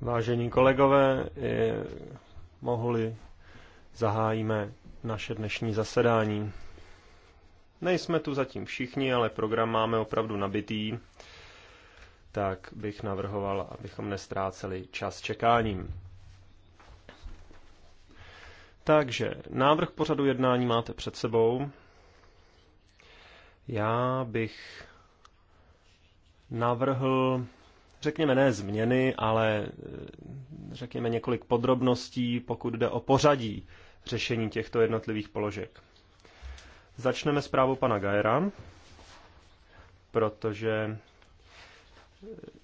Vážení kolegové, mohli zahájíme naše dnešní zasedání. Nejsme tu zatím všichni, ale program máme opravdu nabitý, tak bych navrhoval, abychom nestráceli čas čekáním. Takže návrh pořadu jednání máte před sebou. Já bych navrhl, řekněme ne změny, ale eh, řekněme několik podrobností, pokud jde o pořadí řešení těchto jednotlivých položek. Začneme s právou pana Gajera, protože eh,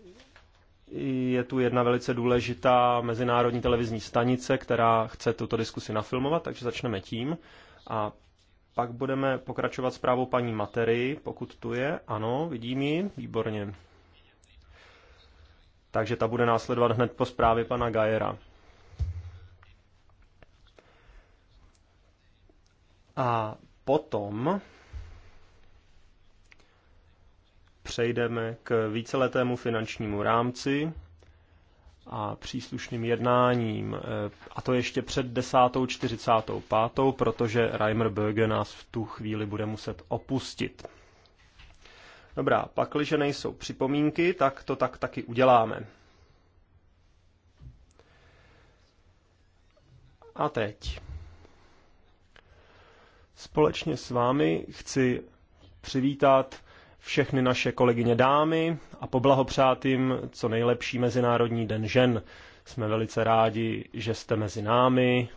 je tu jedna velice důležitá mezinárodní televizní stanice, která chce tuto diskusi nafilmovat, takže začneme tím. A pak budeme pokračovat s právou paní Matery, pokud tu je. Ano, vidím ji, výborně. Takže ta bude následovat hned po zprávě pana Gajera. A potom přejdeme k víceletému finančnímu rámci, a příslušným jednáním. Eh, a to ještě před 10.45, protože Reimer Böge nás v tu chvíli bude muset opustit. Dobrá, pakliže nejsou připomínky, tak to tak taky uděláme. A teď. Společně s vámi chci přivítat všechny naše kolegyně dámy a poblahopřát jim co nejlepší Mezinárodní den žen. Jsme velice rádi, že jste mezi námi,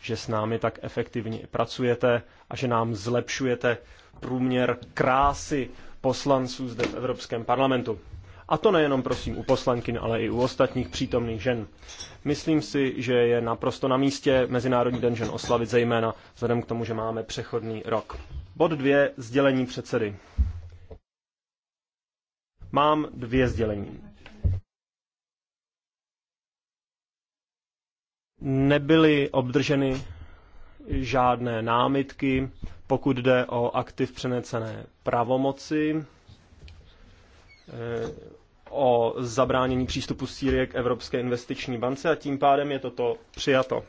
že s námi tak efektivně pracujete a že nám zlepšujete průměr krásy poslanců zde v Evropském parlamentu. A to nejenom prosím u poslankyn, ale i u ostatních přítomných žen. Myslím si, že je naprosto na místě Mezinárodní den žen oslavit, zejména vzhledem k tomu, že máme přechodný rok. Bod dvě Sdělení předsedy. Mám dvě sdělení. Nebyly obdrženy žádné námitky, pokud jde o aktiv přenecené pravomoci, eh, o zabránění přístupu Sýrie k Evropské investiční bance a tím pádem je toto přijato.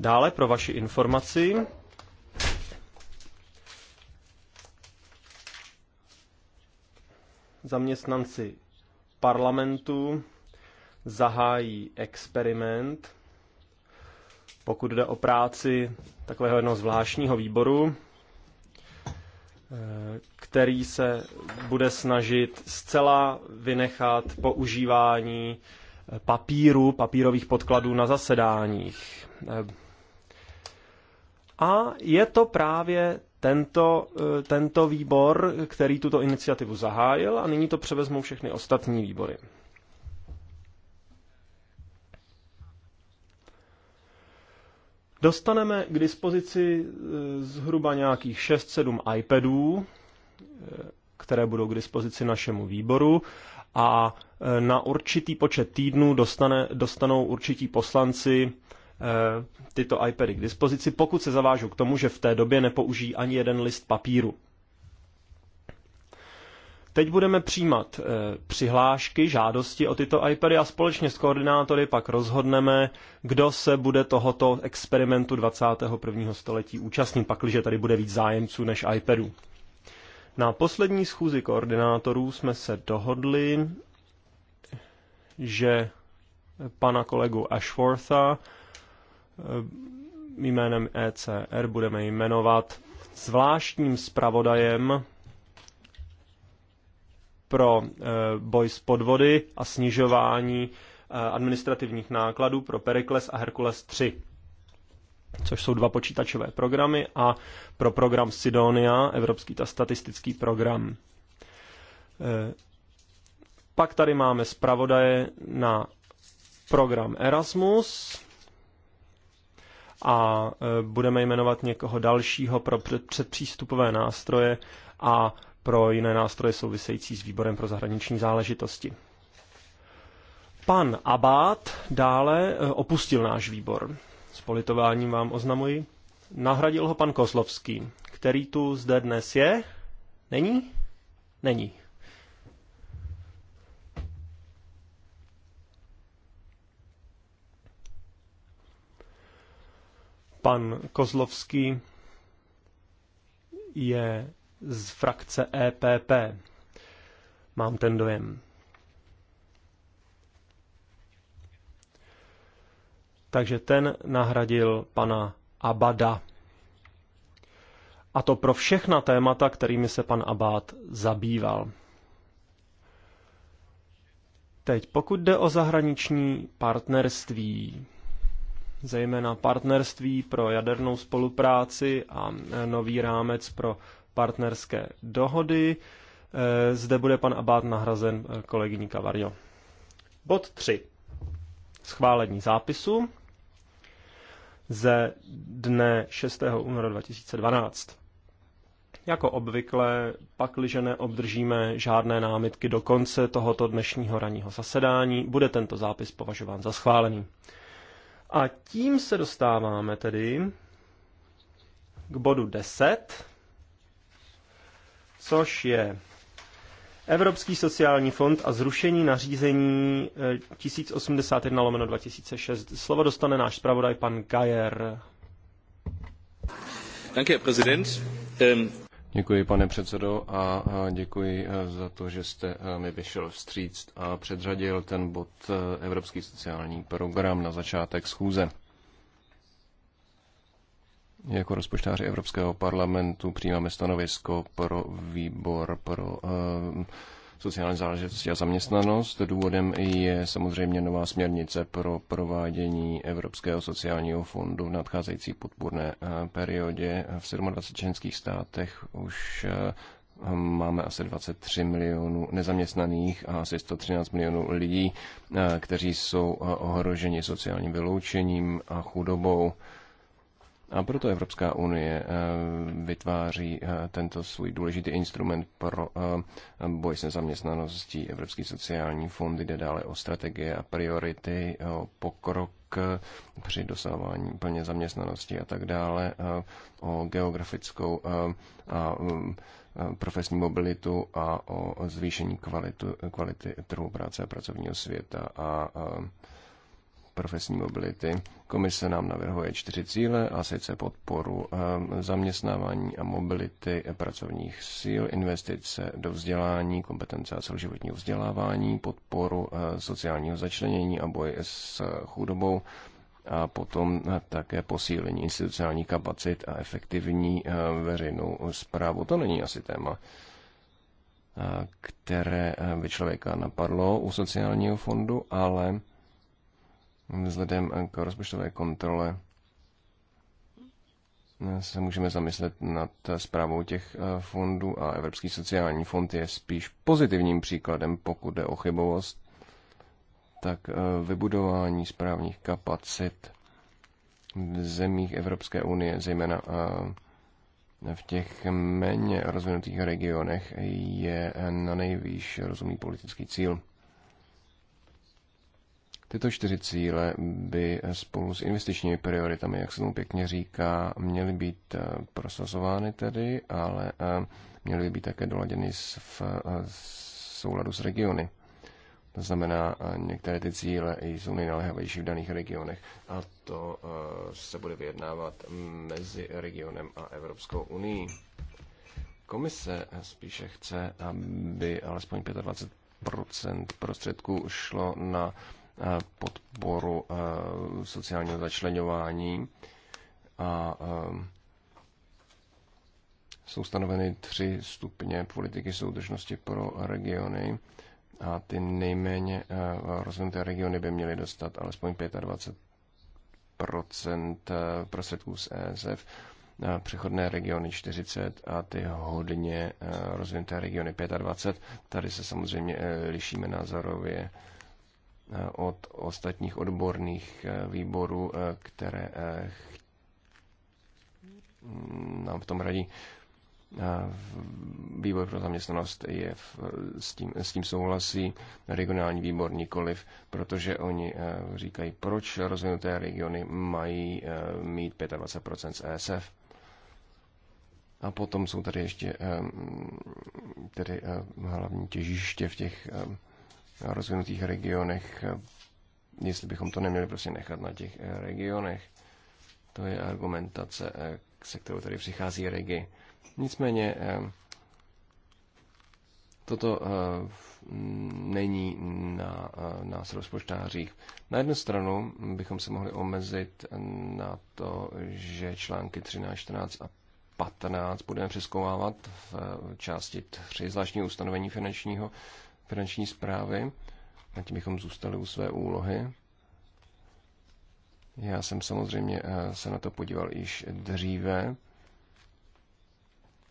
Dále pro vaši informaci zaměstnanci parlamentu zahájí experiment, pokud jde o práci takového jednoho zvláštního výboru, eh, který se bude snažit zcela vynechat používání papíru, papírových podkladů na zasedáních. Eh, a je to právě tento, eh, tento výbor, který tuto iniciativu zahájil a nyní to převezmou všechny ostatní výbory. Dostaneme k dispozici eh, zhruba nějakých 6-7 iPadů, eh, které budou k dispozici našemu výboru a na určitý počet týdnů dostane, dostanou určití poslanci Eh, tyto iPady k dispozici, pokud se zavážu k tomu, že v té době nepoužijí ani jeden list papíru. Teď budeme přijímat eh, přihlášky, žádosti o tyto iPady a společně s koordinátory pak rozhodneme, kdo se bude tohoto experimentu 21. století účastnit, pakliže tady bude víc zájemců než iPadů. Na poslední schůzi koordinátorů jsme se dohodli, že pana kolegu Ashwortha Eh, jménem ECR budeme jmenovat zvláštním zpravodajem pro eh, boj s podvody a snižování eh, administrativních nákladů pro Perikles a Herkules 3 což jsou dva počítačové programy, a pro program Sidonia, Evropský ta statistický program. Pak tady máme zpravodaje na program Erasmus, a e, budeme jmenovat někoho dalšího pro předpřístupové nástroje a pro jiné nástroje související s výborem pro zahraniční záležitosti. Pan Abát dále e, opustil náš výbor. S politováním vám oznamuji. Nahradil ho pan Kozlovský, který tu zde dnes je. Není? Není. Pan Kozlovský je z frakce EPP. Mám ten dojem. Takže ten nahradil pana Abada. A to pro všechna témata, kterými se pan Abad zabýval. Teď, pokud jde o zahraniční partnerství, zejména partnerství pro jadernou spolupráci a e, nový rámec pro partnerské dohody. E, zde bude pan Abát nahrazen e, kolegyní Kavario. Bod 3. Schválení zápisu ze dne 6. února 2012. Jako obvykle, pakliže neobdržíme žádné námitky do konce tohoto dnešního ranního zasedání, bude tento zápis považován za schválený. A tím se dostáváme tedy k bodu 10, což je Evropský sociální fond a zrušení nařízení 1081 eh, lomeno 2006. Slovo dostane náš zpravodaj pan Gajer. Danke, Herr Präsident. Ähm, Děkuji, pane předsedo, a děkuji e, za to, že jste e, mi vyšel vstříct a předřadil ten bod e, Evropský sociální program na začátek schůze. Jako rozpočtáři Evropského parlamentu přijímáme stanovisko pro výbor pro uh, sociální záležitosti a zaměstnanost. Důvodem je samozřejmě nová směrnice pro provádění Evropského sociálního fondu v nadcházející podpůrné eh, periodě. V 27 členských státech už eh, máme asi 23 milionů nezaměstnaných a asi 113 milionů lidí, eh, kteří jsou ohroženi sociálním vyloučením a chudobou. A proto Evropská unie eh, vytváří eh, tento svůj důležitý instrument pro eh, boj s nezaměstnaností. Evropský sociální fond jde dále o strategie a priority, o pokrok při dosahování plně zaměstnanosti a tak dále, o geografickou a mm, profesní mobilitu a o zvýšení kvalitu, kvality trhu práce a pracovního světa a, a profesní mobility. Komise nám navrhuje čtyři cíle, a sice podporu eh, zaměstnávání a mobility pracovních sil, investice do vzdělání, kompetence a celoživotního vzdělávání, podporu eh, sociálního začlenění a boj s chudobou a potom eh, také posílení institucionální kapacit a efektivní veřejnou zprávu. To není asi téma, které by člověka napadlo u sociálního fondu, ale vzhledem k rozpočtové kontrole se můžeme zamyslet nad zprávou těch eh, fondů a Evropský sociální fond je spíš pozitivním příkladem, pokud jde o chybovost, tak eh, vybudování správních kapacit v zemích Evropské unie, zejména eh, v těch méně rozvinutých regionech, je na nejvýš rozumný politický cíl. Tyto čtyři cíle by spolu s investičními prioritami, jak se tomu pěkně říká, měly být eh, prosazovány tedy, ale eh, měly by být také doladěny v eh, souladu s regiony. To znamená, některé ty cíle jsou nejnaléhavější v daných regionech a to se bude vyjednávat mezi regionem a Evropskou unii. Komise spíše chce, aby alespoň 25 procent prostředků šlo na Eh, podporu eh, sociálního začlenování a eh, jsou stanoveny tři stupně politiky soudržnosti pro regiony a ty nejméně rozvinuté regiony by měly dostat alespoň 25 prostředků z ESF, přechodné regiony 40 a ty hodně rozvinuté regiony 25. Tady se samozřejmě lišíme názorově Eh, od ostatních odborných eh, výborů, eh, které nám v tom radí. Výbor pro zaměstnanost je v, s, tím, s tím souhlasí, regionální výbor nikoliv, protože oni říkají, proč rozvinuté regiony mají mít 25% z ESF. A potom jsou tady ještě tedy hlavní těžiště v těch rozvinutých regionech, jestli bychom to neměli prostě nechat na těch eh, regionech. To je argumentace, eh, se kterou tady přichází regi. Nicméně eh, toto není na nás rozpočtářích. Na jednu stranu bychom se mohli omezit na to, že články 13, 14 a 15 budeme přeskoumávat v části 3 zvláštní ustanovení finančního finanční zprávy, na tím bychom zůstali u své úlohy. Já jsem samozřejmě eh, se na to podíval již dříve.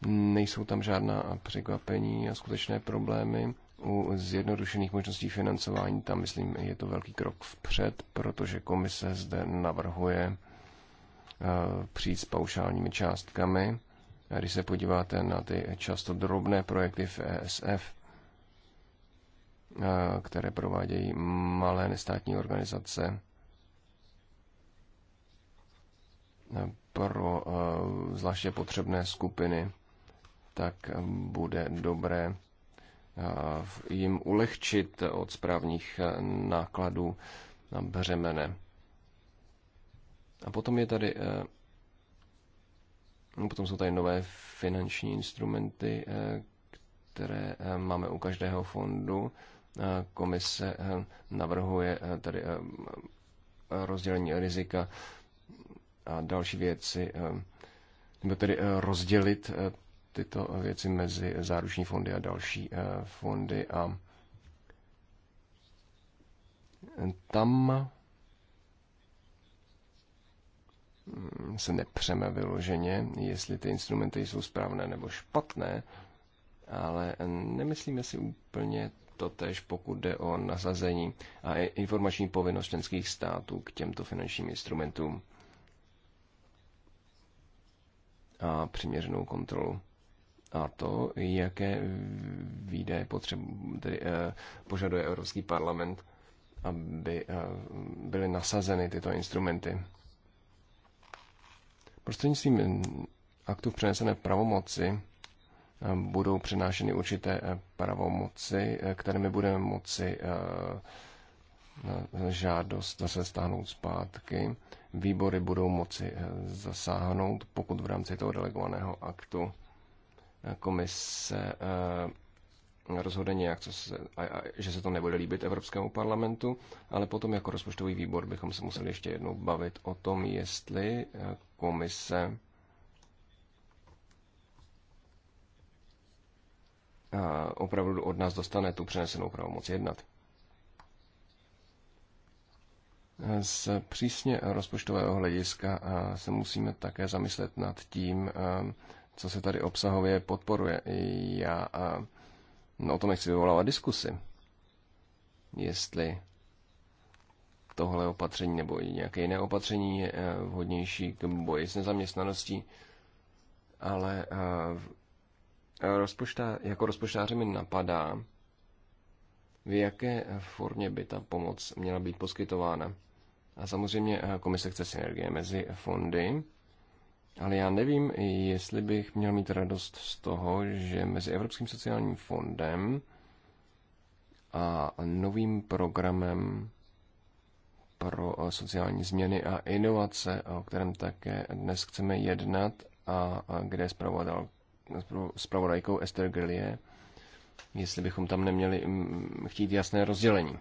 Nejsou tam žádná překvapení a skutečné problémy. U zjednodušených možností financování tam, myslím, je to velký krok vpřed, protože komise zde navrhuje eh, přijít s paušálními částkami. A když se podíváte na ty často drobné projekty v ESF, které provádějí malé nestátní organizace pro zvláště potřebné skupiny, tak bude dobré jim ulehčit od správních nákladů na břemene. A potom je tady Potom jsou tady nové finanční instrumenty, které máme u každého fondu komise eh, navrhuje eh, tady eh, rozdělení rizika a další věci, nebo tedy rozdělit tyto věci mezi záruční fondy a další fondy a tam mm, se nepřeme vyloženě, jestli ty instrumenty jsou správné nebo špatné, ale nemyslíme si úplně totež pokud jde o nasazení a informační povinnost členských států k těmto finančním instrumentům a přiměřenou kontrolu. A to, jaké výdaje potřebu, tedy, eh, požaduje Evropský parlament, aby eh, byly nasazeny tyto instrumenty. Prostřednictvím aktu přenesené pravomoci budou přenášeny určité eh, pravomoci, eh, kterými budeme moci eh, žádost zase stáhnout zpátky. Výbory budou moci zasáhnout, pokud v rámci toho delegovaného aktu komise rozhodne nějak, co se, a, a, že se to nebude líbit Evropskému parlamentu, ale potom jako rozpočtový výbor bychom se museli ještě jednou bavit o tom, jestli komise opravdu od nás dostane tu přenesenou pravomoc jednat. Z přísně rozpočtového hlediska se musíme také zamyslet nad tím, co se tady obsahově podporuje. Já no, o tom nechci vyvolávat diskusy. Jestli tohle opatření nebo nějaké jiné opatření je e, vhodnější k boji s nezaměstnaností, ale e, rozpočtá, jako rozpočtáře mi napadá, v jaké formě by ta pomoc měla být poskytována. A samozřejmě eh, komise chce synergie mezi fondy, ale já nevím, jestli bych měl mít radost z toho, že mezi Evropským sociálním fondem a novým programem pro eh, sociální změny a inovace, o kterém také dnes chceme jednat a kde je zpravodatel s pravodajkou Esther Grillie, jestli bychom tam neměli mm, chtít jasné rozdělení.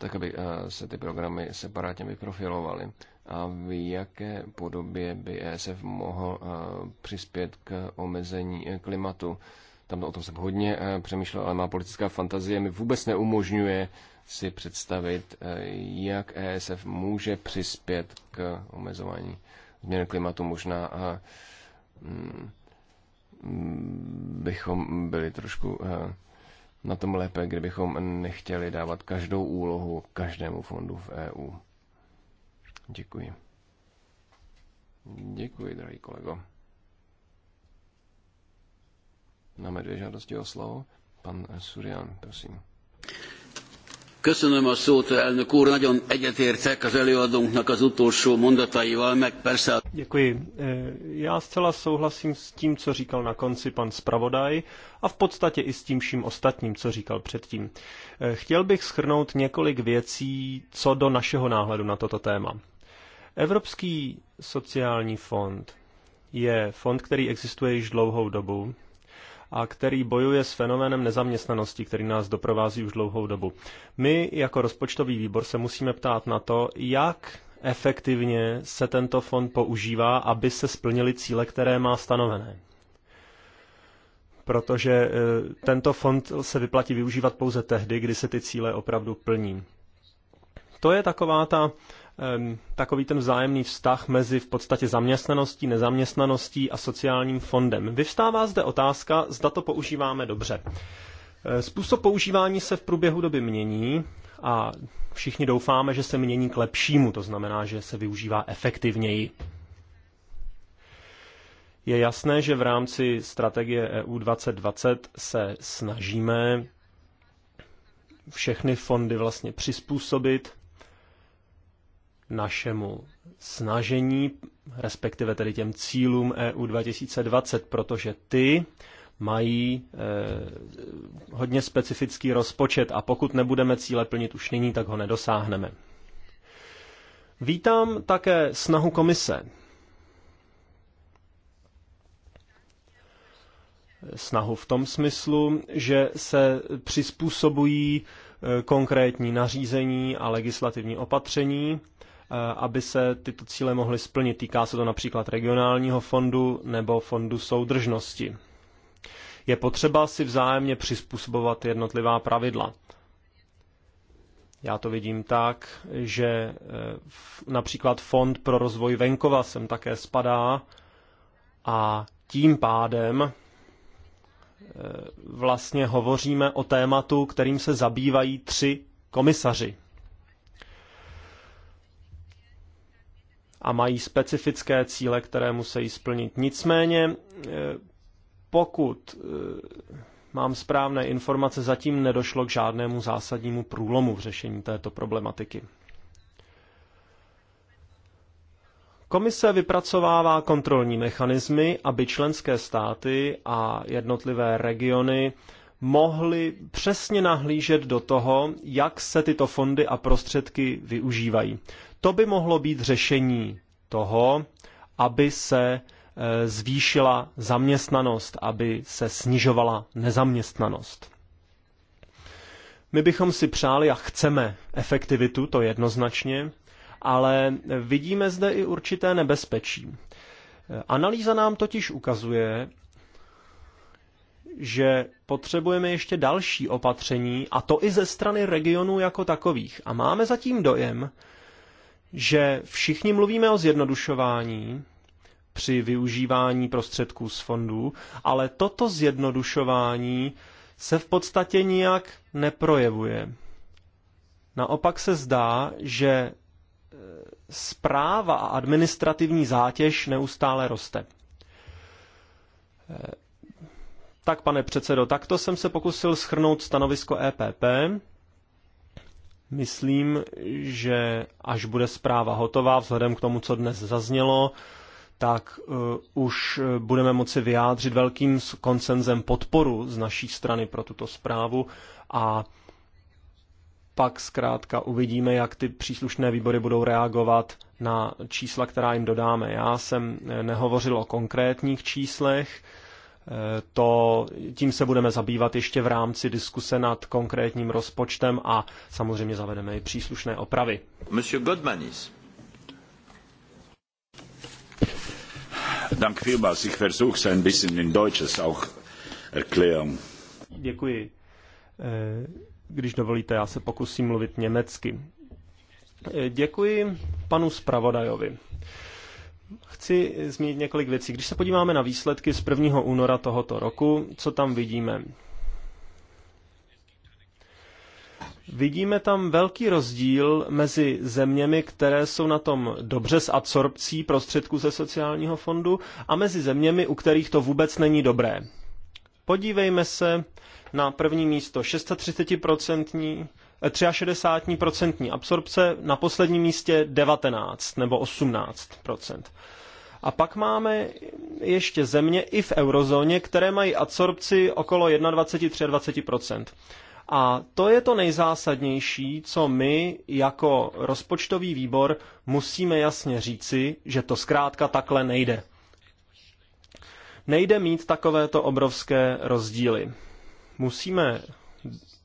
tak aby eh, se ty programy separátně vyprofilovaly a v jaké podobě by ESF mohl eh, přispět k omezení eh, klimatu. Tam o tom jsem hodně přemýšlel, ale má politická fantazie mi vůbec neumožňuje si představit, eh, jak ESF může přispět k omezování změn klimatu. Možná a, eh, mm, bychom byli trošku eh, na tom lépe, kdybychom nechtěli dávat každou úlohu každému fondu v EU. Děkuji. Děkuji, drahý kolego. Máme dvě žádosti o slovo. Pan Surian, prosím. Köszönöm a szót, elnök úr. Nagyon egyetértek az előadónknak az utolsó mondataival, meg persze... Děkuji. E, já zcela souhlasím s tím, co říkal na konci pan zpravodaj a v podstatě i s tím vším ostatním, co říkal předtím. E, chtěl bych schrnout několik věcí, co do našeho náhledu na toto téma. Evropský sociální fond je fond, který existuje již dlouhou dobu, a který bojuje s fenoménem nezaměstnanosti, který nás doprovází už dlouhou dobu. My jako rozpočtový výbor se musíme ptát na to, jak efektivně se tento fond používá, aby se splnily cíle, které má stanovené protože e, tento fond se vyplatí využívat pouze tehdy, kdy se ty cíle opravdu plní. To je taková ta takový ten vzájemný vztah mezi v podstatě zaměstnaností, nezaměstnaností a sociálním fondem. Vyvstává zde otázka, zda to používáme dobře. Způsob používání se v průběhu doby mění a všichni doufáme, že se mění k lepšímu, to znamená, že se využívá efektivněji. Je jasné, že v rámci strategie EU 2020 se snažíme všechny fondy vlastně přizpůsobit našemu snažení, respektive tedy těm cílům EU 2020, protože ty mají eh, hodně specifický rozpočet a pokud nebudeme cíle plnit už nyní, tak ho nedosáhneme. Vítám také snahu komise. Snahu v tom smyslu, že se přizpůsobují eh, konkrétní nařízení a legislativní opatření Eh, aby se tyto cíle mohly splnit. Týká se to například regionálního fondu nebo fondu soudržnosti. Je potřeba si vzájemně přizpůsobovat jednotlivá pravidla. Já to vidím tak, že eh, například Fond pro rozvoj venkova sem také spadá a tím pádem eh, vlastně hovoříme o tématu, kterým se zabývají tři komisaři. a mají specifické cíle, které musí splnit. Nicméně, eh, pokud eh, mám správné informace, zatím nedošlo k žádnému zásadnímu průlomu v řešení této problematiky. Komise vypracovává kontrolní mechanismy, aby členské státy a jednotlivé regiony mohli přesně nahlížet do toho, jak se tyto fondy a prostředky využívají. To by mohlo být řešení toho, aby se eh, zvýšila zaměstnanost, aby se snižovala nezaměstnanost. My bychom si přáli a chceme efektivitu, to jednoznačně, ale vidíme zde i určité nebezpečí. Analýza nám totiž ukazuje, že potřebujeme ještě další opatření, a to i ze strany regionů jako takových. A máme zatím dojem, že všichni mluvíme o zjednodušování při využívání prostředků z fondů, ale toto zjednodušování se v podstatě nijak neprojevuje. Naopak se zdá, že zpráva e, a administrativní zátěž neustále roste. E, tak, pane předsedo, takto jsem se pokusil schrnout stanovisko EPP. Myslím, že až bude zpráva hotová, vzhledem k tomu, co dnes zaznělo, tak uh, už eh, budeme moci vyjádřit velkým koncenzem podporu z naší strany pro tuto zprávu a pak zkrátka uvidíme, jak ty příslušné výbory budou reagovat na čísla, která jim dodáme. Já jsem eh, nehovořil o konkrétních číslech, to, tím se budeme zabývat ještě v rámci diskuse nad konkrétním rozpočtem a samozřejmě zavedeme i příslušné opravy. Monsieur Godmanis. Dank vielmals. Ich versuche ein bisschen in Deutsches auch erklären. Děkuji. Eh, když dovolíte, já se pokusím mluvit německy. Eh, děkuji panu zpravodajovi. Chci zmínit několik věcí. Když se podíváme na výsledky z 1. února tohoto roku, co tam vidíme? Vidíme tam velký rozdíl mezi zeměmi, které jsou na tom dobře s absorpcí prostředků ze sociálního fondu a mezi zeměmi, u kterých to vůbec není dobré. Podívejme se na první místo 630% 63% absorpce, na posledním místě 19 nebo 18%. A pak máme ještě země i v eurozóně, které mají absorpci okolo 21-23%. A to je to nejzásadnější, co my jako rozpočtový výbor musíme jasně říci, že to zkrátka takhle nejde. Nejde mít takovéto obrovské rozdíly. Musíme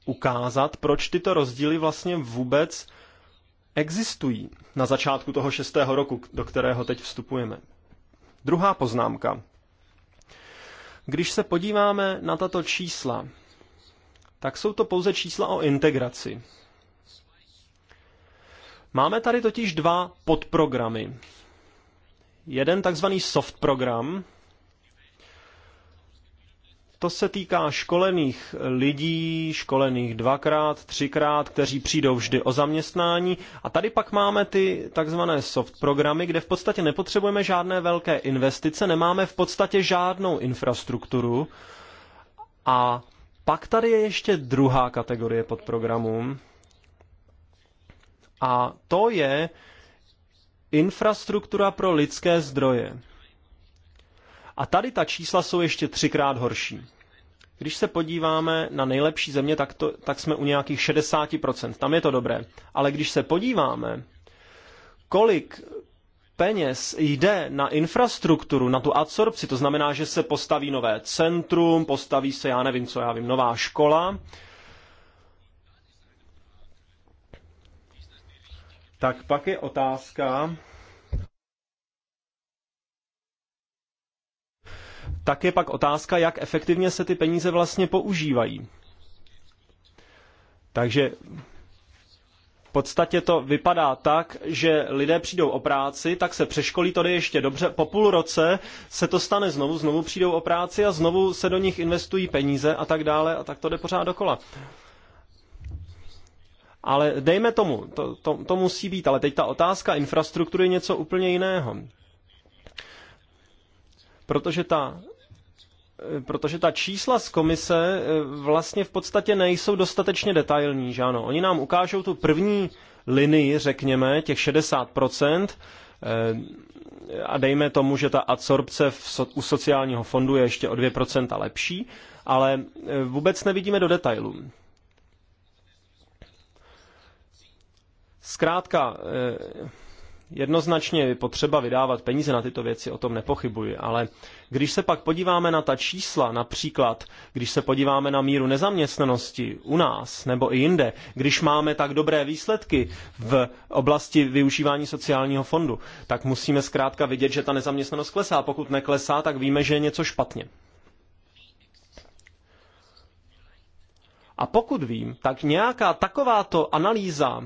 ukázat, proč tyto rozdíly vlastně vůbec existují na začátku toho šestého roku, do kterého teď vstupujeme. Druhá poznámka. Když se podíváme na tato čísla, tak jsou to pouze čísla o integraci. Máme tady totiž dva podprogramy. Jeden takzvaný soft program, to se týká školených lidí, školených dvakrát, třikrát, kteří přijdou vždy o zaměstnání. A tady pak máme ty takzvané soft programy, kde v podstatě nepotřebujeme žádné velké investice, nemáme v podstatě žádnou infrastrukturu. A pak tady je ještě druhá kategorie pod programů. A to je infrastruktura pro lidské zdroje. A tady ta čísla jsou ještě třikrát horší. Když se podíváme na nejlepší země, tak, to, tak jsme u nějakých 60%. Tam je to dobré. Ale když se podíváme, kolik peněz jde na infrastrukturu, na tu adsorpci, to znamená, že se postaví nové centrum, postaví se, já nevím co, já vím, nová škola, tak pak je otázka, tak je pak otázka, jak efektivně se ty peníze vlastně používají. Takže v podstatě to vypadá tak, že lidé přijdou o práci, tak se přeškolí, to jde ještě dobře, po půl roce se to stane znovu, znovu přijdou o práci a znovu se do nich investují peníze a tak dále a tak to jde pořád dokola. Ale dejme tomu, to, to, to musí být, ale teď ta otázka infrastruktury je něco úplně jiného protože ta eh, protože ta čísla z komise eh, vlastně v podstatě nejsou dostatečně detailní, že ano. Oni nám ukážou tu první linii, řekněme, těch 60%, eh, a dejme tomu, že ta adsorpce u sociálního fondu je ještě o 2% lepší, ale vůbec nevidíme do detailů. Zkrátka, Jednoznačně je potřeba vydávat peníze na tyto věci, o tom nepochybuji, ale když se pak podíváme na ta čísla, například když se podíváme na míru nezaměstnanosti u nás nebo i jinde, když máme tak dobré výsledky v oblasti využívání sociálního fondu, tak musíme zkrátka vidět, že ta nezaměstnanost klesá. Pokud neklesá, tak víme, že je něco špatně. A pokud vím, tak nějaká takováto analýza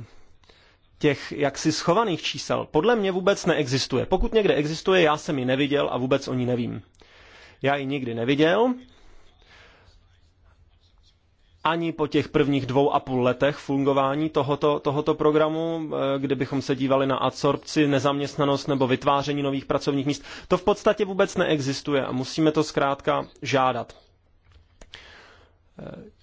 těch jaksi schovaných čísel podle mě vůbec neexistuje. Pokud někde existuje, já jsem ji neviděl a vůbec o ní nevím. Já ji nikdy neviděl. Ani po těch prvních dvou a půl letech fungování tohoto, tohoto programu, eh, kdybychom se dívali na adsorpci, nezaměstnanost nebo vytváření nových pracovních míst, to v podstatě vůbec neexistuje a musíme to zkrátka žádat. Eh,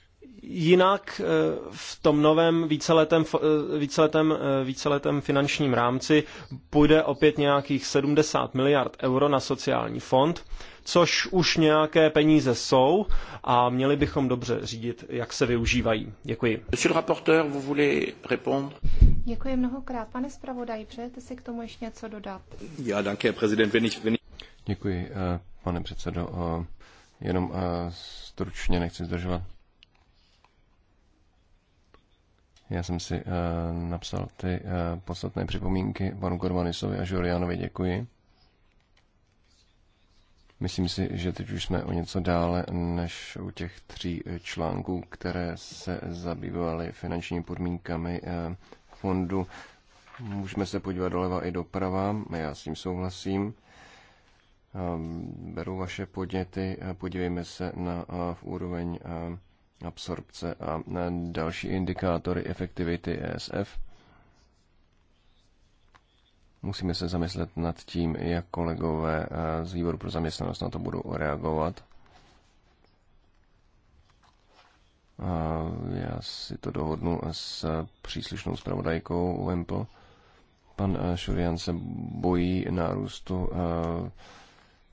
Jinak eh, v tom novém víceletém, eh, víceletém, eh, víceletém finančním rámci půjde opět nějakých 70 miliard euro na sociální fond, což už nějaké peníze jsou a měli bychom dobře řídit, jak se využívají. Děkuji. Monsieur le rapporteur, vous voulez répondre? Děkuji mnohokrát. Pane zpravodaj, přejete si k tomu ještě něco dodat? Já, danke, prezident, wenn ich, wenn Děkuji, pane předsedo. Jenom stručně nechci zdržovat. Já jsem si eh, napsal ty eh, podstatné připomínky panu Gormanisovi a Žurianovi. Děkuji. Myslím si, že teď už jsme o něco dále než u těch tří eh, článků, které se zabývaly finančními podmínkami fondu. Můžeme se podívat doleva i doprava, já s tím souhlasím. Ehm, beru vaše podněty, podívejme se na v úroveň absorpce a e, další indikátory efektivity ESF. Musíme se zamyslet nad tím, jak kolegové e, z výboru pro zaměstnanost na to budou reagovat. Já si to dohodnu s příslušnou zpravodajkou Wempl. Pan e, Šurian se bojí nárůstu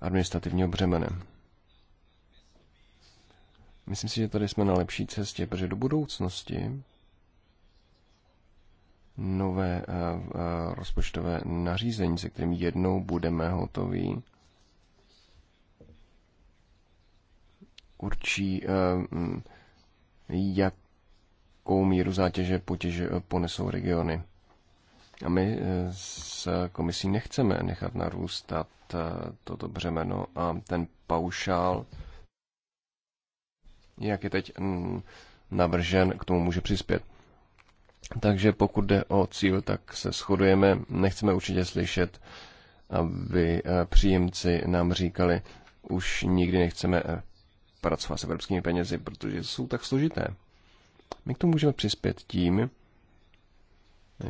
administrativního břemene. Myslím si, že tady jsme na lepší cestě, protože do budoucnosti nové eh, eh, rozpočtové nařízení, se kterým jednou budeme hotoví, určí, eh, mm, jakou míru zátěže potěže ponesou regiony. A my s komisí nechceme nechat narůstat toto břemeno a ten paušál jak je teď mm, navržen, k tomu může přispět. Takže pokud jde o cíl, tak se shodujeme. Nechceme určitě slyšet, aby eh, příjemci nám říkali, už nikdy nechceme eh, pracovat s evropskými penězi, protože jsou tak složité. My k tomu můžeme přispět tím,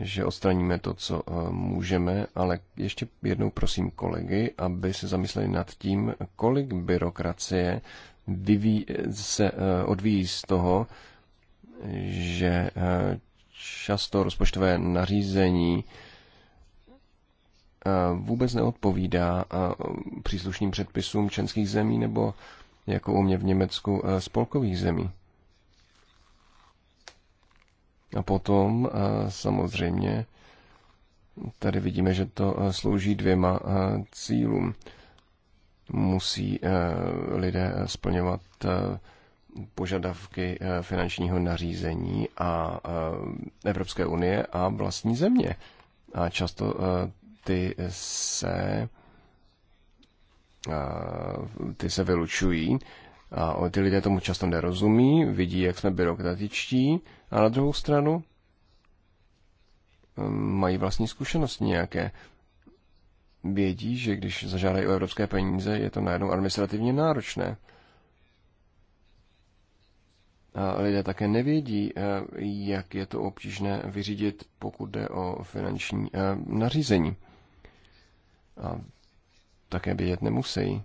že odstraníme to, co eh, můžeme, ale ještě jednou prosím kolegy, aby se zamysleli nad tím, kolik byrokracie se eh, odvíjí z toho, že eh, často rozpočtové nařízení eh, vůbec neodpovídá příslušným předpisům členských zemí nebo jako u mě v Německu spolkových zemí. A potom samozřejmě tady vidíme, že to slouží dvěma cílům musí eh, lidé eh, splňovat eh, požadavky finančního nařízení a Evropské unie a vlastní země. A často ty se ty se vylučují a ty lidé tomu často nerozumí, vidí, jak jsme byrokratičtí a na druhou stranu mají vlastní zkušenosti nějaké vědí, že když zažádají o evropské peníze, je to najednou administrativně náročné. A lidé také nevědí, eh, jak je to obtížné vyřídit, pokud jde o finanční eh, nařízení. A také vědět nemusí.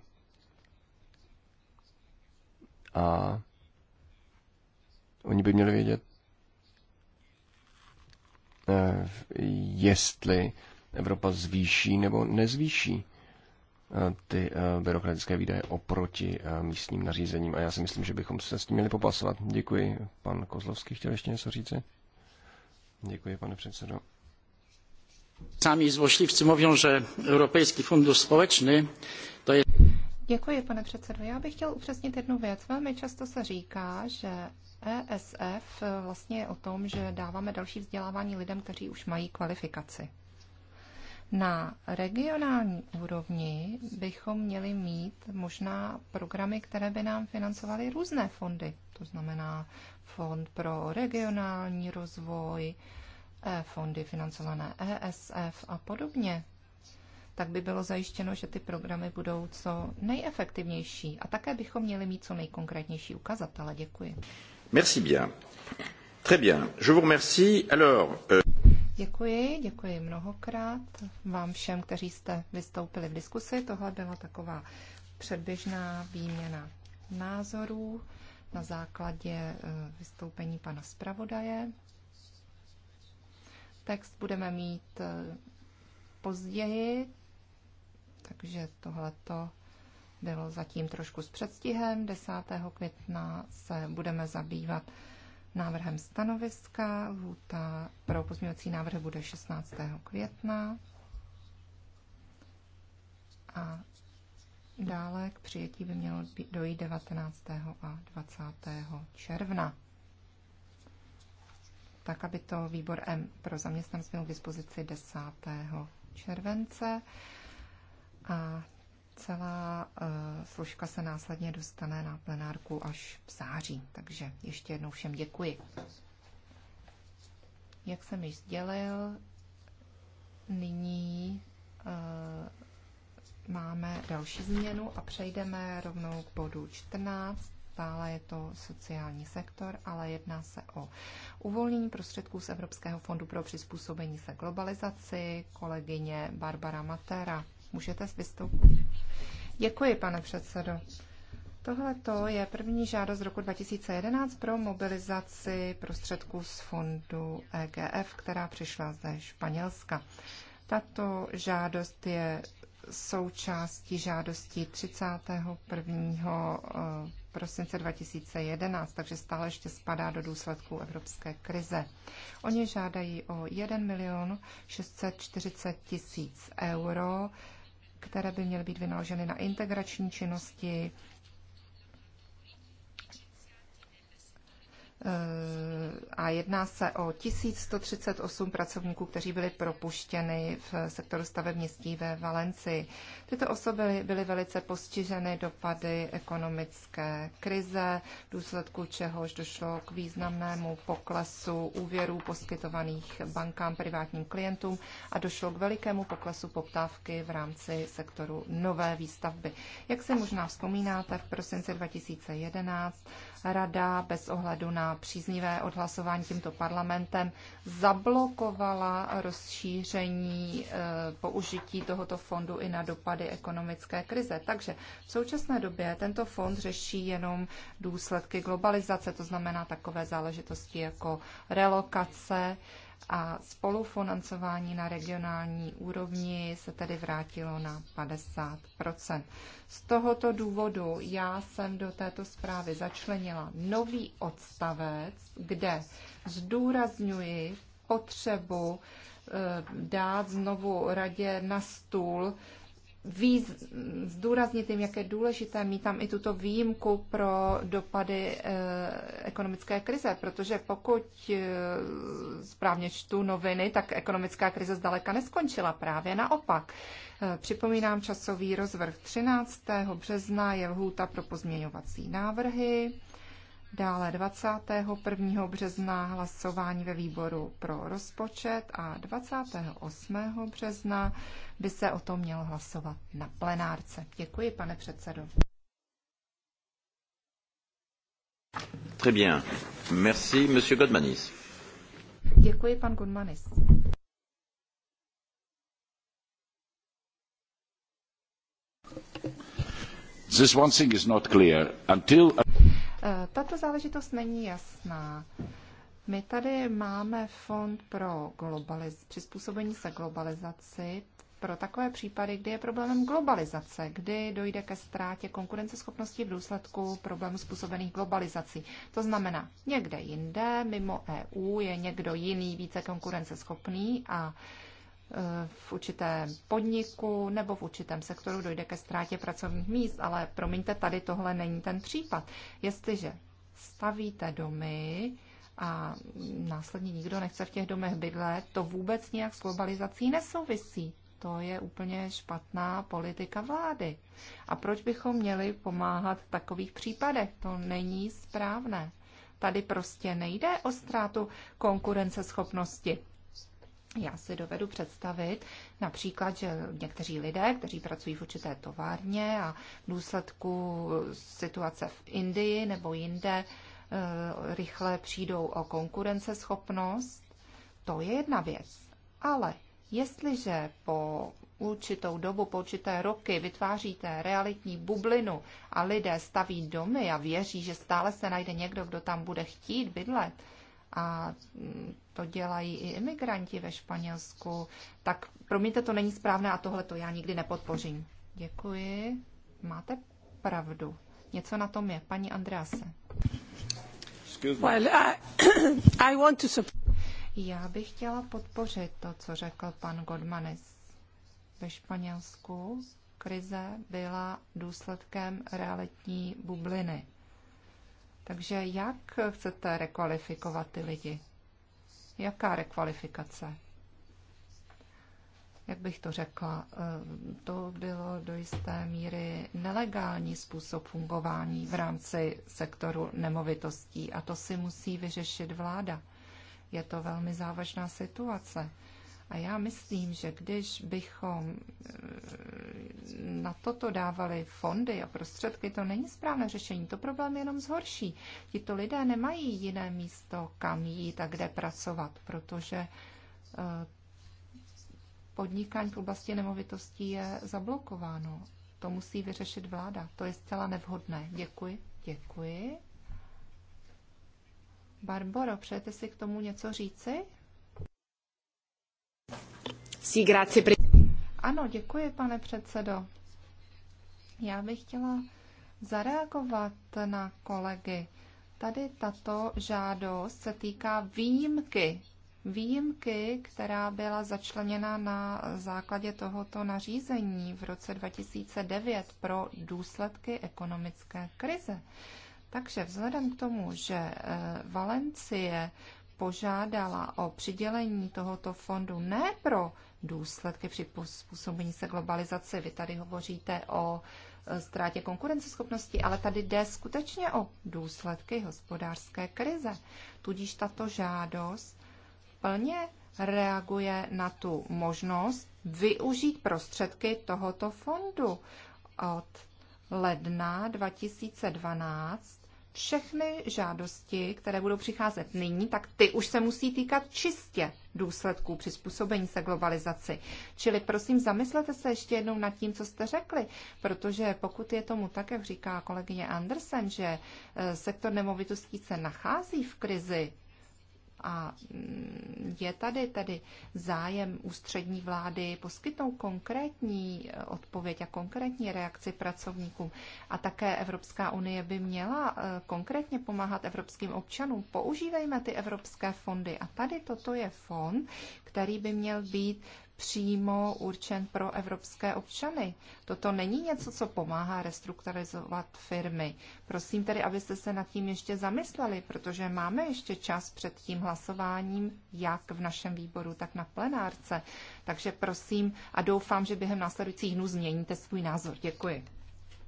A oni by měli vědět, eh, jestli Evropa zvýší nebo nezvýší eh, ty eh, byrokratické výdaje oproti eh, místním nařízením. A já si myslím, že bychom se s tím měli popasovat. Děkuji. Pan Kozlovský chtěl ještě něco říci? Děkuji, pane předsedo. Sami zvošlivci mówią, že Evropský fond společný to je. Děkuji, pane předsedo. Já bych chtěl upřesnit jednu věc. Velmi často se říká, že ESF vlastně je o tom, že dáváme další vzdělávání lidem, kteří už mají kvalifikaci. Na regionální úrovni bychom měli mít možná programy, které by nám financovaly různé fondy. To znamená fond pro regionální rozvoj, eh, fondy financované ESF a podobně. Tak by bylo zajištěno, že ty programy budou co nejefektivnější. A také bychom měli mít co nejkonkrétnější ukazatele. Děkuji. Merci bien. Très bien. Je vous remercie. Alors, euh... Děkuji, děkuji mnohokrát vám všem, kteří jste vystoupili v diskusi. Tohle byla taková předběžná výměna názorů na základě e, vystoupení pana zpravodaje. Text budeme mít e, později, takže tohleto bylo zatím trošku s předstihem. 10. května se budeme zabývat návrhem stanoviska. Lhůta pro pozměňovací návrh bude 16. května. A dále k přijetí by mělo dojít 19. a 20. června. Tak, aby to výbor M pro zaměstnanost měl k dispozici 10. července. A Celá eh, složka se následně dostane na plenárku až v září, takže ještě jednou všem děkuji. Jak jsem již sdělil, nyní eh, máme další změnu a přejdeme rovnou k bodu 14. Stále je to sociální sektor, ale jedná se o uvolnění prostředků z Evropského fondu pro přizpůsobení se globalizaci kolegyně Barbara Matera. Můžete vystoupit. Děkuji, pane předsedo. Tohle je první žádost roku 2011 pro mobilizaci prostředků z fondu EGF, která přišla ze Španělska. Tato žádost je součástí žádostí 31. Eh, prosince 2011, takže stále ještě spadá do důsledků evropské krize. Oni žádají o 1 milion 640 tisíc euro které by měly být vynaloženy na integrační činnosti, Eh, a jedná se o 1138 pracovníků, kteří byli propuštěni v sektoru stavebnictví ve Valencii. Tyto osoby byly velice postiženy dopady ekonomické krize, v důsledku čehož došlo k významnému poklesu úvěrů poskytovaných bankám privátním klientům a došlo k velikému poklesu poptávky v rámci sektoru nové výstavby. Jak si možná vzpomínáte, v prosinci 2011 rada bez ohledu na příznivé odhlasování tímto parlamentem zablokovala rozšíření e, použití tohoto fondu i na dopady ekonomické krize. Takže v současné době tento fond řeší jenom důsledky globalizace, to znamená takové záležitosti jako relokace, a spolufinancování na regionální úrovni se tedy vrátilo na 50 Z tohoto důvodu já jsem do této zprávy začlenila nový odstavec, kde zdůrazňuji potřebu eh, dát znovu radě na stůl víc zdůraznit jim, jak je důležité mít tam i tuto výjimku pro dopady e, ekonomické krize, protože pokud e, správně čtu noviny, tak ekonomická krize zdaleka neskončila, právě naopak. E, připomínám časový rozvrh 13. března je lhůta pro pozměňovací návrhy. Dále 21. března hlasování ve výboru pro rozpočet a 28. března by se o tom mělo hlasovat na plenárce. Děkuji, pane předsedo. Très bien. Merci, monsieur Godmanis. Děkuji, pan Godmanis. This one thing is not clear. Until... Eh, tato záležitost není jasná. My tady máme fond pro globaliz- přizpůsobení se globalizaci pro takové případy, kdy je problémem globalizace, kdy dojde ke ztrátě konkurenceschopnosti v důsledku problémů způsobených globalizací. To znamená, někde jinde, mimo EU, je někdo jiný více konkurenceschopný a v určitém podniku nebo v určitém sektoru dojde ke ztrátě pracovních míst, ale promiňte, tady tohle není ten případ. Jestliže stavíte domy a následně nikdo nechce v těch domech bydlet, to vůbec nějak s globalizací nesouvisí. To je úplně špatná politika vlády. A proč bychom měli pomáhat v takových případech? To není správné. Tady prostě nejde o ztrátu konkurenceschopnosti. Já si dovedu představit například, že někteří lidé, kteří pracují v určité továrně a v důsledku situace v Indii nebo jinde eh, rychle přijdou o konkurenceschopnost, to je jedna věc. Ale jestliže po určitou dobu, po určité roky vytváříte realitní bublinu a lidé staví domy a věří, že stále se najde někdo, kdo tam bude chtít bydlet, a to dělají i imigranti ve Španělsku, tak promiňte, to není správné a tohle to já nikdy nepodpořím. Děkuji. Máte pravdu. Něco na tom je. Paní Andrease. Well, I, I want to já bych chtěla podpořit to, co řekl pan Godmanis. Ve Španělsku krize byla důsledkem realitní bubliny. Takže jak chcete rekvalifikovat ty lidi? Jaká rekvalifikace? Jak bych to řekla? Eh, to bylo do jisté míry nelegální způsob fungování v rámci sektoru nemovitostí a to si musí vyřešit vláda. Je to velmi závažná situace. A já myslím, že když bychom eh, na toto dávali fondy a prostředky, to není správné řešení. To problém jenom zhorší. Tito lidé nemají jiné místo, kam jít a kde pracovat, protože eh, podnikání v oblasti nemovitostí je zablokováno. To musí vyřešit vláda. To je zcela nevhodné. Děkuji. Děkuji. Barboro, přejete si k tomu něco říci? Ano, děkuji, pane předsedo. Já bych chtěla zareagovat na kolegy. Tady tato žádost se týká výjimky. Výjimky, která byla začleněna na základě tohoto nařízení v roce 2009 pro důsledky ekonomické krize. Takže vzhledem k tomu, že eh, Valencie požádala o přidělení tohoto fondu ne pro důsledky při způsobení se globalizace. vy tady hovoříte o e, ztrátě konkurenceschopnosti, ale tady jde skutečně o důsledky hospodářské krize. Tudíž tato žádost plně reaguje na tu možnost využít prostředky tohoto fondu. Od ledna 2012 všechny žádosti, které budou přicházet nyní, tak ty už se musí týkat čistě důsledků přizpůsobení se globalizaci. Čili prosím, zamyslete se ještě jednou nad tím, co jste řekli, protože pokud je tomu tak, jak říká kolegyně Andersen, že eh, sektor nemovitostí se nachází v krizi, a mm, je tady tedy zájem ústřední vlády poskytnout konkrétní eh, odpověď a konkrétní reakci pracovníkům. A také Evropská unie by měla eh, konkrétně pomáhat evropským občanům. Používejme ty evropské fondy. A tady toto je fond, který by měl být přímo určen pro evropské občany. Toto není něco, co pomáhá restrukturalizovat firmy. Prosím tedy, abyste se nad tím ještě zamysleli, protože máme ještě čas před tím hlasováním, jak v našem výboru, tak na plenárce. Takže prosím a doufám, že během následujících dnů změníte svůj názor. Děkuji.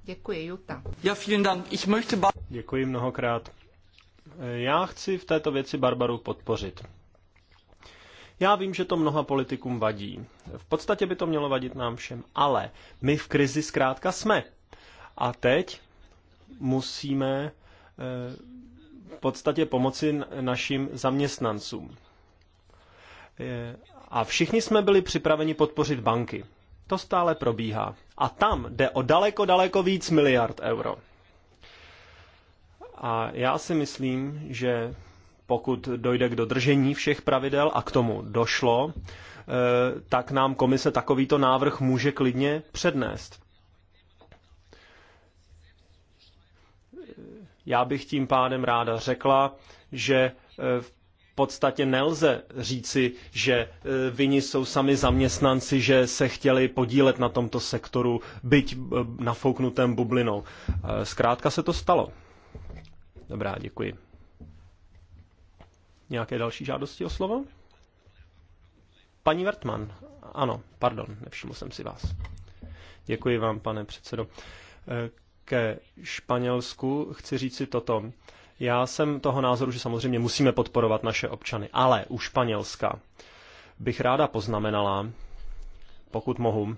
Děkuji, Juta. Ja, vielen Dank. Ich möchte Děkuji mnohokrát. Já chci v této věci Barbaru podpořit. Já vím, že to mnoha politikům vadí. V podstatě by to mělo vadit nám všem, ale my v krizi zkrátka jsme. A teď musíme eh, v podstatě pomoci našim zaměstnancům. Eh, a všichni jsme byli připraveni podpořit banky. To stále probíhá. A tam jde o daleko, daleko víc miliard euro. A já si myslím, že pokud dojde k dodržení všech pravidel a k tomu došlo, eh, tak nám komise takovýto návrh může klidně přednést. Já bych tím pádem ráda řekla, že eh, v podstatě nelze říci, že eh, vyni jsou sami zaměstnanci, že se chtěli podílet na tomto sektoru, byť nafouknutém bublinou. Zkrátka se to stalo. Dobrá, děkuji. Nějaké další žádosti o slovo? Paní Vertman, ano, pardon, nevšiml jsem si vás. Děkuji vám, pane předsedo. Ke Španělsku chci říci toto. Já jsem toho názoru, že samozřejmě musíme podporovat naše občany, ale u Španělska bych ráda poznamenala, pokud mohu,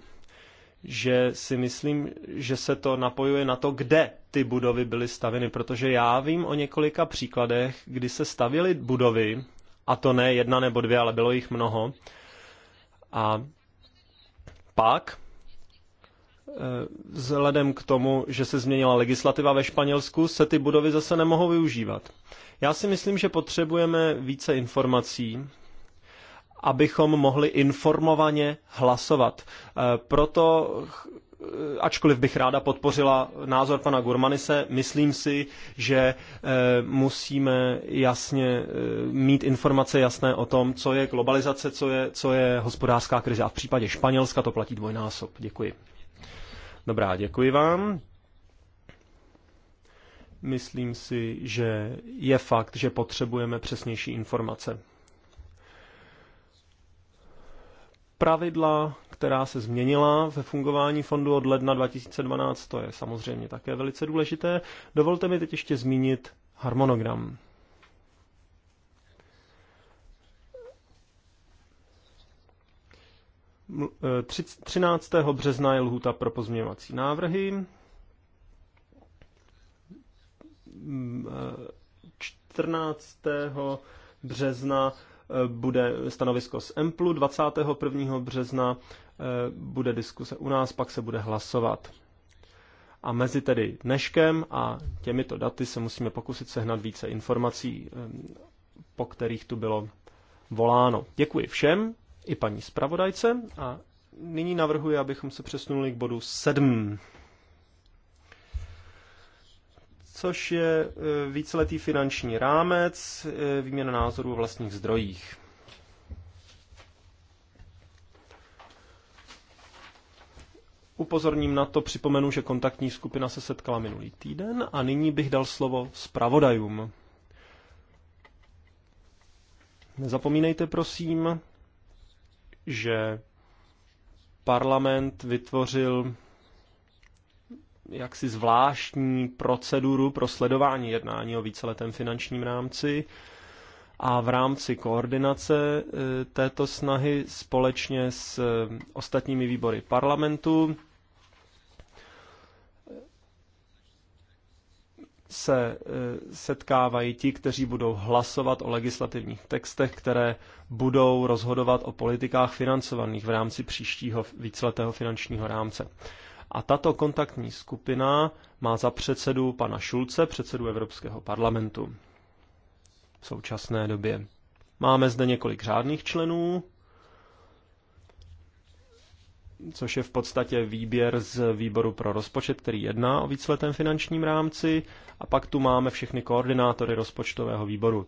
že si myslím, že se to napojuje na to, kde ty budovy byly stavěny, protože já vím o několika příkladech, kdy se stavěly budovy, a to ne jedna nebo dvě, ale bylo jich mnoho, a pak eh, vzhledem k tomu, že se změnila legislativa ve Španělsku, se ty budovy zase nemohou využívat. Já si myslím, že potřebujeme více informací abychom mohli informovaně hlasovat. E, proto e, ačkoliv bych ráda podpořila názor pana Gurmanise, myslím si, že e, musíme jasně mít informace jasné o tom, co je globalizace, co je, co je hospodářská krize. A v případě Španělska to platí dvojnásob. Děkuji. Dobrá, děkuji vám. Myslím si, že je fakt, že potřebujeme přesnější informace. pravidla, která se změnila ve fungování fondu od ledna 2012, to je samozřejmě také velice důležité. Dovolte mi teď ještě zmínit harmonogram. Eh, Tři, 13. března je lhuta pro pozměňovací návrhy. 14. Mm, eh, března bude stanovisko z Emplu 21. března, eh, bude diskuse u nás, pak se bude hlasovat. A mezi tedy dneškem a těmito daty se musíme pokusit sehnat více informací, eh, po kterých tu bylo voláno. Děkuji všem, i paní zpravodajce, a nyní navrhuji, abychom se přesunuli k bodu 7 což je eh, víceletý finanční rámec, eh, výměna názorů o vlastních zdrojích. Upozorním na to, připomenu, že kontaktní skupina se setkala minulý týden a nyní bych dal slovo zpravodajům. Nezapomínejte prosím, že parlament vytvořil jaksi zvláštní proceduru pro sledování jednání o víceletém finančním rámci a v rámci koordinace e, této snahy společně s e, ostatními výbory parlamentu se e, setkávají ti, kteří budou hlasovat o legislativních textech, které budou rozhodovat o politikách financovaných v rámci příštího víceletého finančního rámce. A tato kontaktní skupina má za předsedu pana Šulce, předsedu Evropského parlamentu v současné době. Máme zde několik řádných členů, což je v podstatě výběr z výboru pro rozpočet, který jedná o víceletém finančním rámci, a pak tu máme všechny koordinátory rozpočtového výboru.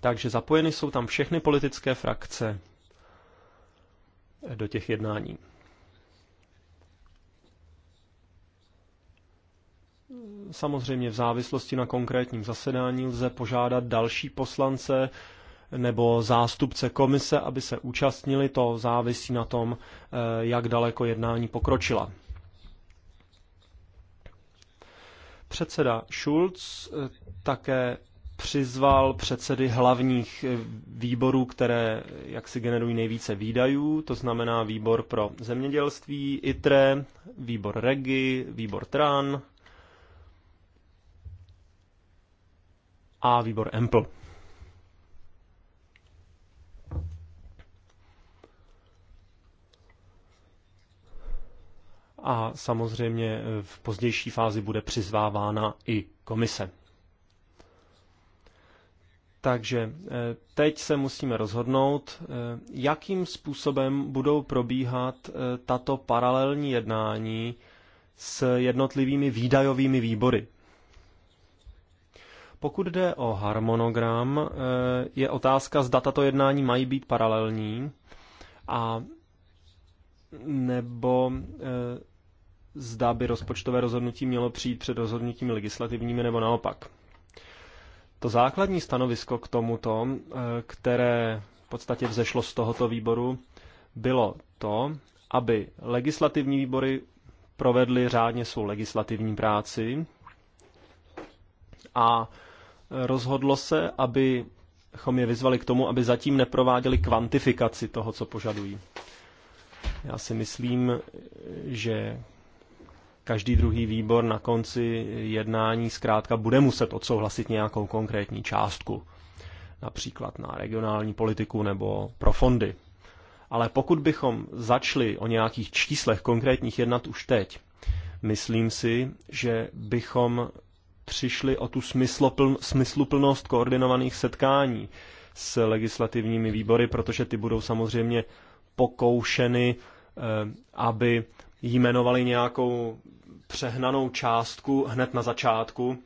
Takže zapojeny jsou tam všechny politické frakce do těch jednání. Samozřejmě v závislosti na konkrétním zasedání lze požádat další poslance nebo zástupce komise, aby se účastnili. To závisí na tom, eh, jak daleko jednání pokročila. Předseda Schulz eh, také přizval předsedy hlavních eh, výborů, které jak si generují nejvíce výdajů, to znamená výbor pro zemědělství, ITRE, výbor REGI, výbor TRAN, a výbor Ample. A samozřejmě v pozdější fázi bude přizvávána i komise. Takže eh, teď se musíme rozhodnout, eh, jakým způsobem budou probíhat eh, tato paralelní jednání s jednotlivými výdajovými výbory. Pokud jde o harmonogram, eh, je otázka, zda tato jednání mají být paralelní a nebo eh, zda by rozpočtové rozhodnutí mělo přijít před rozhodnutími legislativními nebo naopak. To základní stanovisko k tomuto, eh, které v podstatě vzešlo z tohoto výboru, bylo to, aby legislativní výbory provedly řádně svou legislativní práci a rozhodlo se, abychom je vyzvali k tomu, aby zatím neprováděli kvantifikaci toho, co požadují. Já si myslím, že každý druhý výbor na konci jednání zkrátka bude muset odsouhlasit nějakou konkrétní částku, například na regionální politiku nebo pro fondy. Ale pokud bychom začali o nějakých číslech konkrétních jednat už teď, myslím si, že bychom přišli o tu smyslopl, smysluplnost koordinovaných setkání s legislativními výbory, protože ty budou samozřejmě pokoušeny, eh, aby jmenovali nějakou přehnanou částku hned na začátku,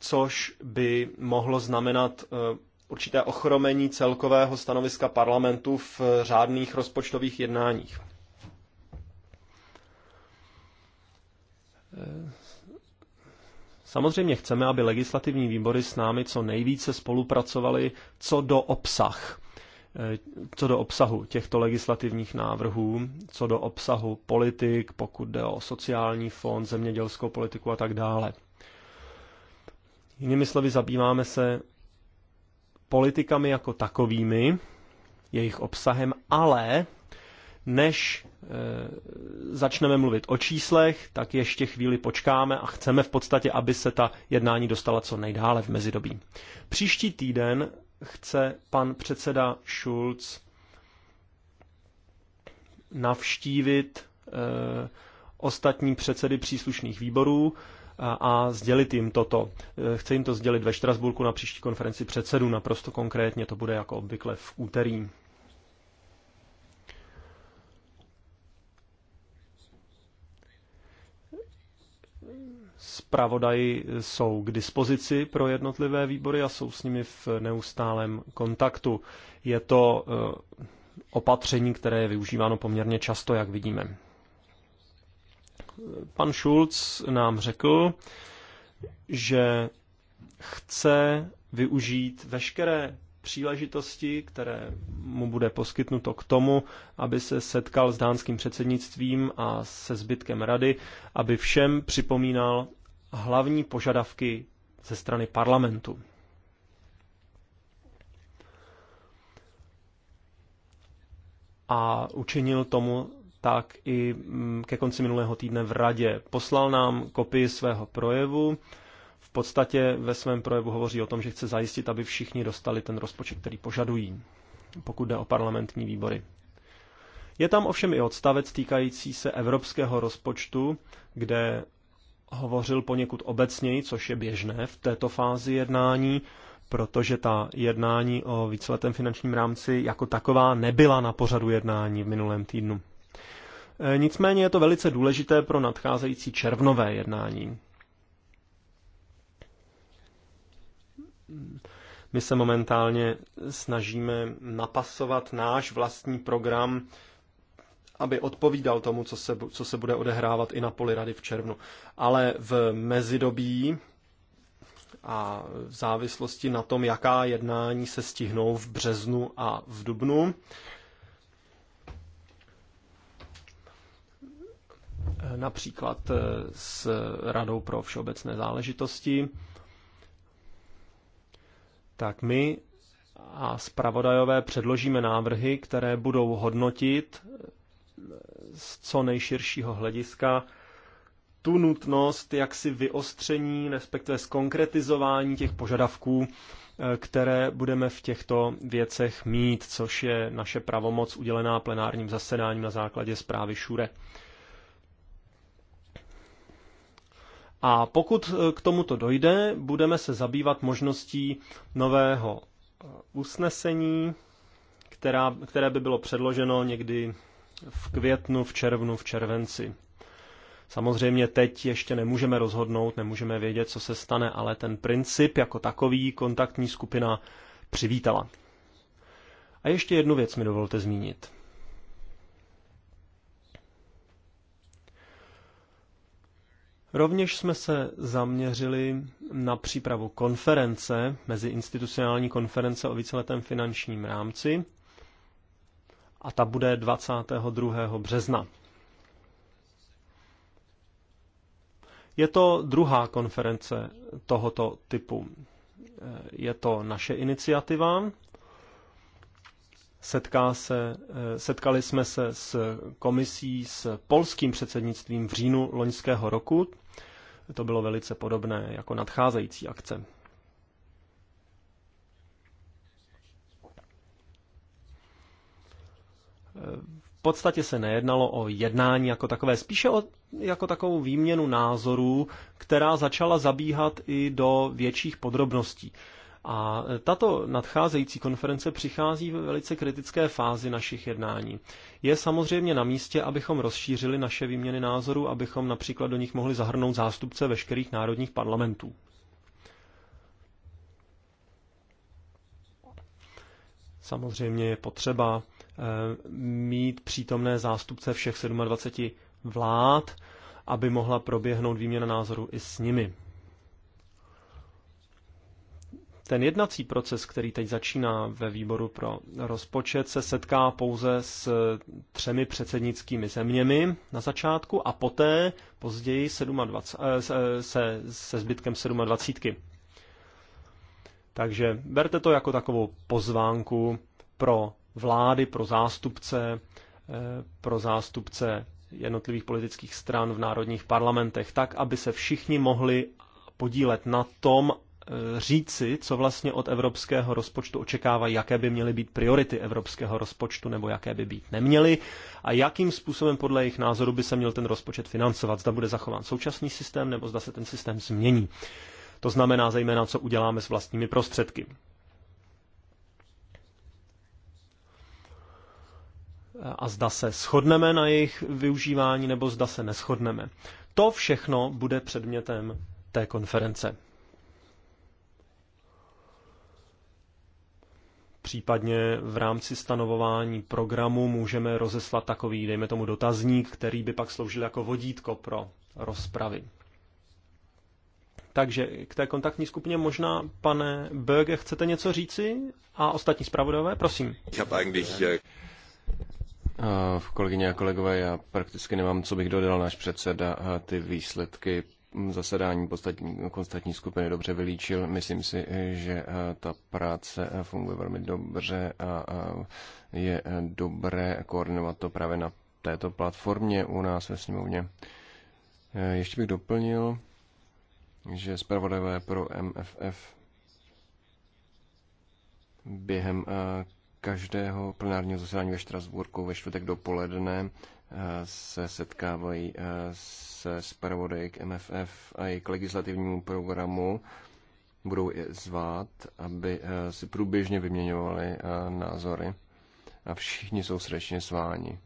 což by mohlo znamenat eh, určité ochromení celkového stanoviska parlamentu v řádných rozpočtových jednáních. Eh, Samozřejmě chceme, aby legislativní výbory s námi co nejvíce spolupracovaly co do obsah eh, co do obsahu těchto legislativních návrhů, co do obsahu politik, pokud jde o sociální fond, zemědělskou politiku a tak dále. Jinými slovy, zabýváme se politikami jako takovými, jejich obsahem, ale než eh, začneme mluvit o číslech, tak ještě chvíli počkáme a chceme v podstatě, aby se ta jednání dostala co nejdále v mezidobí. Příští týden chce pan předseda Schulz navštívit eh, ostatní předsedy příslušných výborů a sdělit jim toto. Eh, chce jim to sdělit ve Štrasburku na příští konferenci předsedů, naprosto konkrétně to bude jako obvykle v úterý. zpravodaji jsou k dispozici pro jednotlivé výbory a jsou s nimi v neustálém kontaktu. Je to eh, opatření, které je využíváno poměrně často, jak vidíme. Pan Schulz nám řekl, že chce využít veškeré příležitosti, které mu bude poskytnuto k tomu, aby se setkal s dánským předsednictvím a se zbytkem rady, aby všem připomínal hlavní požadavky ze strany parlamentu. A učinil tomu tak i mm, ke konci minulého týdne v radě. Poslal nám kopii svého projevu. V podstatě ve svém projevu hovoří o tom, že chce zajistit, aby všichni dostali ten rozpočet, který požadují, pokud jde o parlamentní výbory. Je tam ovšem i odstavec týkající se evropského rozpočtu, kde hovořil poněkud obecněji, což je běžné v této fázi jednání, protože ta jednání o víceletém finančním rámci jako taková nebyla na pořadu jednání v minulém týdnu. E, nicméně je to velice důležité pro nadcházející červnové jednání. My se momentálně snažíme napasovat náš vlastní program aby odpovídal tomu, co se, co se bude odehrávat i na poli rady v červnu. Ale v mezidobí a v závislosti na tom, jaká jednání se stihnou v březnu a v dubnu, například eh, s Radou pro všeobecné záležitosti, tak my a zpravodajové předložíme návrhy, které budou hodnotit z co nejširšího hlediska tu nutnost jaksi vyostření, respektive zkonkretizování těch požadavků, eh, které budeme v těchto věcech mít, což je naše pravomoc udělená plenárním zasedáním na základě zprávy Šure. A pokud eh, k tomuto dojde, budeme se zabývat možností nového eh, usnesení, která, které by bylo předloženo někdy v květnu, v červnu, v červenci. Samozřejmě teď ještě nemůžeme rozhodnout, nemůžeme vědět, co se stane, ale ten princip jako takový kontaktní skupina přivítala. A ještě jednu věc mi dovolte zmínit. Rovněž jsme se zaměřili na přípravu konference, mezi institucionální konference o víceletém finančním rámci, a ta bude 22. března. Je to druhá konference tohoto typu. Je to naše iniciativa. Setká se, setkali jsme se s komisí s polským předsednictvím v říjnu loňského roku. To bylo velice podobné jako nadcházející akce. v podstatě se nejednalo o jednání jako takové, spíše o, jako takovou výměnu názorů, která začala zabíhat i do větších podrobností. A tato nadcházející konference přichází ve velice kritické fázi našich jednání. Je samozřejmě na místě, abychom rozšířili naše výměny názorů, abychom například do nich mohli zahrnout zástupce veškerých národních parlamentů. Samozřejmě je potřeba mít přítomné zástupce všech 27 vlád, aby mohla proběhnout výměna názoru i s nimi. Ten jednací proces, který teď začíná ve výboru pro rozpočet, se setká pouze s třemi předsednickými zeměmi na začátku a poté později 27, eh, se, se, zbytkem 27. Takže berte to jako takovou pozvánku pro vlády, pro zástupce, eh, pro zástupce jednotlivých politických stran v národních parlamentech, tak, aby se všichni mohli podílet na tom, eh, říci, co vlastně od evropského rozpočtu očekávají, jaké by měly být priority evropského rozpočtu nebo jaké by být neměly a jakým způsobem podle jejich názoru by se měl ten rozpočet financovat. Zda bude zachován současný systém nebo zda se ten systém změní. To znamená zejména, co uděláme s vlastními prostředky. a zda se shodneme na jejich využívání nebo zda se neschodneme. To všechno bude předmětem té konference. Případně v rámci stanovování programu můžeme rozeslat takový, dejme tomu, dotazník, který by pak sloužil jako vodítko pro rozpravy. Takže k té kontaktní skupině možná, pane Böge, chcete něco říci? A ostatní zpravodové, prosím. Já Kolegyně a kolegové, já prakticky nemám, co bych dodal. Náš předseda a ty výsledky zasedání podstatní, konstantní skupiny dobře vylíčil. Myslím si, že ta práce funguje velmi dobře a je dobré koordinovat to právě na této platformě u nás ve sněmovně. E, ještě bych doplnil, že zpravodajové pro MFF během každého plenárního zasedání ve Štrasburku ve čtvrtek dopoledne eh, se setkávají eh, se zpravodaji k MFF a i k legislativnímu programu. Budou je zvát, aby eh, si průběžně vyměňovali názory a všichni jsou srdečně sváni.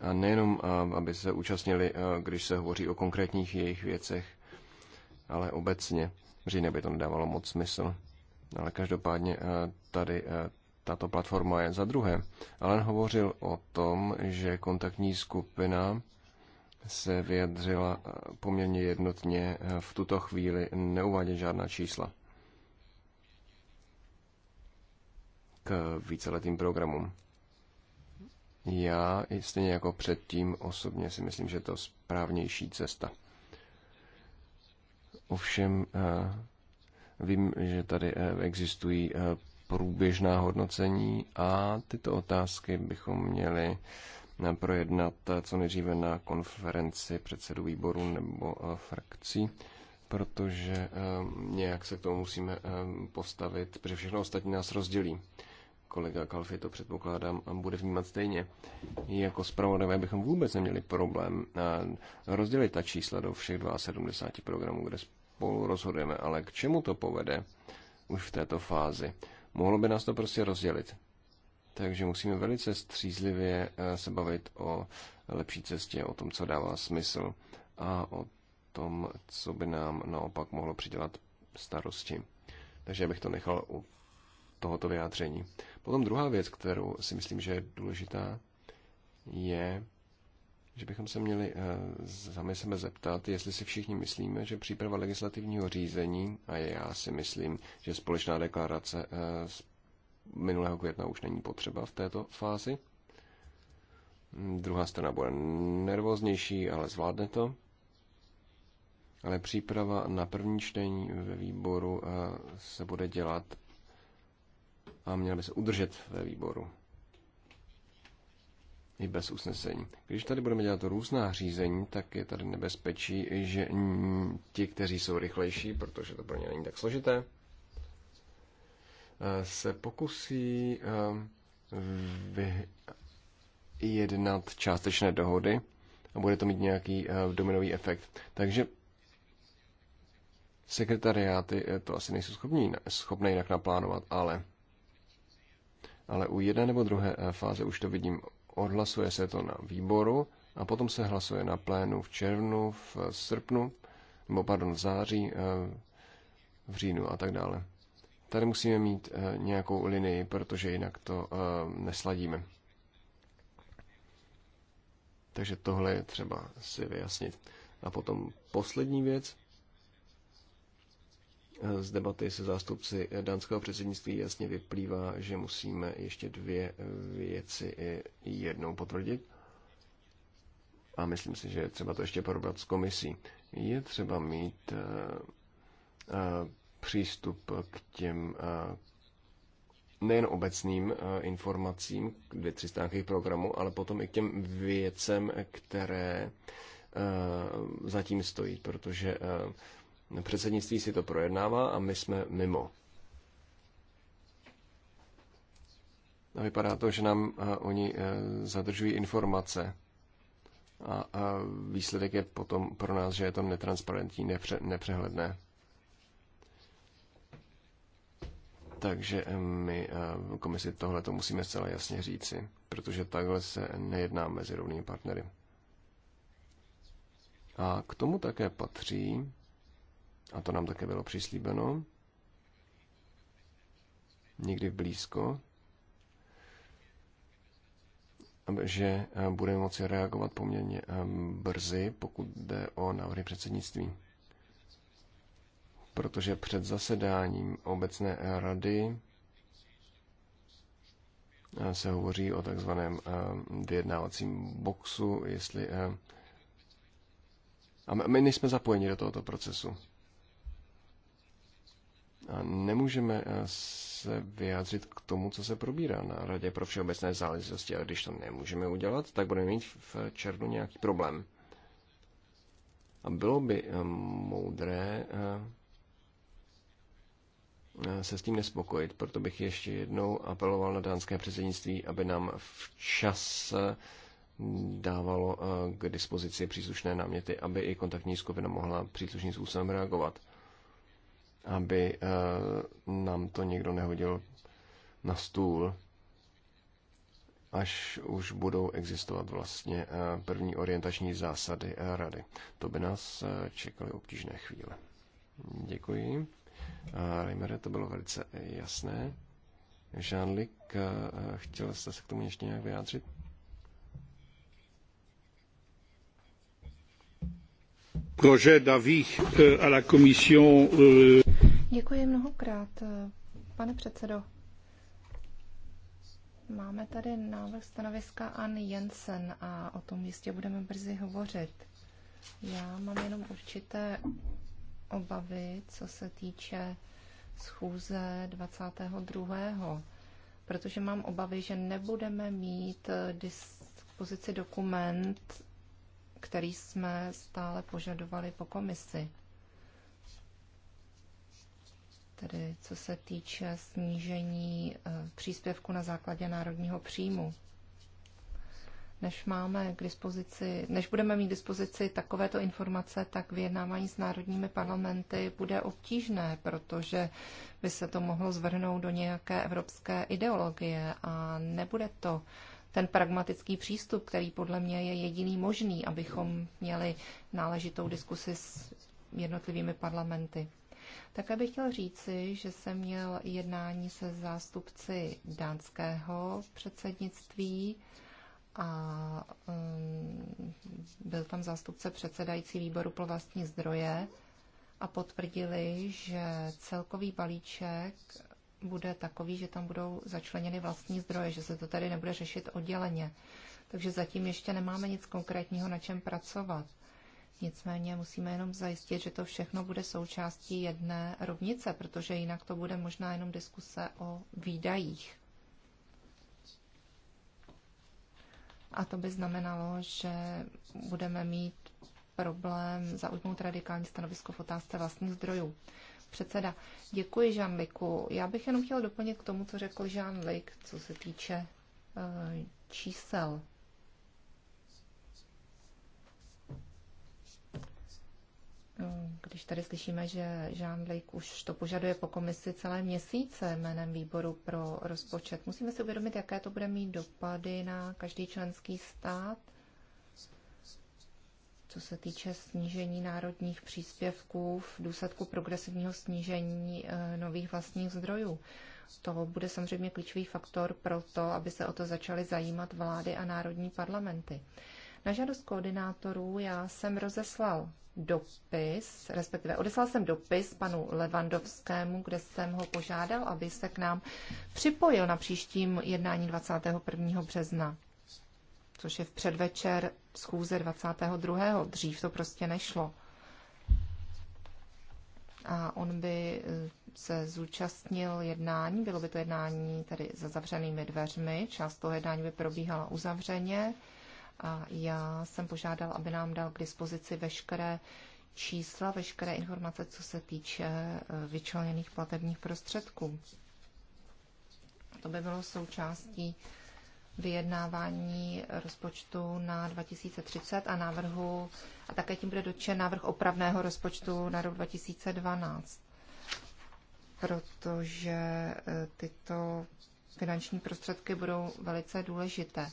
A nejenom, aby se účastnili, když se hovoří o konkrétních jejich věcech, ale obecně. říjně by to nedávalo moc smysl. Ale každopádně eh, tady eh, tato platforma je za druhé. Alan hovořil o tom, že kontaktní skupina se vyjadřila eh, poměrně jednotně, v tuto chvíli neuvádět žádná čísla k víceletým programům. Já, stejně jako předtím, osobně si myslím, že je to správnější cesta. Ovšem, Vím, že tady eh, existují eh, průběžná hodnocení a tyto otázky bychom měli eh, projednat co nejdříve na konferenci předsedů výboru nebo frakcí, protože nějak se k tomu musíme postavit, protože všechno ostatní nás rozdělí. Kolega Kalfi to předpokládám bude vnímat stejně. Jako zpravodajové bychom vůbec neměli problém rozdělit ta čísla do všech 72 programů, kde spolu rozhodujeme, ale k čemu to povede už v této fázi? Mohlo by nás to prostě rozdělit. Takže musíme velice střízlivě eh, se bavit o lepší cestě, o tom, co dává smysl a o tom, co by nám naopak mohlo přidělat starosti. Takže bych to nechal u tohoto vyjádření. Potom druhá věc, kterou si myslím, že je důležitá, je že bychom se měli eh, sami sebe zeptat, jestli si všichni myslíme, že příprava legislativního řízení, a já si myslím, že společná deklarace eh, z minulého května už není potřeba v této fázi. Druhá strana bude nervóznější, ale zvládne to. Ale příprava na první čtení ve výboru eh, se bude dělat a měla by se udržet ve výboru i bez usnesení. Když tady budeme dělat různá řízení, tak je tady nebezpečí, že ti, kteří jsou rychlejší, protože to pro ně není tak složité, eh, se pokusí eh, vyjednat částečné dohody a bude to mít nějaký eh, dominový efekt. Takže sekretariáty to asi nejsou schopní, schopné jinak naplánovat, ale, ale u jedné nebo druhé fáze už to vidím odhlasuje se to na výboru a potom se hlasuje na plénu v červnu, v srpnu, nebo pardon, v září, eh, v říjnu a tak dále. Tady musíme mít eh, nějakou linii, protože jinak to eh, nesladíme. Takže tohle je třeba si vyjasnit. A potom poslední věc, z debaty se zástupci dánského předsednictví jasně vyplývá, že musíme ještě dvě věci eh, jednou potvrdit. A myslím si, že je třeba to ještě probrat s komisí. Je třeba mít eh, eh, přístup k těm nejen obecným informacím, dvě, tři stránky programu, ale potom i k těm věcem, které zatím stojí, protože Předsednictví si to projednává a my jsme mimo. A vypadá to, že nám eh, oni eh, zadržují informace. A, a eh, výsledek je potom pro nás, že je to netransparentní, nepře, nepřehledné. Takže my komisi tohle to musíme zcela jasně říci, protože takhle se nejedná mezi rovnými partnery. A k tomu také patří, a to nám také bylo přislíbeno, někdy blízko, že eh, budeme moci reagovat poměrně eh, brzy, pokud jde o návrhy předsednictví. Protože před zasedáním obecné rady eh, se hovoří o takzvaném vyjednávacím boxu, jestli... A my nejsme zapojeni do tohoto procesu. A nemůžeme eh, se vyjádřit k tomu, co se probírá na Radě pro všeobecné záležitosti. A když to nemůžeme udělat, tak budeme mít v červnu nějaký problém. A bylo by eh, moudré eh, se s tím nespokojit, proto bych ještě jednou apeloval na dánské předsednictví, aby nám včas dávalo k dispozici příslušné náměty, aby i kontaktní skupina mohla příslušným způsobem reagovat aby eh, nám to někdo nehodil na stůl, až už budou existovat vlastně eh, první orientační zásady a eh, rady. To by nás čekaly obtížné chvíle. Děkuji. Reimere, to bylo velice jasné. Žánlik, chtěl jste se k tomu ještě nějak vyjádřit? Euh, euh. Děkuji mnohokrát, eh, pane předsedo. Máme tady návrh stanoviska Ann Jensen a o tom jistě budeme brzy hovořit. Já mám jenom určité obavy, co se týče schůze 22. protože mám obavy, že nebudeme mít eh, dispozici dokument který jsme stále požadovali po komisi. Tedy co se týče snížení eh, příspěvku na základě národního příjmu. Než máme k dispozici, než budeme mít k dispozici takovéto informace, tak vyjednávání s národními parlamenty bude obtížné, protože by se to mohlo zvrhnout do nějaké evropské ideologie a nebude to ten pragmatický přístup, který podle mě je jediný možný, abychom měli náležitou diskusi s jednotlivými parlamenty. Také bych chtěl říci, že jsem měl jednání se zástupci dánského předsednictví a um, byl tam zástupce předsedající výboru pro vlastní zdroje a potvrdili, že celkový balíček bude takový, že tam budou začleněny vlastní zdroje, že se to tady nebude řešit odděleně. Takže zatím ještě nemáme nic konkrétního, na čem pracovat. Nicméně musíme jenom zajistit, že to všechno bude součástí jedné rovnice, protože jinak to bude možná jenom diskuse o výdajích. A to by znamenalo, že budeme mít problém zaujmout radikální stanovisko v otázce vlastních zdrojů. Předseda, děkuji Liku. Já bych jenom chtěla doplnit k tomu, co řekl Lik, co se týče uh, čísel. Eh, když tady slyšíme, že Jean Lake už to požaduje po komisi celé měsíce jménem výboru pro rozpočet, musíme si uvědomit, jaké to bude mít dopady na každý členský stát co se týče snížení národních příspěvků v důsledku progresivního snížení eh, nových vlastních zdrojů. To bude samozřejmě klíčový faktor pro to, aby se o to začaly zajímat vlády a národní parlamenty. Na žádost koordinátorů já jsem rozeslal dopis, respektive odeslal jsem dopis panu Levandovskému, kde jsem ho požádal, aby se k nám připojil na příštím jednání 21. března což je v předvečer schůze 22. Dřív to prostě nešlo. A on by eh, se zúčastnil jednání, bylo by to jednání tady za zavřenými dveřmi, část toho jednání by probíhala uzavřeně a já jsem požádal, aby nám dal k dispozici veškeré čísla, veškeré informace, co se týče eh, vyčleněných platebních prostředků. To by bylo součástí vyjednávání rozpočtu na 2030 a návrhu, a také tím bude dotčen návrh opravného rozpočtu na rok 2012, protože e, tyto finanční prostředky budou velice důležité.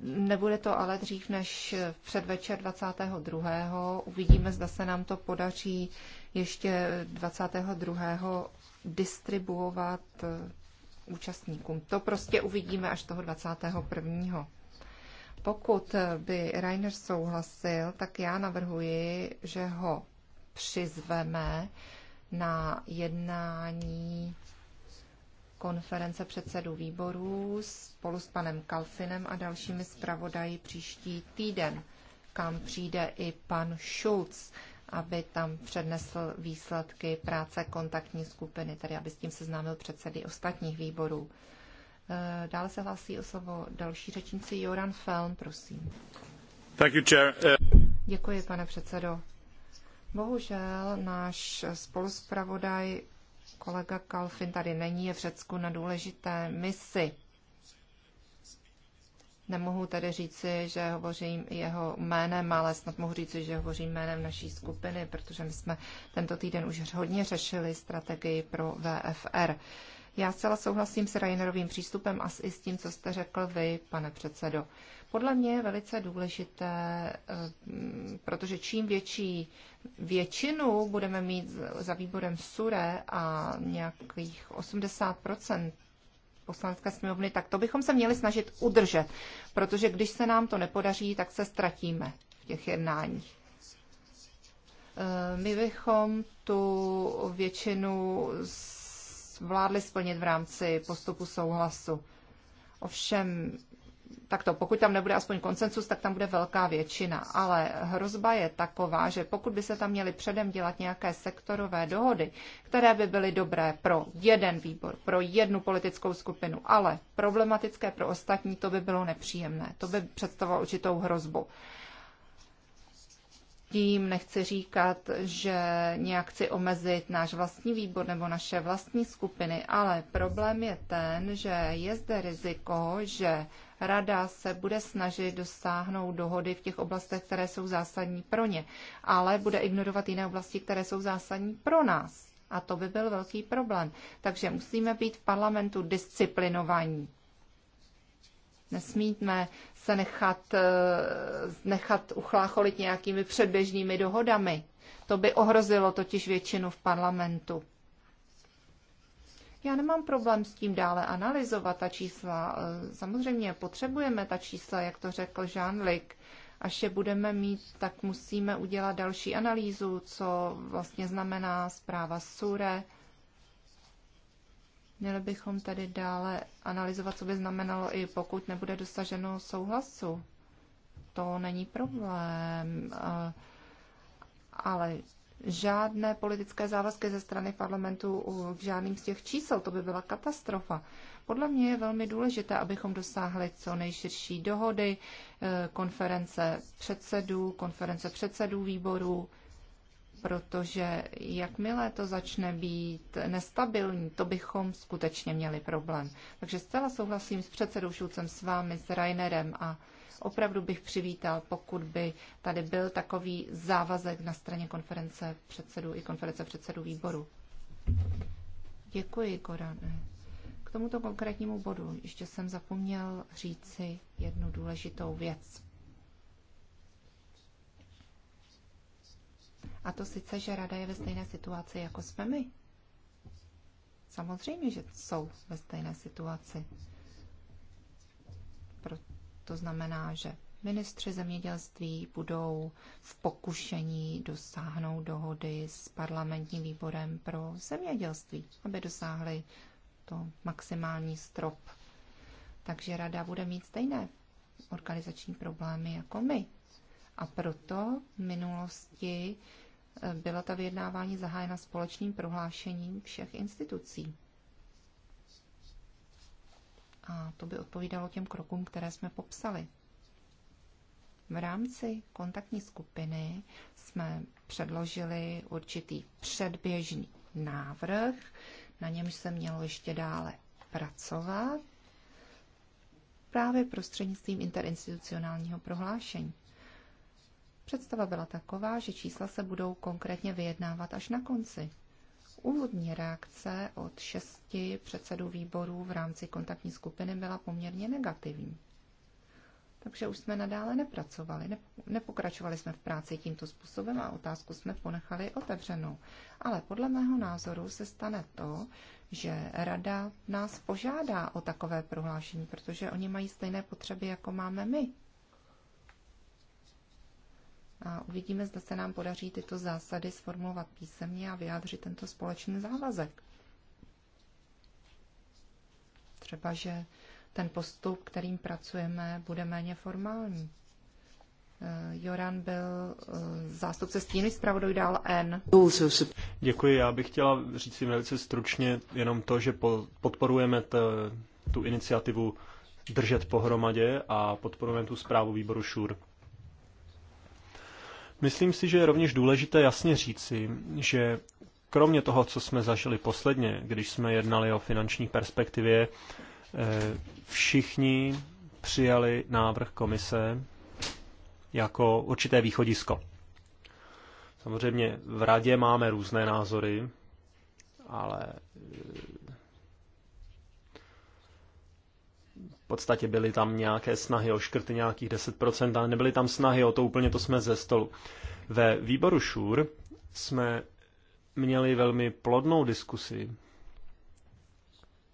Nebude to ale dřív než předvečer 22. Uvidíme, zda se nám to podaří ještě 22. distribuovat e, účastníkům. To prostě uvidíme až toho 21. Pokud by Rainer souhlasil, tak já navrhuji, že ho přizveme na jednání konference předsedů výborů spolu s panem Kalfinem a dalšími zpravodaji příští týden, kam přijde i pan Schulz aby tam přednesl výsledky práce kontaktní skupiny, tedy aby s tím seznámil předsedy ostatních výborů. E, dále se hlásí o slovo další řečníci Joran Felm, prosím. Thank you, chair. E, Děkuji, pane předsedo. Bohužel náš spoluspravodaj kolega Kalfin tady není, je v Řecku na důležité misi. Nemohu tady říci, že hovořím jeho jménem, ale snad mohu říci, že hovořím jménem naší skupiny, protože my jsme tento týden už hodně řešili strategii pro VFR. Já zcela souhlasím s Rainerovým přístupem a i s tím, co jste řekl vy, pane předsedo. Podle mě je velice důležité, eh, protože čím větší většinu budeme mít za výborem SURE a nějakých 80 poslanecké sněmovny, tak to bychom se měli snažit udržet, protože když se nám to nepodaří, tak se ztratíme v těch jednáních. E, my bychom tu většinu vládli splnit v rámci postupu souhlasu. Ovšem takto, pokud tam nebude aspoň konsensus, tak tam bude velká většina. Ale hrozba je taková, že pokud by se tam měly předem dělat nějaké sektorové dohody, které by byly dobré pro jeden výbor, pro jednu politickou skupinu, ale problematické pro ostatní, to by bylo nepříjemné. To by představovalo určitou hrozbu. Tím nechci říkat, že nějak chci omezit náš vlastní výbor nebo naše vlastní skupiny, ale problém je ten, že je zde riziko, že Rada se bude snažit dosáhnout dohody v těch oblastech, které jsou zásadní pro ně, ale bude ignorovat jiné oblasti, které jsou zásadní pro nás. A to by byl velký problém. Takže musíme být v parlamentu disciplinovaní. Nesmíme se nechat, eh, nechat uchlácholit nějakými předběžnými dohodami. To by ohrozilo totiž většinu v parlamentu. Já nemám problém s tím dále analyzovat ta čísla. Samozřejmě potřebujeme ta čísla, jak to řekl Jean-Luc až je budeme mít, tak musíme udělat další analýzu, co vlastně znamená zpráva SURE. Měli bychom tedy dále analyzovat, co by znamenalo i pokud nebude dosaženo souhlasu. To není problém. Ale žádné politické závazky ze strany parlamentu k žádným z těch čísel. To by byla katastrofa. Podle mě je velmi důležité, abychom dosáhli co nejširší dohody, eh, konference předsedů, konference předsedů výborů, protože jakmile to začne být nestabilní, to bychom skutečně měli problém. Takže zcela souhlasím s předsedou Šulcem, s vámi, s Rainerem a Opravdu bych přivítal, pokud by tady byl takový závazek na straně konference předsedů i konference předsedů výboru. Děkuji, Korane. K tomuto konkrétnímu bodu ještě jsem zapomněl říci jednu důležitou věc. A to sice, že rada je ve stejné situaci, jako jsme my. Samozřejmě, že jsou ve stejné situaci. To znamená, že ministři zemědělství budou v pokušení dosáhnout dohody s parlamentním výborem pro zemědělství, aby dosáhli to maximální strop. Takže rada bude mít stejné organizační problémy jako my. A proto v minulosti eh, byla ta vyjednávání zahájena společným prohlášením všech institucí a to by odpovídalo těm krokům, které jsme popsali. V rámci kontaktní skupiny jsme předložili určitý předběžný návrh, na němž se mělo ještě dále pracovat právě prostřednictvím interinstitucionálního prohlášení. Představa byla taková, že čísla se budou konkrétně vyjednávat až na konci. Úvodní reakce od šesti předsedů výborů v rámci kontaktní skupiny byla poměrně negativní. Takže už jsme nadále nepracovali, nepokračovali jsme v práci tímto způsobem a otázku jsme ponechali otevřenou. Ale podle mého názoru se stane to, že rada nás požádá o takové prohlášení, protože oni mají stejné potřeby, jako máme my. A uvidíme, zda se nám podaří tyto zásady sformulovat písemně a vyjádřit tento společný závazek. Třeba, že ten postup, kterým pracujeme, bude méně formální. Eh, Joran byl eh, zástupce stíny zpravodaj dál N. Děkuji, já bych chtěla říct si velice stručně jenom to, že podporujeme t, tu iniciativu držet pohromadě a podporujeme tu zprávu výboru ŠUR. Sure Myslím si, že je rovněž důležité jasně říci, že kromě toho, co jsme zažili posledně, když jsme jednali o finanční perspektivě, eh, všichni přijali návrh komise jako určité východisko. Samozřejmě v radě máme různé názory, ale V podstatě byly tam nějaké snahy o škrty nějakých 10%, ale nebyly tam snahy o to úplně, to jsme ze stolu. Ve výboru ŠUR jsme měli velmi plodnou diskusi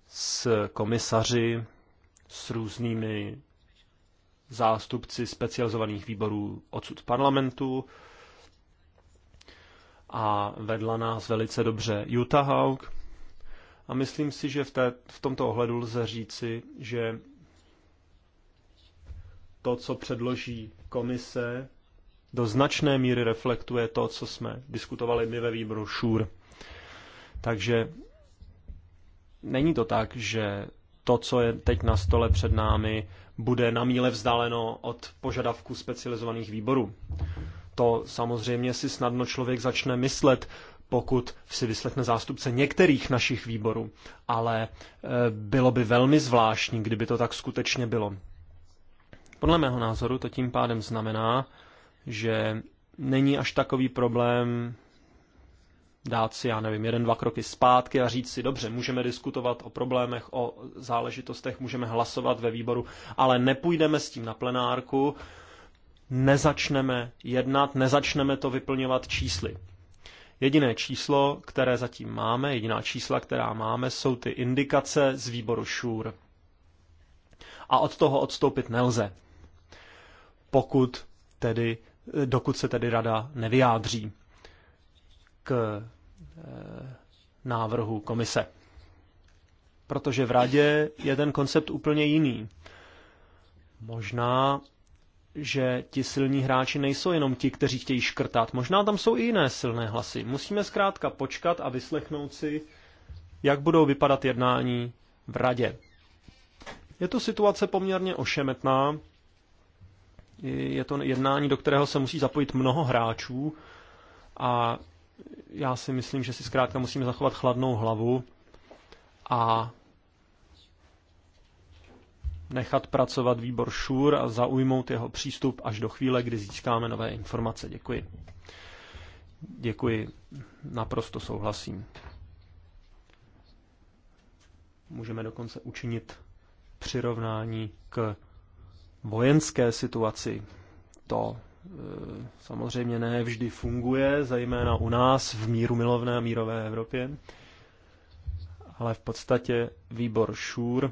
s komisaři, s různými zástupci specializovaných výborů odsud parlamentu a vedla nás velice dobře Jutta Hawk. A myslím si, že v, té, v tomto ohledu lze říci, že to, co předloží komise, do značné míry reflektuje to, co jsme diskutovali my ve výboru ŠUR. Takže není to tak, že to, co je teď na stole před námi, bude na míle vzdáleno od požadavků specializovaných výborů. To samozřejmě si snadno člověk začne myslet, pokud si vyslechne zástupce některých našich výborů, ale eh, bylo by velmi zvláštní, kdyby to tak skutečně bylo. Podle mého názoru to tím pádem znamená, že není až takový problém dát si, já nevím, jeden, dva kroky zpátky a říct si, dobře, můžeme diskutovat o problémech, o záležitostech, můžeme hlasovat ve výboru, ale nepůjdeme s tím na plenárku, nezačneme jednat, nezačneme to vyplňovat čísly. Jediné číslo, které zatím máme, jediná čísla, která máme, jsou ty indikace z výboru ŠUR. A od toho odstoupit nelze pokud tedy, dokud se tedy rada nevyjádří k eh, návrhu komise. Protože v radě je ten koncept úplně jiný. Možná, že ti silní hráči nejsou jenom ti, kteří chtějí škrtat. Možná tam jsou i jiné silné hlasy. Musíme zkrátka počkat a vyslechnout si, jak budou vypadat jednání v radě. Je to situace poměrně ošemetná, je to jednání, do kterého se musí zapojit mnoho hráčů a já si myslím, že si zkrátka musíme zachovat chladnou hlavu a nechat pracovat výbor ŠUR a zaujmout jeho přístup až do chvíle, kdy získáme nové informace. Děkuji. Děkuji, naprosto souhlasím. Můžeme dokonce učinit přirovnání k vojenské situaci. To e, samozřejmě ne vždy funguje, zejména u nás v míru milovné a mírové Evropě, ale v podstatě výbor ŠUR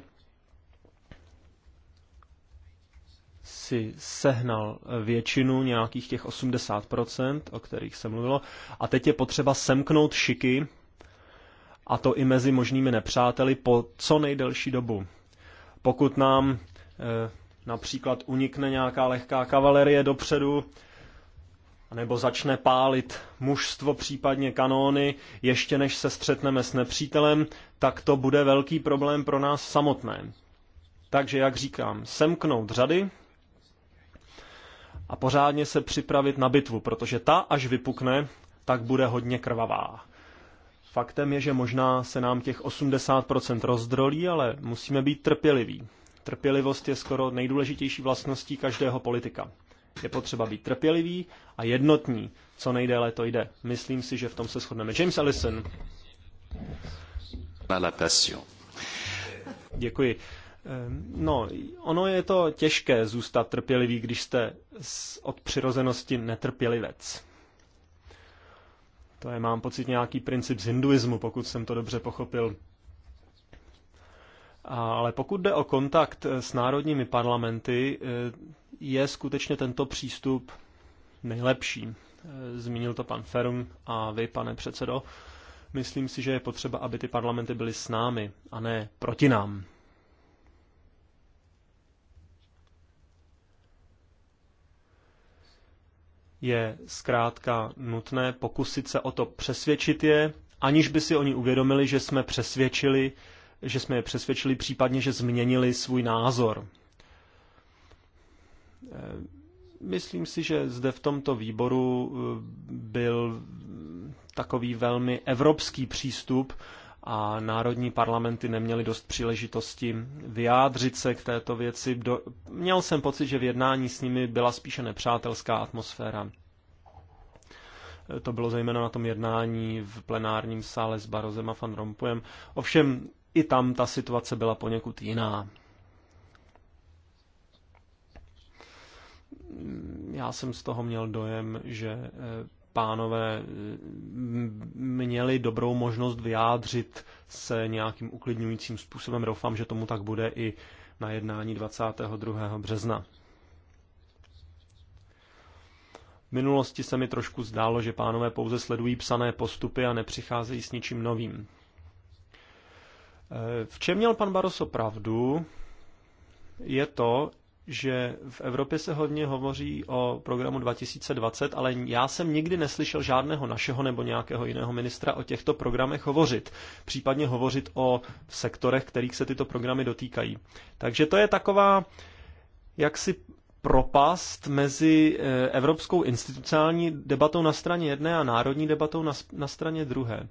si sehnal většinu nějakých těch 80%, o kterých se mluvilo, a teď je potřeba semknout šiky, a to i mezi možnými nepřáteli po co nejdelší dobu. Pokud nám e, Například unikne nějaká lehká kavalerie dopředu, nebo začne pálit mužstvo, případně kanóny, ještě než se střetneme s nepřítelem, tak to bude velký problém pro nás samotné. Takže, jak říkám, semknout řady a pořádně se připravit na bitvu, protože ta, až vypukne, tak bude hodně krvavá. Faktem je, že možná se nám těch 80% rozdrolí, ale musíme být trpěliví. Trpělivost je skoro nejdůležitější vlastností každého politika. Je potřeba být trpělivý a jednotní, co nejdéle to jde. Myslím si, že v tom se shodneme. James Allison. Děkuji. Ehm, no, ono je to těžké zůstat trpělivý, když jste od přirozenosti netrpělivec. To je, mám pocit, nějaký princip z hinduismu, pokud jsem to dobře pochopil. Ale pokud jde o kontakt eh, s národními parlamenty, eh, je skutečně tento přístup nejlepší. Eh, zmínil to pan Ferm a vy, pane předsedo. Myslím si, že je potřeba, aby ty parlamenty byly s námi a ne proti nám. Je zkrátka nutné pokusit se o to přesvědčit je, aniž by si oni uvědomili, že jsme přesvědčili že jsme je přesvědčili, případně, že změnili svůj názor. Eh, myslím si, že zde v tomto výboru eh, byl takový velmi evropský přístup a národní parlamenty neměly dost příležitosti vyjádřit se k této věci. Do... Měl jsem pocit, že v jednání s nimi byla spíše nepřátelská atmosféra. Eh, to bylo zejména na tom jednání v plenárním sále s Barozem a Van Rompuyem. Ovšem, i tam ta situace byla poněkud jiná. Já jsem z toho měl dojem, že eh, pánové eh, měli dobrou možnost vyjádřit se nějakým uklidňujícím způsobem. Doufám, že tomu tak bude i na jednání 22. března. V minulosti se mi trošku zdálo, že pánové pouze sledují psané postupy a nepřicházejí s ničím novým. V čem měl pan Baroso pravdu, je to, že v Evropě se hodně hovoří o programu 2020, ale já jsem nikdy neslyšel žádného našeho nebo nějakého jiného ministra o těchto programech hovořit, případně hovořit o sektorech, kterých se tyto programy dotýkají. Takže to je taková jaksi propast mezi eh, evropskou institucionální debatou na straně jedné a národní debatou na straně druhé.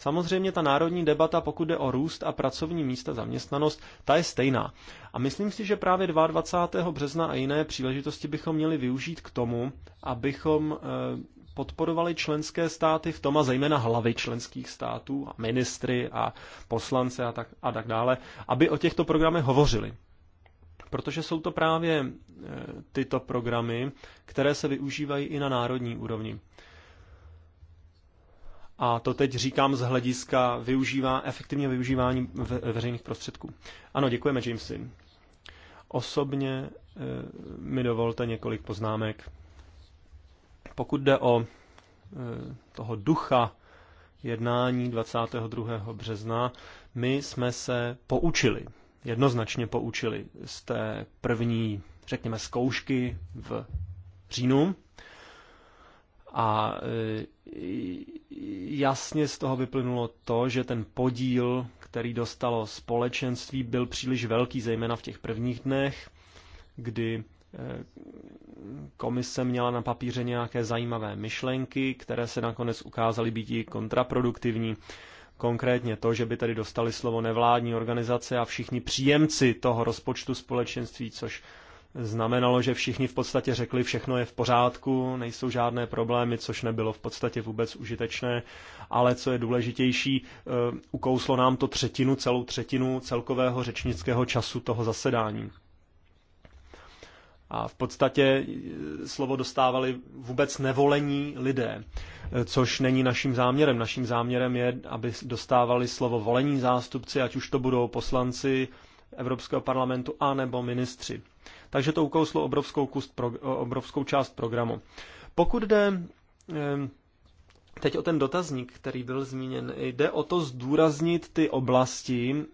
Samozřejmě ta národní debata, pokud jde o růst a pracovní místa, zaměstnanost, ta je stejná. A myslím si, že právě 22. března a jiné příležitosti bychom měli využít k tomu, abychom eh, podporovali členské státy v tom a zejména hlavy členských států a ministry a poslance a tak, a tak dále, aby o těchto programech hovořili. Protože jsou to právě eh, tyto programy, které se využívají i na národní úrovni. A to teď říkám z hlediska využívá, efektivního využívání ve, veřejných prostředků. Ano, děkujeme, Jamesy. Osobně e, mi dovolte několik poznámek. Pokud jde o e, toho ducha jednání 22. března, my jsme se poučili, jednoznačně poučili z té první, řekněme, zkoušky v říjnu a e, jasně z toho vyplynulo to, že ten podíl, který dostalo společenství, byl příliš velký, zejména v těch prvních dnech, kdy e, komise měla na papíře nějaké zajímavé myšlenky, které se nakonec ukázaly být i kontraproduktivní. Konkrétně to, že by tady dostali slovo nevládní organizace a všichni příjemci toho rozpočtu společenství, což znamenalo, že všichni v podstatě řekli, všechno je v pořádku, nejsou žádné problémy, což nebylo v podstatě vůbec užitečné, ale co je důležitější, eh, ukouslo nám to třetinu, celou třetinu celkového řečnického času toho zasedání. A v podstatě eh, slovo dostávali vůbec nevolení lidé, eh, což není naším záměrem. Naším záměrem je, aby dostávali slovo volení zástupci, ať už to budou poslanci Evropského parlamentu a nebo ministři takže to ukouslo obrovskou, kus pro, obrovskou část programu. Pokud jde teď o ten dotazník, který byl zmíněn, jde o to zdůraznit ty oblasti,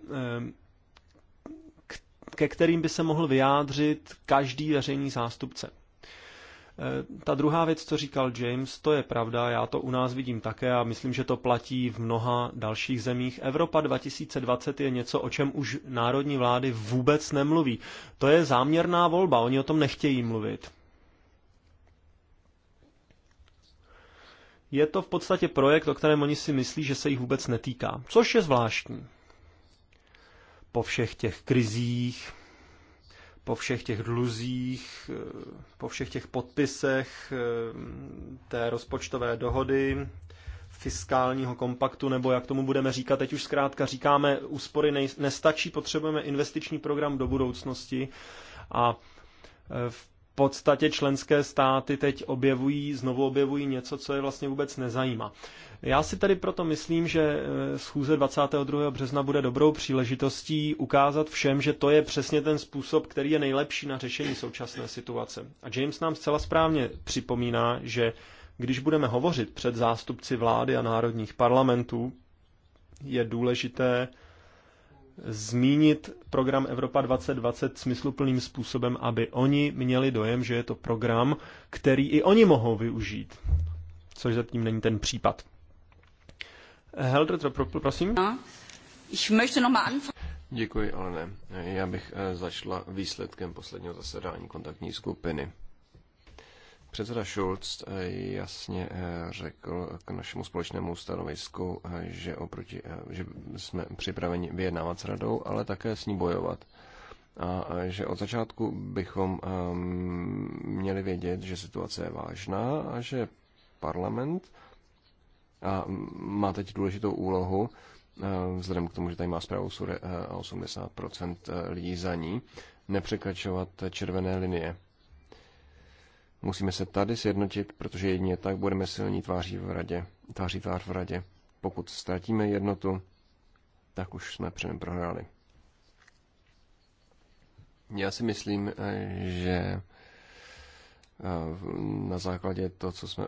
ke kterým by se mohl vyjádřit každý veřejný zástupce. Eh, ta druhá věc, co říkal James, to je pravda, já to u nás vidím také a myslím, že to platí v mnoha dalších zemích. Evropa 2020 je něco, o čem už národní vlády vůbec nemluví. To je záměrná volba, oni o tom nechtějí mluvit. Je to v podstatě projekt, o kterém oni si myslí, že se jich vůbec netýká, což je zvláštní. Po všech těch krizích, po všech těch dluzích, po všech těch podpisech eh, té rozpočtové dohody, fiskálního kompaktu, nebo jak tomu budeme říkat, teď už zkrátka říkáme, úspory nestačí, potřebujeme investiční program do budoucnosti a eh, v podstatě členské státy teď objevují, znovu objevují něco, co je vlastně vůbec nezajímá. Já si tady proto myslím, že e, schůze 22. března bude dobrou příležitostí ukázat všem, že to je přesně ten způsob, který je nejlepší na řešení současné situace. A James nám zcela správně připomíná, že když budeme hovořit před zástupci vlády a národních parlamentů, je důležité zmínit program Evropa 2020 smysluplným způsobem, aby oni měli dojem, že je to program, který i oni mohou využít. Což zatím není ten případ. Helder to pro, prosím. No, Děkuji, ale ne. Já bych eh, začala výsledkem posledního zasedání kontaktní skupiny. Předseda Schulz eh, jasně eh, řekl k našemu společnému stanovisku, eh, že, oproti, že jsme připraveni vyjednávat s radou, ale také s ní bojovat. A že od začátku bychom ehm, měli vědět, že situace je vážná a že parlament a má teď důležitou úlohu, vzhledem k tomu, že tady má zprávu SURE 80% lidí za ní, nepřekračovat červené linie Musíme se tady sjednotit, protože jedině tak budeme silní tváří v radě, tváří tvář v radě. Pokud ztratíme jednotu, tak už jsme předem prohráli. Já si myslím, eh, že eh, na základě toho, co jsme,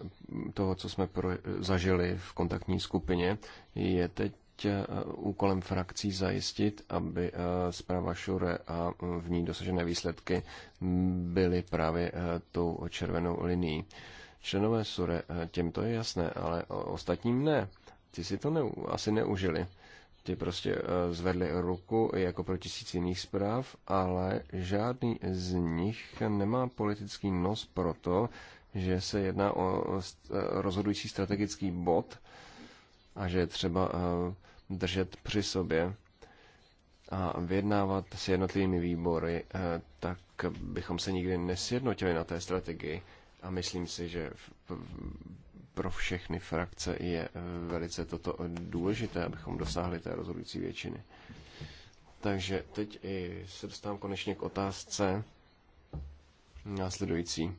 toho, co jsme pro, zažili v kontaktní skupině, je teď Eh, úkolem frakcí zajistit, aby eh, zpráva Šure a eh, v ní dosažené výsledky byly právě tou červenou linií. Členové Sure, těm to je jasné, ale ostatním ne. Ti si to ne, asi neužili. Ty prostě zvedli ruku jako pro tisíc jiných zpráv, ale žádný z nich nemá politický nos proto, že se jedná o rozhodující strategický bod a že je třeba držet při sobě a vyjednávat s jednotlivými výbory, eh, tak bychom se nikdy nesjednotili na té strategii. A myslím si, že pro všechny frakce je eh, velice toto důležité, abychom dosáhli té rozhodující většiny. Takže teď i se dostávám konečně k otázce následující.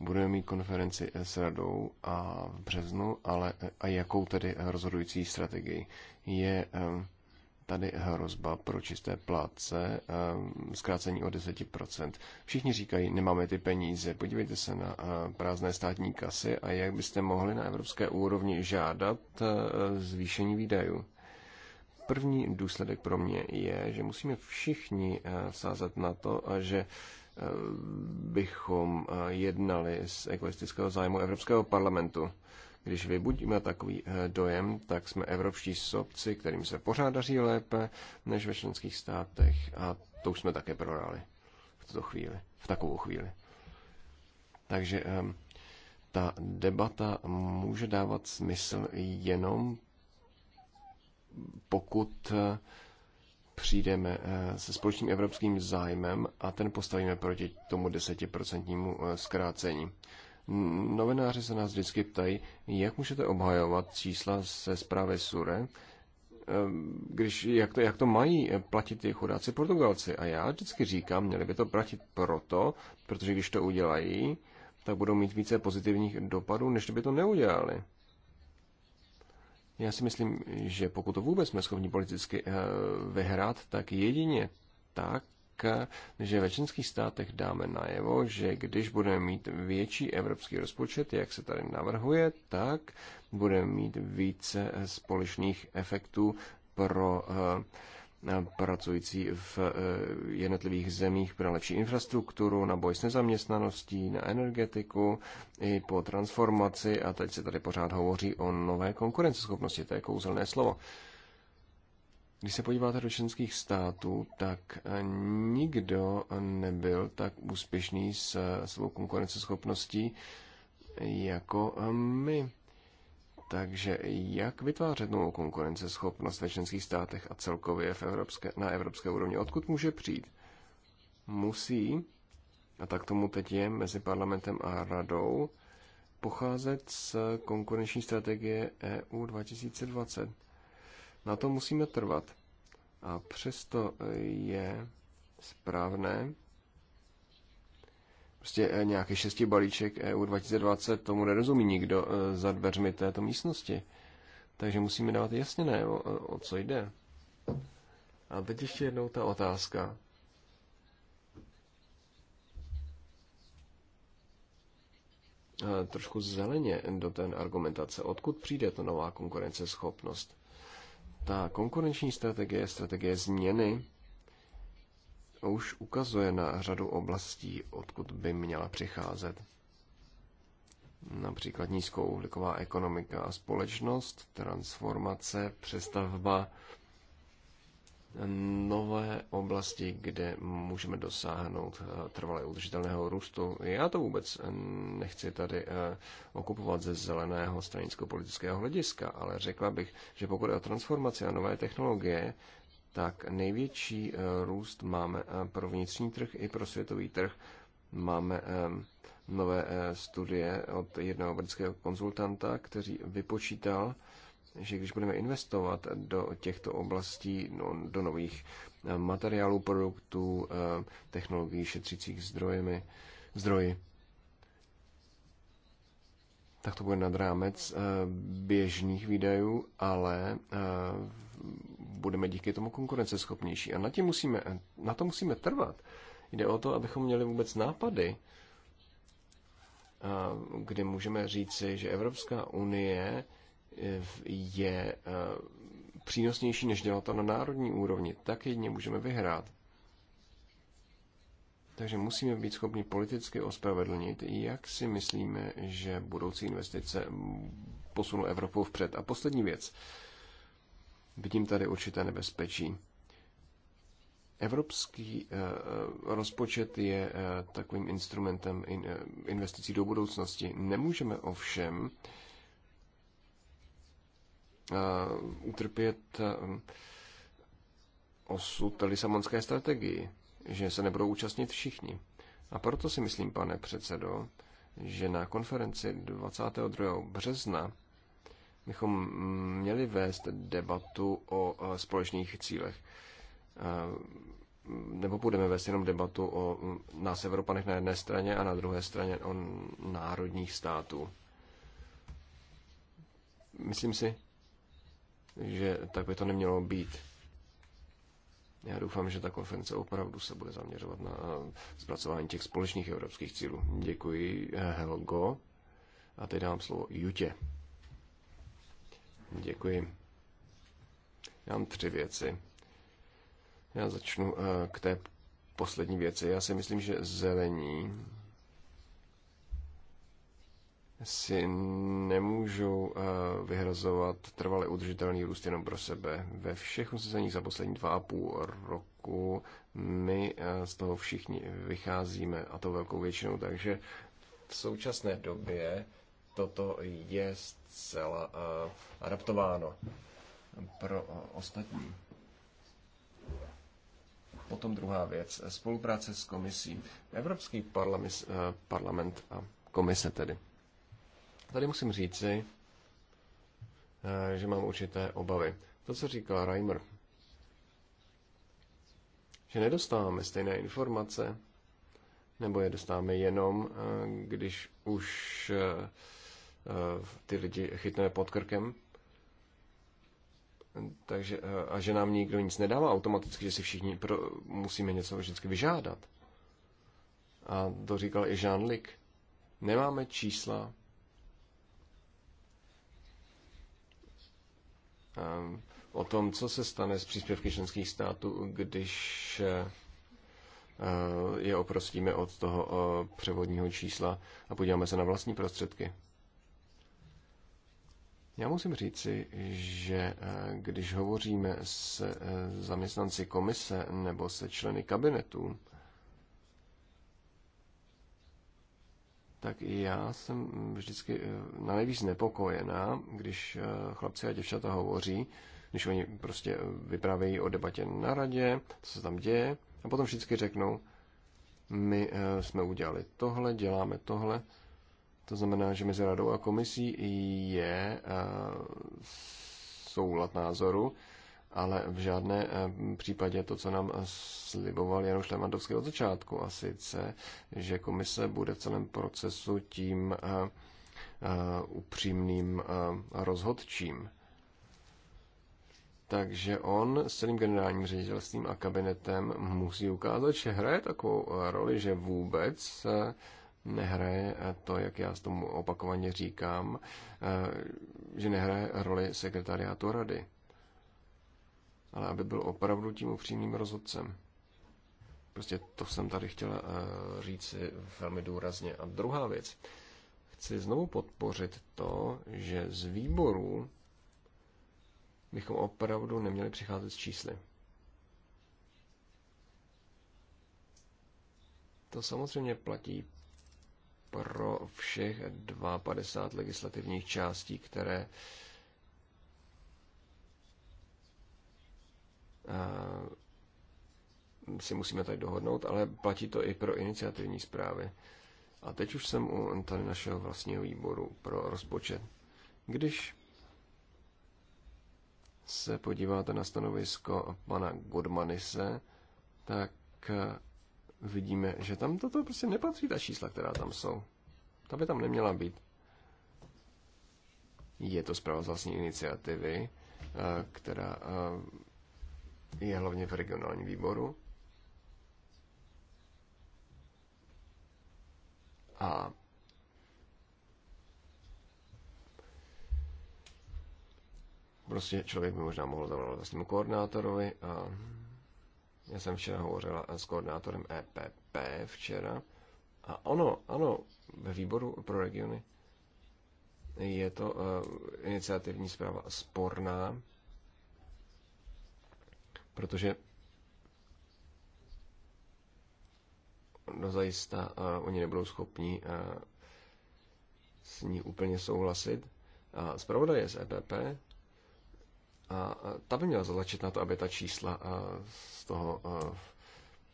Budeme mít konferenci s radou a v březnu, ale a jakou tedy rozhodující strategii je ehm, tady hrozba pro čisté pláce, ehm, zkrácení o 10%. Všichni říkají, nemáme ty peníze, podívejte se na eh, prázdné státní kasy a jak byste mohli na evropské úrovni žádat eh, zvýšení výdajů. První důsledek pro mě je, že musíme všichni eh, sázet na to, že bychom eh, jednali z egoistického zájmu Evropského parlamentu. Když vybudíme takový eh, dojem, tak jsme evropští sobci, kterým se pořád daří lépe než ve členských státech a to už jsme také prohráli v tuto chvíli, v takovou chvíli. Takže ehm, ta debata může dávat smysl jenom pokud eh, přijdeme eh, se společným evropským zájmem a ten postavíme proti tomu desetiprocentnímu eh, zkrácení. Novináři se nás vždycky ptají, jak můžete obhajovat čísla se zprávy SURE, eh, když, jak, to, jak to mají platit ty chudáci Portugalci. A já vždycky říkám, měli by to platit proto, protože když to udělají, tak budou mít více pozitivních dopadů, než by to neudělali. Já si myslím, že pokud to vůbec jsme schopni politicky eh, vyhrát, tak jedině tak, že ve členských státech dáme najevo, že když budeme mít větší evropský rozpočet, jak se tady navrhuje, tak budeme mít více společných efektů pro uh, pracující v e, jednotlivých zemích pro lepší infrastrukturu, na boj s nezaměstnaností, na energetiku i po transformaci. A teď se tady pořád hovoří o nové konkurenceschopnosti, to je kouzelné slovo. Když se podíváte do členských států, tak e, nikdo nebyl tak úspěšný s e, svou konkurenceschopností jako my. Takže jak vytvářet novou konkurenceschopnost ve členských státech a celkově v evropské, na evropské úrovni? Odkud může přijít? Musí, a tak tomu teď je mezi parlamentem a radou, pocházet z konkurenční strategie EU 2020. Na to musíme trvat. A přesto je správné, Prostě eh, nějaký šesti balíček EU 2020 tomu nerozumí nikdo eh, za dveřmi této místnosti. Takže musíme dávat jasně ne, o, eh, o co jde. A teď ještě jednou ta otázka. trošku zeleně do té argumentace. Odkud přijde ta nová konkurenceschopnost? Ta konkurenční strategie, strategie změny, už ukazuje na řadu oblastí, odkud by měla přicházet. Například nízkouhlíková ekonomika a společnost, transformace, přestavba, nové oblasti, kde můžeme dosáhnout eh, trvalé udržitelného růstu. Já to vůbec eh, nechci tady eh, okupovat ze zeleného stranicko-politického hlediska, ale řekla bych, že pokud je o transformaci a nové technologie, tak největší eh, růst máme eh, pro vnitřní trh i pro světový trh. Máme eh, nové studie od jednoho britského konzultanta, který vypočítal, že když budeme investovat do těchto oblastí, no, do nových materiálů, produktů, technologií šetřících zdrojemi, zdroji, tak to bude nad rámec běžných výdajů, ale budeme díky tomu konkurenceschopnější. A na, tím musíme, na to musíme trvat. Jde o to, abychom měli vůbec nápady, kdy můžeme říci, že Evropská unie e, je e, přínosnější, než dělat to na národní úrovni. Tak jedině můžeme vyhrát. Takže musíme být schopni politicky ospravedlnit, jak si myslíme, že budoucí investice posunou Evropu vpřed. A poslední věc. Vidím tady určité nebezpečí. Evropský eh, eh, rozpočet je eh, takovým instrumentem investicí do budoucnosti. Nemůžeme ovšem utrpět osud Lisabonské strategii, že se nebudou účastnit všichni. A proto si myslím, pane předsedo, že na konferenci 22. března bychom měli vést debatu o eh, společných cílech. Eh, nebo budeme vést jenom debatu o mm, nás Evropanech na jedné straně a na druhé straně o národních států. Myslím si, že tak by to nemělo být. Já doufám, že ta konference opravdu se bude zaměřovat na eh, zpracování těch společných evropských cílů. Děkuji, Helgo. A teď dám slovo Jutě. Děkuji. Já mám tři věci. Já začnu eh, k té poslední věci. Já si myslím, že zelení si nemůžou eh, vyhrazovat trvalý udržitelný růst jenom pro sebe. Ve všech usazeních za poslední dva a půl roku my eh, z toho všichni vycházíme, a to velkou většinou, takže v současné době toto je zcela eh, adaptováno pro eh, ostatní. Potom druhá věc, eh, spolupráce s komisí. Evropský parlament, parlament a komise tedy. Tady musím říci, že mám určité obavy. To, co říkal Reimer, že nedostáváme stejné informace, nebo je dostáváme jenom, když už ty lidi chytneme pod krkem. Takže, eh, a že nám nikdo nic nedává automaticky, že si všichni pro, musíme něco vždycky vyžádat. A to říkal i Jean Lick. Nemáme čísla. Ehm, o tom, co se stane s příspěvky členských států, když eh, je oprostíme od toho eh, převodního čísla a podíváme se na vlastní prostředky. Já musím říci, že eh, když hovoříme s eh, zaměstnanci komise nebo se členy kabinetu, tak i já jsem vždycky eh, na nejvíc nepokojená, když chlapci a děvčata hovoří, když oni prostě vyprávějí o debatě na radě, co se tam děje, a potom vždycky řeknou, my jsme udělali tohle, děláme tohle, to znamená, že mezi radou a komisí je eh, soulad názoru, ale v žádné eh, případě to, co nám sliboval Januš Levandovský od začátku, a sice, že komise bude v celém procesu tím eh, upřímným rozhodčím. Takže on s celým generálním ředitelstvím a kabinetem musí ukázat, že hraje takovou roli, že vůbec nehraje to, jak já tomu opakovaně říkám, eh, že nehraje roli sekretariátu rady. Ale aby byl opravdu tím upřímným rozhodcem. Prostě to jsem tady chtěl eh, říct velmi důrazně. A druhá věc. Chci znovu podpořit to, že z výborů bychom opravdu neměli přicházet s čísly. To samozřejmě platí pro všech 52 legislativních částí, které eh, si musíme tady dohodnout, ale platí to i pro iniciativní zprávy. A teď už jsem u tady našeho vlastního výboru pro rozpočet. Když se podíváte na stanovisko pana Godmanise, tak vidíme, že tam toto prostě nepatří, ta čísla, která tam jsou. Ta by tam neměla být. Je to zpráva z vlastní iniciativy, eh, která eh, je hlavně v regionálním výboru. A prostě člověk by možná mohl zavolat vlastnímu koordinátorovi a já jsem včera hovořila s koordinátorem EPP včera. A ono, ano, ve výboru pro regiony je to uh, iniciativní zpráva sporná, protože dozajista no uh, eh, oni nebudou schopni uh, eh, s ní úplně souhlasit. A je z EPP a ta by měla zatlačit na to, aby ta čísla z toho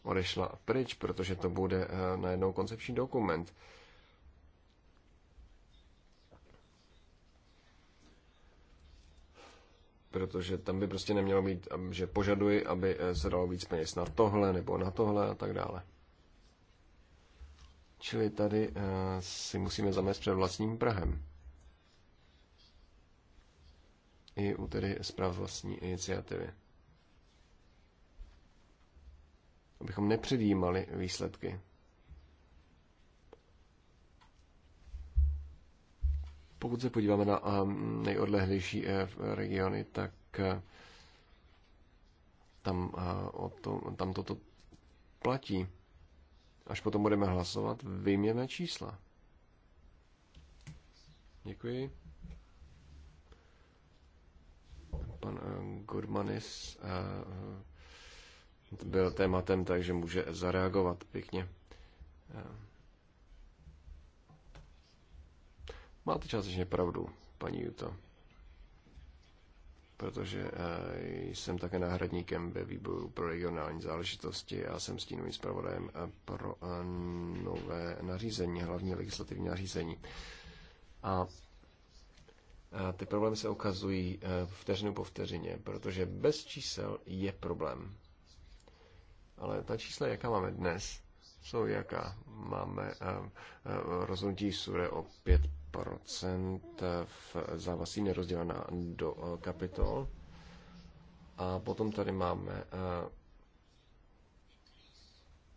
odešla pryč, protože to bude najednou koncepční dokument. protože tam by prostě nemělo být, že požaduji, aby e, se dalo víc peněz na tohle nebo na tohle a tak dále. Čili tady e, si musíme zamést před vlastním Prahem i u tedy zpráv vlastní iniciativy. Abychom nepředjímali výsledky. Pokud se podíváme na eh, nejodlehlejší eh, regiony, tak eh, tam, o to, tam toto platí. Až potom budeme hlasovat, vyměme čísla. Děkuji. pan eh, Godmanis eh, byl tématem, takže může zareagovat pěkně. Eh, máte částečně pravdu, paní Juto, protože jsem také náhradníkem ve výboru pro regionální záležitosti a jsem stínovým zpravodajem pro nové nařízení, hlavní legislativní nařízení. A a ty problémy se ukazují eh, vteřinu po vteřině, protože bez čísel je problém. Ale ta čísla, jaká máme dnes, jsou jaká. Máme eh, eh, rozhodnutí SURE o 5% v závazí nerozdělená do kapitol. A potom tady máme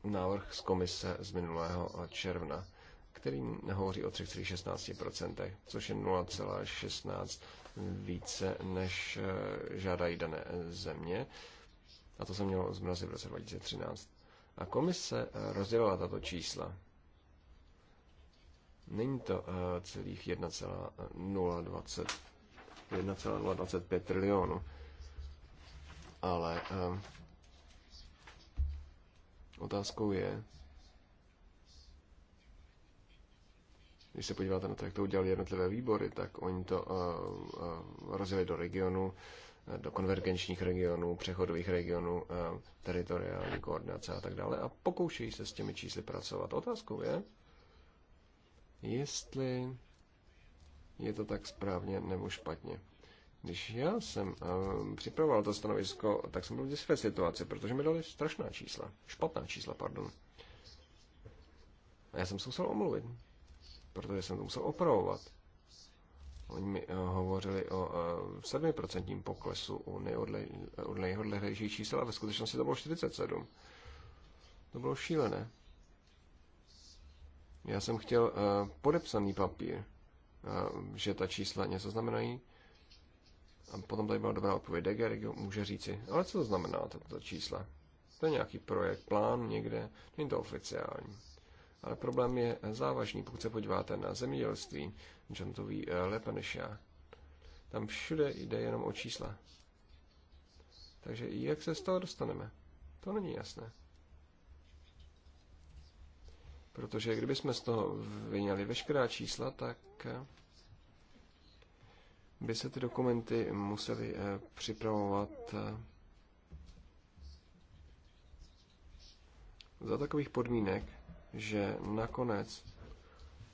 návrh z komise z minulého června který hovoří o 3,16%, což je 0,16 více, než eh, žádají dané eh, země. A to se mělo zmrazit v roce 2013. A komise eh, rozdělila tato čísla. Není to celých 1,025 trilionů, ale otázkou je, Když se podíváte na to, jak to udělali jednotlivé výbory, tak oni to eh, eh, rozjeli do regionu, eh, do konvergenčních regionů, přechodových regionů, teritoriální koordinace a tak dále a pokoušejí se s těmi čísly pracovat. Otázkou je, jestli je to tak správně nebo špatně. Když já jsem um, připravoval to stanovisko, tak jsem byl v své situaci, protože mi dali strašná čísla, špatná čísla, pardon. A já jsem se musel omluvit protože jsem to musel opravovat. Oni mi eh, hovořili o 7% eh, poklesu u nejhodlehlejších čísel, a ve skutečnosti to bylo 47. To bylo šílené. Já jsem chtěl eh, podepsaný papír, že ta čísla něco znamenají. A potom tady byla dobrá odpověď DG, může říci, ale co to znamená, tato čísla? To je nějaký projekt, plán někde, není to oficiální. Ale problém je závažný, pokud se podíváte na zemědělství. John to ví lépe než já. Tam všude jde jenom o čísla. Takže jak se z toho dostaneme? To není jasné. Protože kdybychom z toho vyňali veškerá čísla, tak eh, by se ty dokumenty museli eh, připravovat eh, za takových podmínek, že nakonec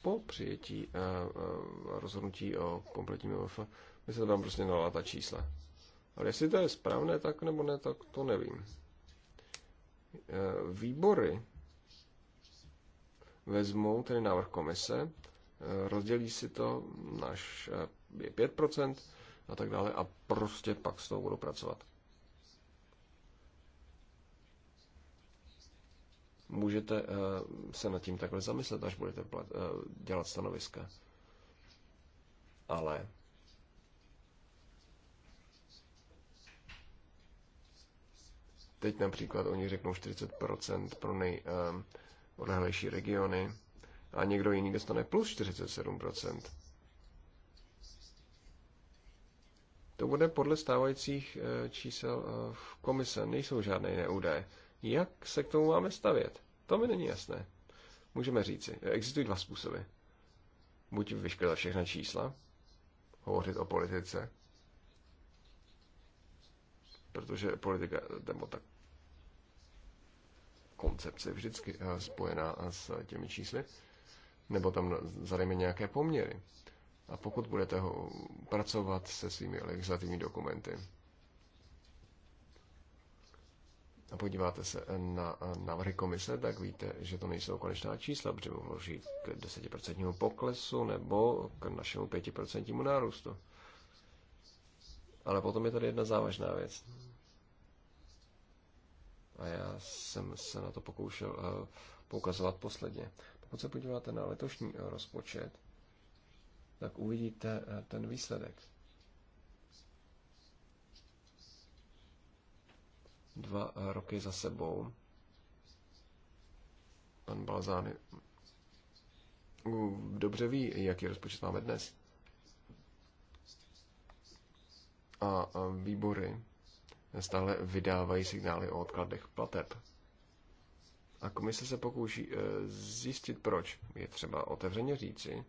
po přijetí eh, eh, rozhodnutí o kompletním MF by se tam prostě dala ta čísla. Ale jestli to je správné, tak nebo ne, tak to nevím. Eh, výbory vezmou ten návrh komise, rozdělí si to, naš je 5% a tak dále a prostě pak s tou budou pracovat. můžete eh, se nad tím takhle zamyslet, až budete eh, dělat stanoviska. Ale teď například oni řeknou 40% pro nejodlehlejší eh, regiony a někdo jiný dostane plus 47%. To bude podle stávajících čísel v komise, nejsou žádné jiné údaje. Jak se k tomu máme stavět? To mi není jasné. Můžeme říci, existují dva způsoby. Buď vyškrtat všechna čísla, hovořit o politice, protože politika, nebo tak koncepce vždycky eh, spojená s těmi čísly, nebo tam zadejme nějaké poměry. A pokud budete ho pracovat se svými legislativními dokumenty, a podíváte se na návrhy komise, tak víte, že to nejsou konečná čísla, protože mohlo žít k 10% poklesu nebo k našemu 5% nárůstu. Ale potom je tady jedna závažná věc. A já jsem se na to pokoušel eh, poukazovat posledně. Pokud se podíváte na letošní rozpočet, tak uvidíte eh, ten výsledek. dva roky za sebou. Pan Balzány dobře ví, jaký rozpočet máme dnes. A výbory stále vydávají signály o odkladech plateb. A komise se pokouší e, zjistit, proč. Je třeba otevřeně říci,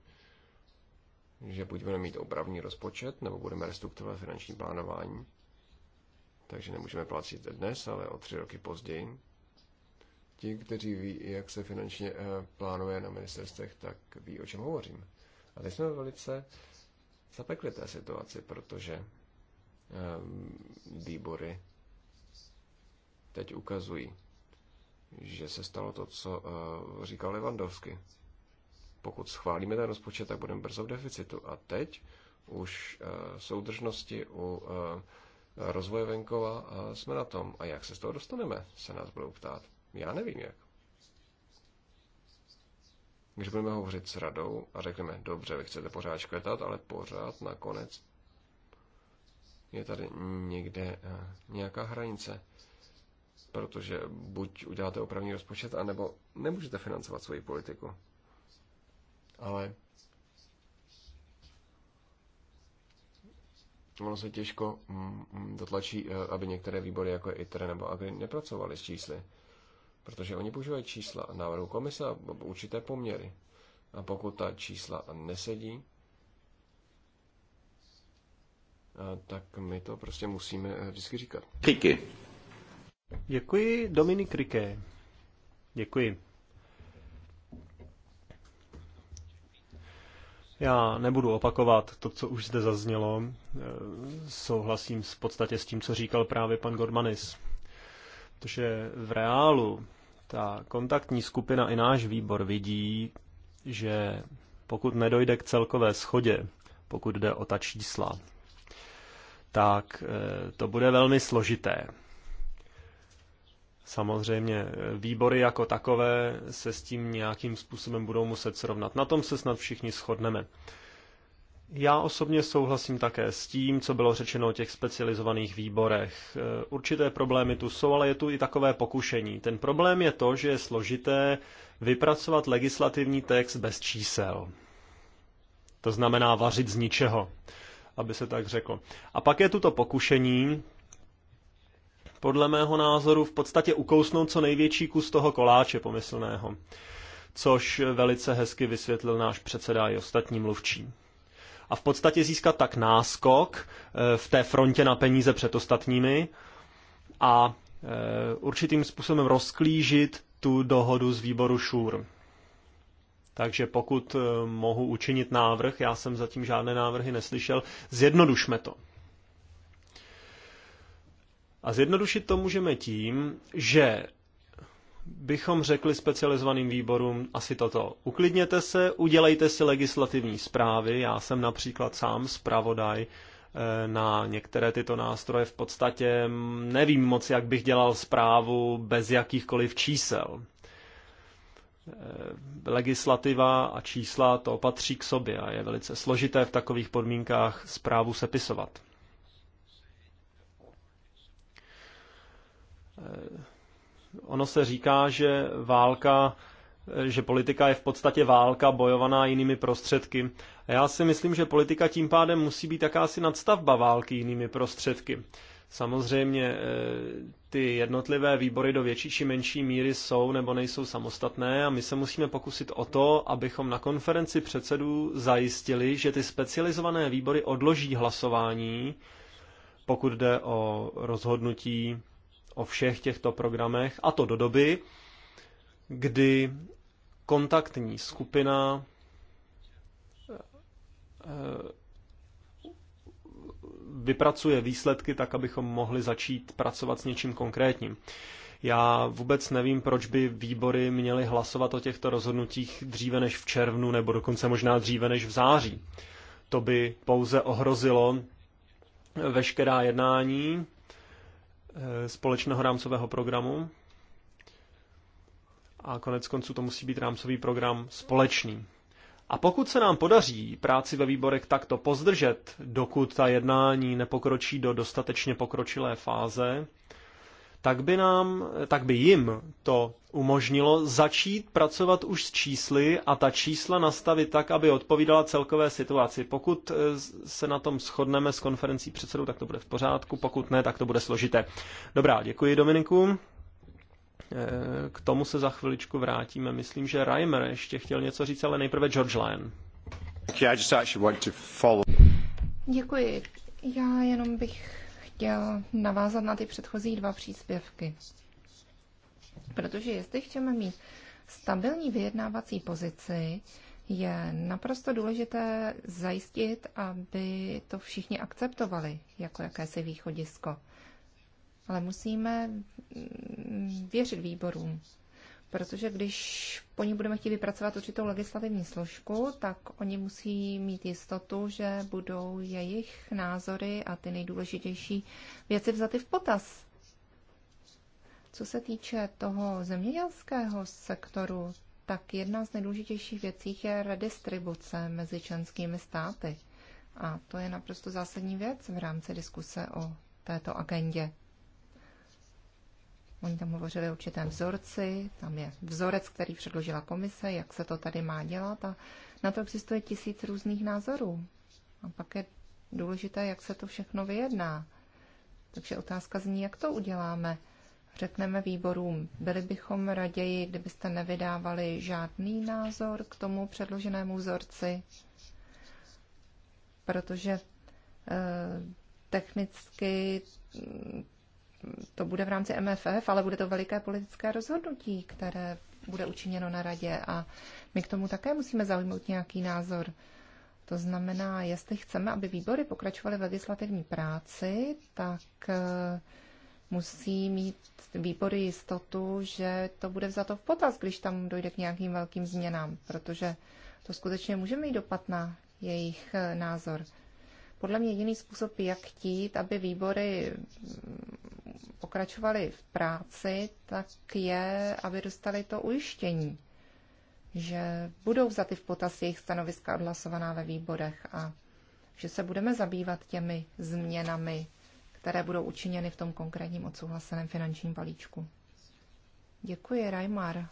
že buď budeme mít opravný rozpočet, nebo budeme restrukturovat finanční plánování takže nemůžeme platit dnes, ale o tři roky později. Ti, kteří ví, jak se finančně eh, plánuje na ministerstvech, tak ví, o čem hovořím. A teď jsme velice zapekli té situaci, protože eh, výbory teď ukazují, že se stalo to, co eh, říkal Levandovsky. Pokud schválíme ten rozpočet, tak budeme brzo v deficitu. A teď už soudržnosti u rozvoje venkova a jsme na tom. A jak se z toho dostaneme, se nás budou ptát. Já nevím jak. Když budeme hovořit s radou a řekneme, dobře, vy chcete pořád škvetat, ale pořád nakonec je tady někde eh, nějaká hranice. Protože buď uděláte opravní rozpočet, anebo nemůžete financovat svoji politiku. Ale ono se těžko mm, mm, dotlačí, eh, aby některé výbory jako je ITER nebo agri nepracovaly s čísly. Protože oni používají čísla návrhu komise a určité poměry. A pokud ta čísla nesedí, eh, tak my to prostě musíme eh, vždycky říkat. Kriky. Děkuji, Dominik Riké. Děkuji. Já nebudu opakovat to, co už zde zaznělo. E, souhlasím v podstatě s tím, co říkal právě pan Gormanis. Protože v reálu ta kontaktní skupina i náš výbor vidí, že pokud nedojde k celkové schodě, pokud jde o ta čísla, tak e, to bude velmi složité Samozřejmě eh, výbory jako takové se s tím nějakým způsobem budou muset srovnat. Na tom se snad všichni shodneme. Já osobně souhlasím také s tím, co bylo řečeno o těch specializovaných výborech. Eh, určité problémy tu jsou, ale je tu i takové pokušení. Ten problém je to, že je složité vypracovat legislativní text bez čísel. To znamená vařit z ničeho, aby se tak řeklo. A pak je tu to pokušení podle mého názoru v podstatě ukousnout co největší kus toho koláče pomyslného, což velice hezky vysvětlil náš předseda i ostatní mluvčí. A v podstatě získat tak náskok eh, v té frontě na peníze před ostatními a eh, určitým způsobem rozklížit tu dohodu z výboru ŠUR. Takže pokud eh, mohu učinit návrh, já jsem zatím žádné návrhy neslyšel, zjednodušme to. A zjednodušit to můžeme tím, že bychom řekli specializovaným výborům asi toto. Uklidněte se, udělejte si legislativní zprávy. Já jsem například sám zpravodaj eh, na některé tyto nástroje. V podstatě mm, nevím moc, jak bych dělal zprávu bez jakýchkoliv čísel. Eh, legislativa a čísla to patří k sobě a je velice složité v takových podmínkách zprávu sepisovat. Eh, ono se říká, že válka, eh, že politika je v podstatě válka bojovaná jinými prostředky. A já si myslím, že politika tím pádem musí být jakási nadstavba války jinými prostředky. Samozřejmě eh, ty jednotlivé výbory do větší či menší míry jsou nebo nejsou samostatné a my se musíme pokusit o to, abychom na konferenci předsedů zajistili, že ty specializované výbory odloží hlasování, pokud jde o rozhodnutí o všech těchto programech, a to do doby, kdy kontaktní skupina eh, vypracuje výsledky tak, abychom mohli začít pracovat s něčím konkrétním. Já vůbec nevím, proč by výbory měly hlasovat o těchto rozhodnutích dříve než v červnu, nebo dokonce možná dříve než v září. To by pouze ohrozilo veškerá jednání Eh, společného rámcového programu. A konec konců to musí být rámcový program společný. A pokud se nám podaří práci ve výborech takto pozdržet, dokud ta jednání nepokročí do dostatečně pokročilé fáze, tak by, nám, tak by jim to umožnilo začít pracovat už s čísly a ta čísla nastavit tak, aby odpovídala celkové situaci. Pokud eh, se na tom shodneme s konferencí předsedů, tak to bude v pořádku, pokud ne, tak to bude složité. Dobrá, děkuji Dominiku. Eh, k tomu se za chviličku vrátíme. Myslím, že Reimer ještě chtěl něco říct, ale nejprve George Lyon. Děkuji, já jenom bych chtěl navázat na ty předchozí dva příspěvky. Protože jestli chceme mít stabilní vyjednávací pozici, je naprosto důležité zajistit, aby to všichni akceptovali jako jakési východisko. Ale musíme věřit výborům. Protože když po ní budeme chtít vypracovat určitou legislativní složku, tak oni musí mít jistotu, že budou jejich názory a ty nejdůležitější věci vzaty v potaz. Co se týče toho zemědělského sektoru, tak jedna z nejdůležitějších věcí je redistribuce mezi členskými státy. A to je naprosto zásadní věc v rámci diskuse o této agendě. Oni tam hovořili o určitém vzorci, tam je vzorec, který předložila komise, jak se to tady má dělat a na to existuje tisíc různých názorů. A pak je důležité, jak se to všechno vyjedná. Takže otázka zní, jak to uděláme. Řekneme výborům, byli bychom raději, kdybyste nevydávali žádný názor k tomu předloženému vzorci, protože eh, technicky to bude v rámci MFF, ale bude to veliké politické rozhodnutí, které bude učiněno na radě a my k tomu také musíme zaujmout nějaký názor. To znamená, jestli chceme, aby výbory pokračovaly v legislativní práci, tak eh, musí mít výbory jistotu, že to bude vzato v potaz, když tam dojde k nějakým velkým změnám, protože to skutečně může mít dopad na jejich eh, názor. Podle mě jediný způsob, jak chtít, aby výbory pokračovali v práci, tak je, aby dostali to ujištění, že budou vzaty v potaz jejich stanoviska odhlasovaná ve výborech a že se budeme zabývat těmi změnami, které budou učiněny v tom konkrétním odsouhlaseném finančním balíčku. Děkuji, Raimar.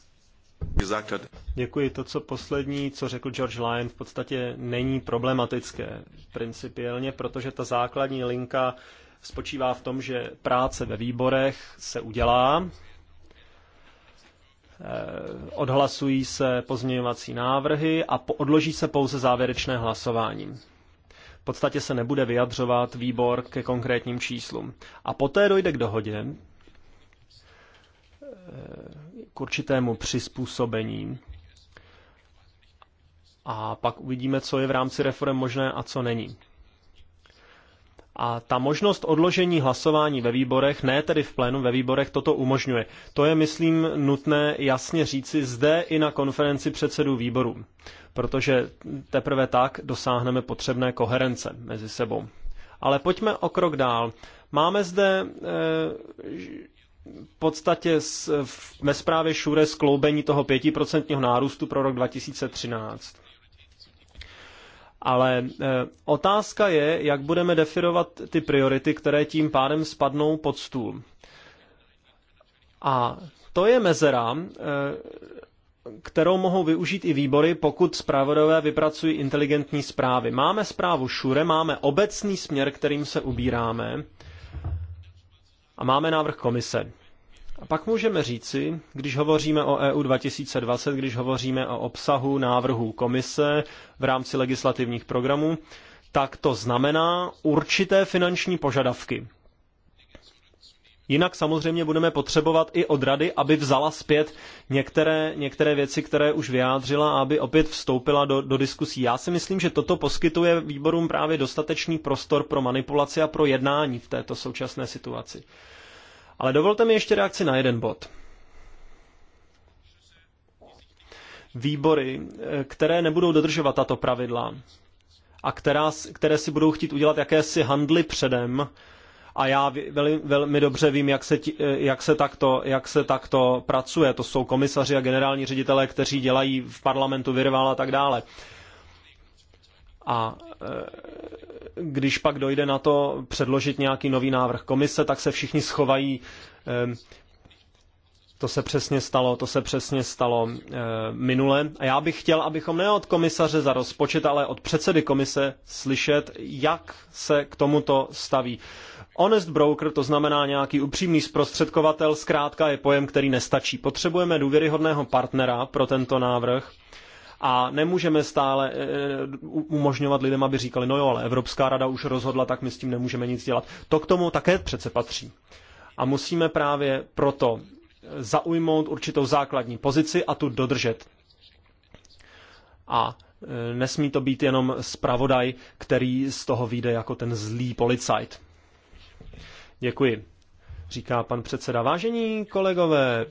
Děkuji. To, co poslední, co řekl George Lyon, v podstatě není problematické principiálně, protože ta základní linka spočívá v tom, že práce ve výborech se udělá, eh, odhlasují se pozměňovací návrhy a odloží se pouze závěrečné hlasování. V podstatě se nebude vyjadřovat výbor ke konkrétním číslům. A poté dojde k dohodě, eh, k určitému přizpůsobení. A pak uvidíme, co je v rámci reform možné a co není. A ta možnost odložení hlasování ve výborech, ne tedy v plénu, ve výborech toto umožňuje. To je, myslím, nutné jasně říci zde i na konferenci předsedů výborů, protože teprve tak dosáhneme potřebné koherence mezi sebou. Ale pojďme o krok dál. Máme zde eh, v podstatě ve zprávě Šure skloubení toho 5% nárůstu pro rok 2013. Ale eh, otázka je, jak budeme definovat ty priority, které tím pádem spadnou pod stůl. A to je mezera, eh, kterou mohou využít i výbory, pokud zpravodové vypracují inteligentní zprávy. Máme zprávu šure, máme obecný směr, kterým se ubíráme a máme návrh komise. A pak můžeme říci, když hovoříme o EU 2020, když hovoříme o obsahu návrhů komise v rámci legislativních programů, tak to znamená určité finanční požadavky. Jinak samozřejmě budeme potřebovat i od rady, aby vzala zpět některé, některé věci, které už vyjádřila a aby opět vstoupila do, do diskusí. Já si myslím, že toto poskytuje výborům právě dostatečný prostor pro manipulaci a pro jednání v této současné situaci. Ale dovolte mi ještě reakci na jeden bod. Výbory, eh, které nebudou dodržovat tato pravidla a která, které si budou chtít udělat jakési handly předem, a já velmi, velmi dobře vím, jak se, ti, eh, jak, se takto, jak se takto pracuje. To jsou komisaři a generální ředitelé, kteří dělají v parlamentu virvál a tak dále. Uh, a e, když pak dojde na to předložit nějaký nový návrh komise, tak se všichni schovají. E, to se přesně stalo, to se přesně stalo e, minule. A já bych chtěl, abychom ne od komisaře za rozpočet, ale od předsedy komise slyšet, jak se k tomuto staví. Honest broker, to znamená nějaký upřímný zprostředkovatel, zkrátka je pojem, který nestačí. Potřebujeme důvěryhodného partnera pro tento návrh a nemůžeme stále eh, eh, umožňovat lidem, aby říkali, no jo, ale Evropská rada už rozhodla, tak my s tím nemůžeme nic dělat. To k tomu také přece patří. A musíme právě proto zaujmout určitou základní pozici a tu dodržet. A eh, nesmí to být jenom zpravodaj, který z toho vyjde jako ten zlý policajt. Děkuji, říká pan předseda. Vážení kolegové,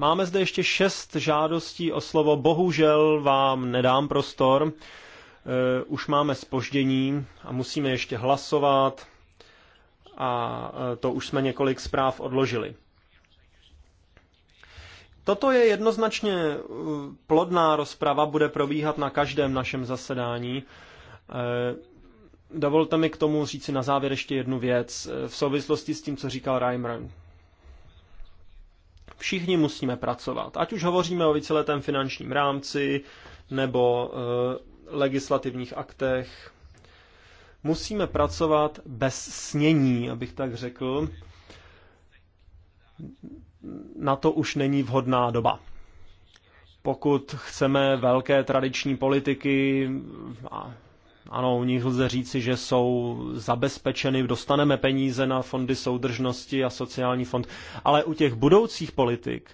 Máme zde ještě šest žádostí o slovo. Bohužel vám nedám prostor. E, už máme spoždění a musíme ještě hlasovat. A e, to už jsme několik zpráv odložili. Toto je jednoznačně e, plodná rozprava, bude probíhat na každém našem zasedání. Dovolte mi k tomu říci na závěr ještě jednu věc v souvislosti s tím, co říkal Reimer. Všichni musíme pracovat. Ať už hovoříme o víceletém finančním rámci nebo e, legislativních aktech. Musíme pracovat bez snění, abych tak řekl. Na to už není vhodná doba pokud chceme velké tradiční politiky a ano, u nich lze říci, že jsou zabezpečeny, dostaneme peníze na fondy soudržnosti a sociální fond, ale u těch budoucích politik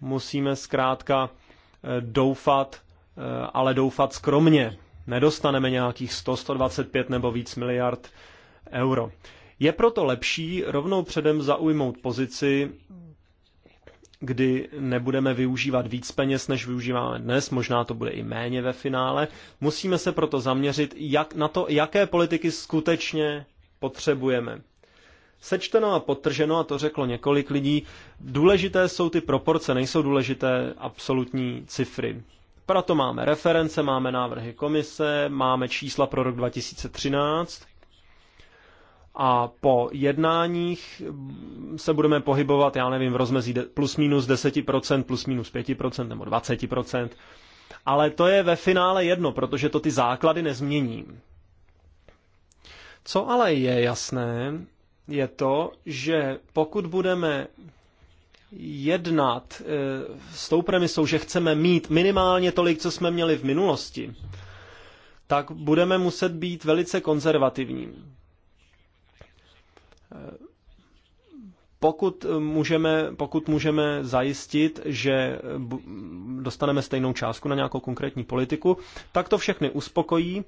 musíme zkrátka eh, doufat, eh, ale doufat skromně. Nedostaneme nějakých 100, 125 nebo víc miliard euro. Je proto lepší rovnou předem zaujmout pozici, kdy nebudeme využívat víc peněz, než využíváme dnes, možná to bude i méně ve finále. Musíme se proto zaměřit jak, na to, jaké politiky skutečně potřebujeme. Sečteno a potrženo, a to řeklo několik lidí, důležité jsou ty proporce, nejsou důležité absolutní cifry. Proto máme reference, máme návrhy komise, máme čísla pro rok 2013, a po jednáních se budeme pohybovat, já nevím, v rozmezí plus minus 10%, plus minus 5% nebo 20%, ale to je ve finále jedno, protože to ty základy nezmění. Co ale je jasné, je to, že pokud budeme jednat eh, s tou premisou, že chceme mít minimálně tolik, co jsme měli v minulosti, tak budeme muset být velice konzervativní pokud můžeme, pokud můžeme zajistit, že dostaneme stejnou částku na nějakou konkrétní politiku, tak to všechny uspokojí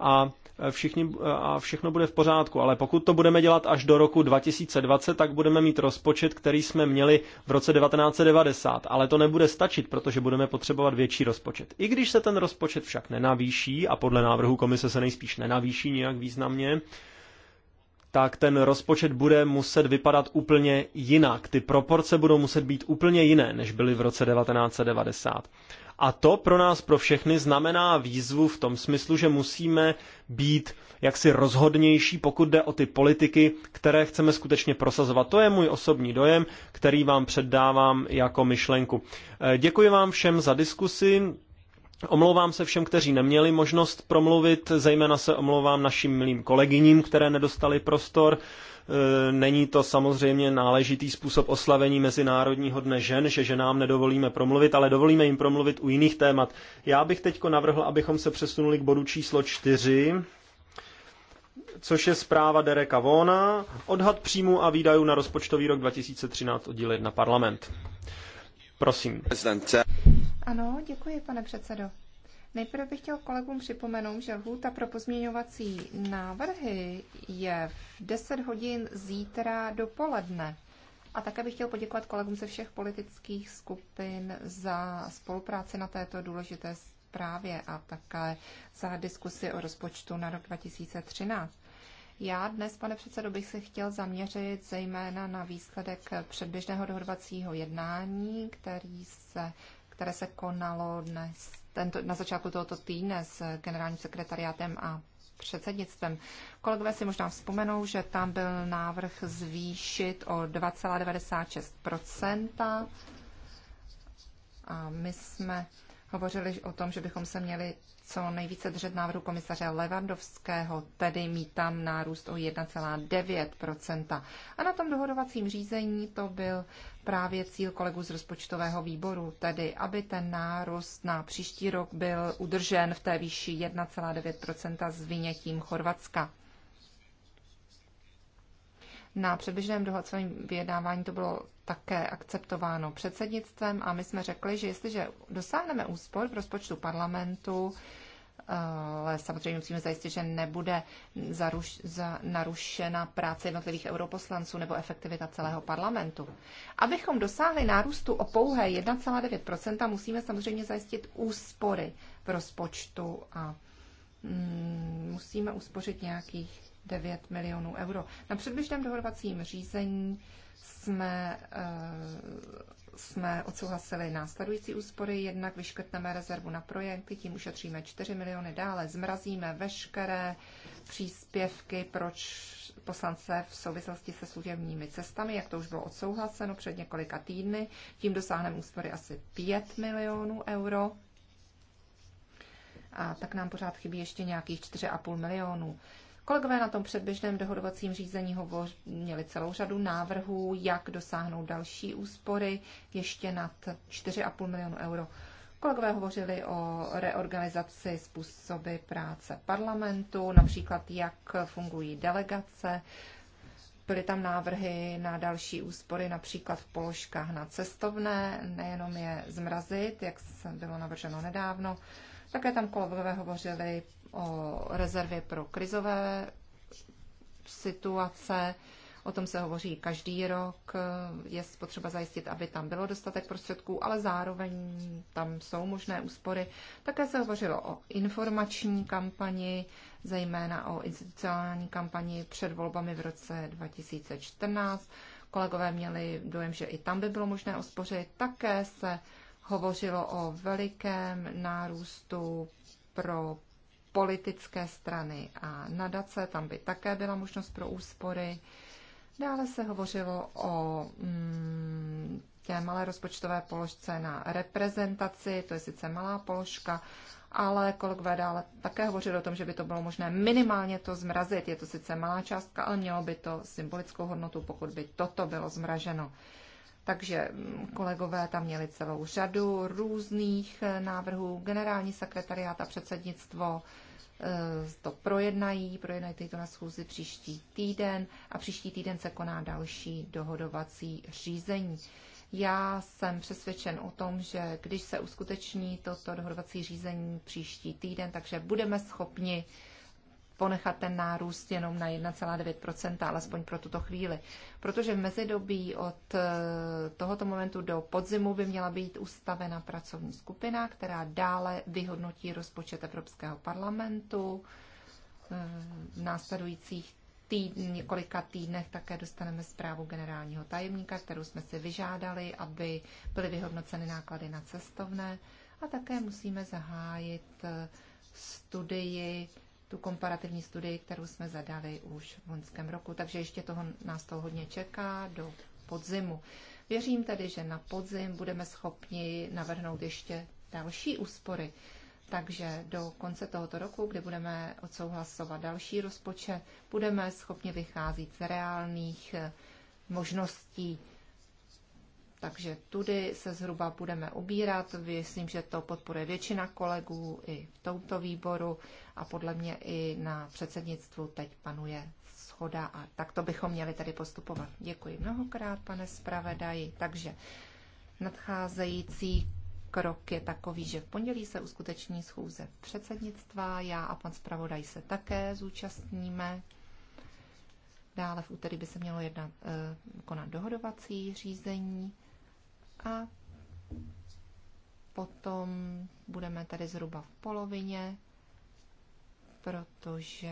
a, všichni, a všechno bude v pořádku. Ale pokud to budeme dělat až do roku 2020, tak budeme mít rozpočet, který jsme měli v roce 1990. Ale to nebude stačit, protože budeme potřebovat větší rozpočet. I když se ten rozpočet však nenavýší, a podle návrhu komise se nejspíš nenavýší nějak významně, tak ten rozpočet bude muset vypadat úplně jinak. Ty proporce budou muset být úplně jiné, než byly v roce 1990. A to pro nás, pro všechny, znamená výzvu v tom smyslu, že musíme být jaksi rozhodnější, pokud jde o ty politiky, které chceme skutečně prosazovat. To je můj osobní dojem, který vám předávám jako myšlenku. E, děkuji vám všem za diskusi. Omlouvám se všem, kteří neměli možnost promluvit, zejména se omlouvám našim milým kolegyním, které nedostali prostor. E, není to samozřejmě náležitý způsob oslavení Mezinárodního dne žen, že ženám nedovolíme promluvit, ale dovolíme jim promluvit u jiných témat. Já bych teď navrhl, abychom se přesunuli k bodu číslo čtyři. což je zpráva Dereka Vona, odhad příjmů a výdajů na rozpočtový rok 2013 oddíl 1 parlament. Prosím. Ano, děkuji, pane předsedo. Nejprve bych chtěl kolegům připomenout, že lhůta pro pozměňovací návrhy je v 10 hodin zítra dopoledne. A také bych chtěl poděkovat kolegům ze všech politických skupin za spolupráci na této důležité zprávě a také za diskusi o rozpočtu na rok 2013. Já dnes, pane předsedo, bych se chtěl zaměřit zejména na výsledek předběžného dohodovacího jednání, který se které se konalo dnes, tento, na začátku tohoto týdne s generálním sekretariátem a předsednictvem. Kolegové si možná vzpomenou, že tam byl návrh zvýšit o 2,96 a my jsme hovořili o tom, že bychom se měli co nejvíce držet návrhu komisaře Levandovského, tedy mít tam nárůst o 1,9 A na tom dohodovacím řízení to byl právě cíl kolegů z rozpočtového výboru, tedy aby ten nárůst na příští rok byl udržen v té výši 1,9 s vynětím Chorvatska. Na předběžném dohodovacím vyjednávání to bylo také akceptováno předsednictvem a my jsme řekli, že jestliže dosáhneme úspor v rozpočtu parlamentu, ale samozřejmě musíme zajistit, že nebude zaruš, za, narušena práce jednotlivých europoslanců nebo efektivita celého parlamentu. Abychom dosáhli nárůstu o pouhé 1,9%, musíme samozřejmě zajistit úspory v rozpočtu a mm, musíme uspořit nějakých 9 milionů euro. Na předběžném dohodovacím řízení jsme e, jsme odsouhlasili následující úspory, jednak vyškrtneme rezervu na projekty, tím ušetříme 4 miliony dále, zmrazíme veškeré příspěvky pro poslance v souvislosti se služebními cestami, jak to už bylo odsouhlaseno před několika týdny, tím dosáhneme úspory asi 5 milionů euro. A tak nám pořád chybí ještě nějakých 4,5 milionů. Kolegové na tom předběžném dohodovacím řízení hovoř, měli celou řadu návrhů, jak dosáhnout další úspory ještě nad 4,5 milionu euro. Kolegové hovořili o reorganizaci způsoby práce parlamentu, například jak fungují delegace, byly tam návrhy na další úspory, například v položkách na cestovné, nejenom je zmrazit, jak bylo navrženo nedávno. Také tam kolegové hovořili o rezervě pro krizové situace. O tom se hovoří každý rok. Je potřeba zajistit, aby tam bylo dostatek prostředků, ale zároveň tam jsou možné úspory. Také se hovořilo o informační kampani, zejména o institucionální kampani před volbami v roce 2014. Kolegové měli dojem, že i tam by bylo možné uspořit. Také se hovořilo o velikém nárůstu pro politické strany a nadace, tam by také byla možnost pro úspory. Dále se hovořilo o mm, té malé rozpočtové položce na reprezentaci, to je sice malá položka, ale kolegové dále také hovořili o tom, že by to bylo možné minimálně to zmrazit. Je to sice malá částka, ale mělo by to symbolickou hodnotu, pokud by toto bylo zmraženo. Takže mm, kolegové tam měli celou řadu různých eh, návrhů. Generální sekretariát a předsednictvo eh, to projednají, projednají to na schůzi příští týden a příští týden se koná další dohodovací řízení. Já jsem přesvědčen o tom, že když se uskuteční toto dohodovací řízení příští týden, takže budeme schopni uh, ponechat ten nárůst jenom na 1,9%, alespoň pro tuto chvíli. Protože v mezidobí od eh, tohoto momentu do podzimu by měla být ustavena pracovní skupina, která dále vyhodnotí rozpočet Evropského parlamentu. Eh, v následujících týd- několika týdnech také dostaneme zprávu generálního tajemníka, kterou jsme si vyžádali, aby byly vyhodnoceny náklady na cestovné. A také musíme zahájit eh, studii tu komparativní studii, kterou jsme zadali už v loňském roku. Takže ještě toho nás to hodně čeká do podzimu. Věřím tedy, že na podzim budeme schopni navrhnout ještě další úspory. Takže do konce tohoto roku, kdy budeme odsouhlasovat další rozpočet, budeme schopni vycházet z reálných eh, možností takže tudy se zhruba budeme ubírat. Myslím, že to podporuje většina kolegů i v tomto výboru a podle mě i na předsednictvu teď panuje schoda a tak to bychom měli tady postupovat. Děkuji mnohokrát, pane zpravedaji. Takže nadcházející krok je takový, že v pondělí se uskuteční schůze předsednictva, já a pan zpravodaj se také zúčastníme. Dále v úterý by se mělo jednat, eh, konat dohodovací řízení a potom budeme tady zhruba v polovině, protože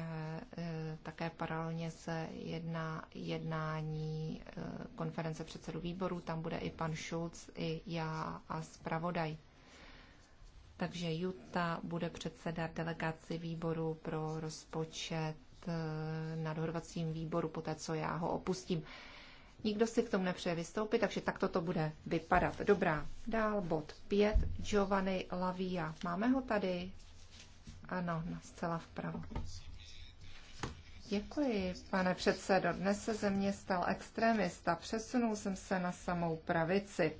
eh, také paralelně se jedná jednání eh, konference předsedů výboru, tam bude i pan Schulz, i já a zpravodaj. Takže Juta bude předsedat delegaci výboru pro rozpočet eh, na dohodovacím výboru, poté co já ho opustím. Nikdo si k tomu nepřeje vystoupit, takže takto to bude vypadat. Dobrá, dál bod 5, Giovanni Lavia. Máme ho tady? Ano, zcela vpravo. Děkuji, pane předsedo. Dnes se ze mě stal extremista. Přesunul jsem se na samou pravici.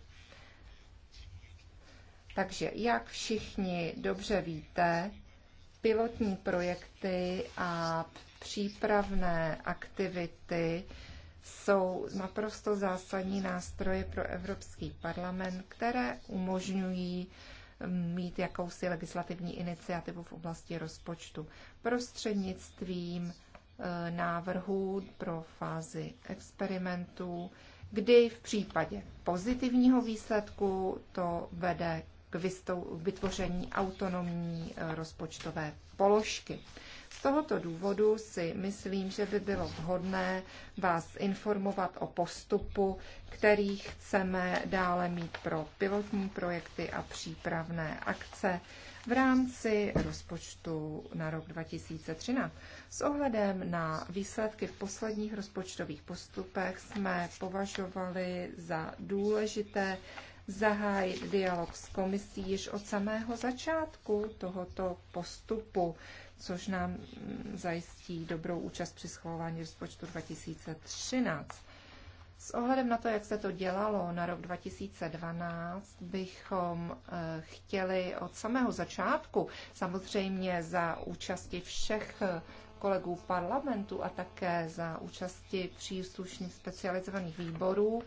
Takže, jak všichni dobře víte, pilotní projekty a přípravné aktivity jsou naprosto zásadní nástroje pro Evropský parlament, které umožňují mm, mít jakousi legislativní iniciativu v oblasti rozpočtu prostřednictvím e, návrhů pro fázi experimentů, kdy v případě pozitivního výsledku to vede k vytvoření autonomní e, rozpočtové položky. Z tohoto důvodu si myslím, že by bylo vhodné vás informovat o postupu, který chceme dále mít pro pilotní projekty a přípravné akce v rámci rozpočtu na rok 2013. S ohledem na výsledky v posledních rozpočtových postupech jsme považovali za důležité zahájit dialog s komisí již od samého začátku tohoto postupu což nám zajistí dobrou účast při schvalování rozpočtu 2013. S ohledem na to, jak se to dělalo na rok 2012, bychom eh, chtěli od samého začátku, samozřejmě za účasti všech eh, kolegů parlamentu a také za účasti příslušných specializovaných výborů,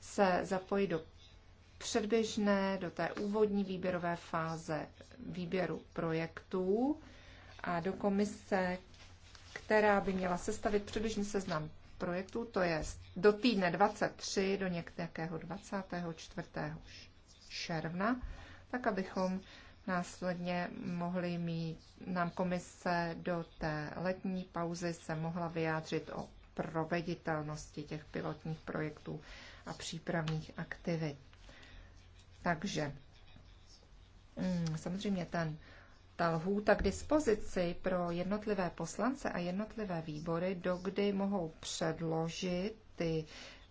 se zapojit do předběžné, do té úvodní výběrové fáze výběru projektů a do komise, která by měla sestavit přibližný seznam projektů, to je do týdne 23 do některého 24. června, tak abychom následně mohli mít nám komise do té letní pauzy se mohla vyjádřit o proveditelnosti těch pilotních projektů a přípravných aktivit. Takže mm, samozřejmě ten ta lhůta k dispozici pro jednotlivé poslance a jednotlivé výbory, dokdy mohou předložit ty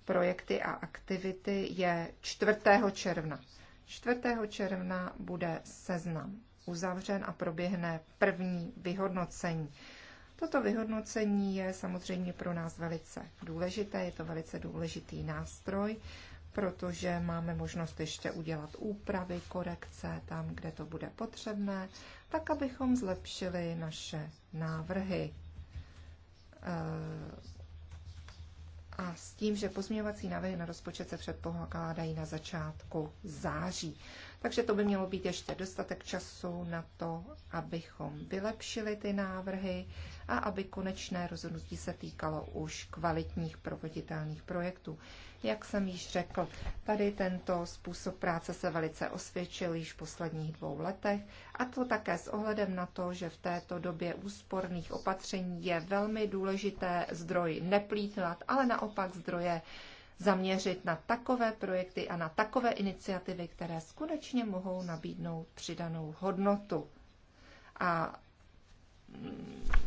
projekty a aktivity, je 4. června. 4. června bude seznam uzavřen a proběhne první vyhodnocení. Toto vyhodnocení je samozřejmě pro nás velice důležité, je to velice důležitý nástroj protože máme možnost ještě udělat úpravy, korekce tam, kde to bude potřebné, tak abychom zlepšili naše návrhy. Eh, a s tím, že pozměňovací návrhy na rozpočet se předpokládají na začátku září. Takže to by mělo být ještě dostatek času na to, abychom vylepšili ty návrhy a aby konečné rozhodnutí se týkalo už kvalitních provoditelných projektů. Jak jsem již řekl, tady tento způsob práce se velice osvědčil již v posledních dvou letech a to také s ohledem na to, že v této době úsporných opatření je velmi důležité zdroj neplýtvat, ale naopak zdroje zaměřit na takové projekty a na takové iniciativy, které skutečně mohou nabídnout přidanou hodnotu. A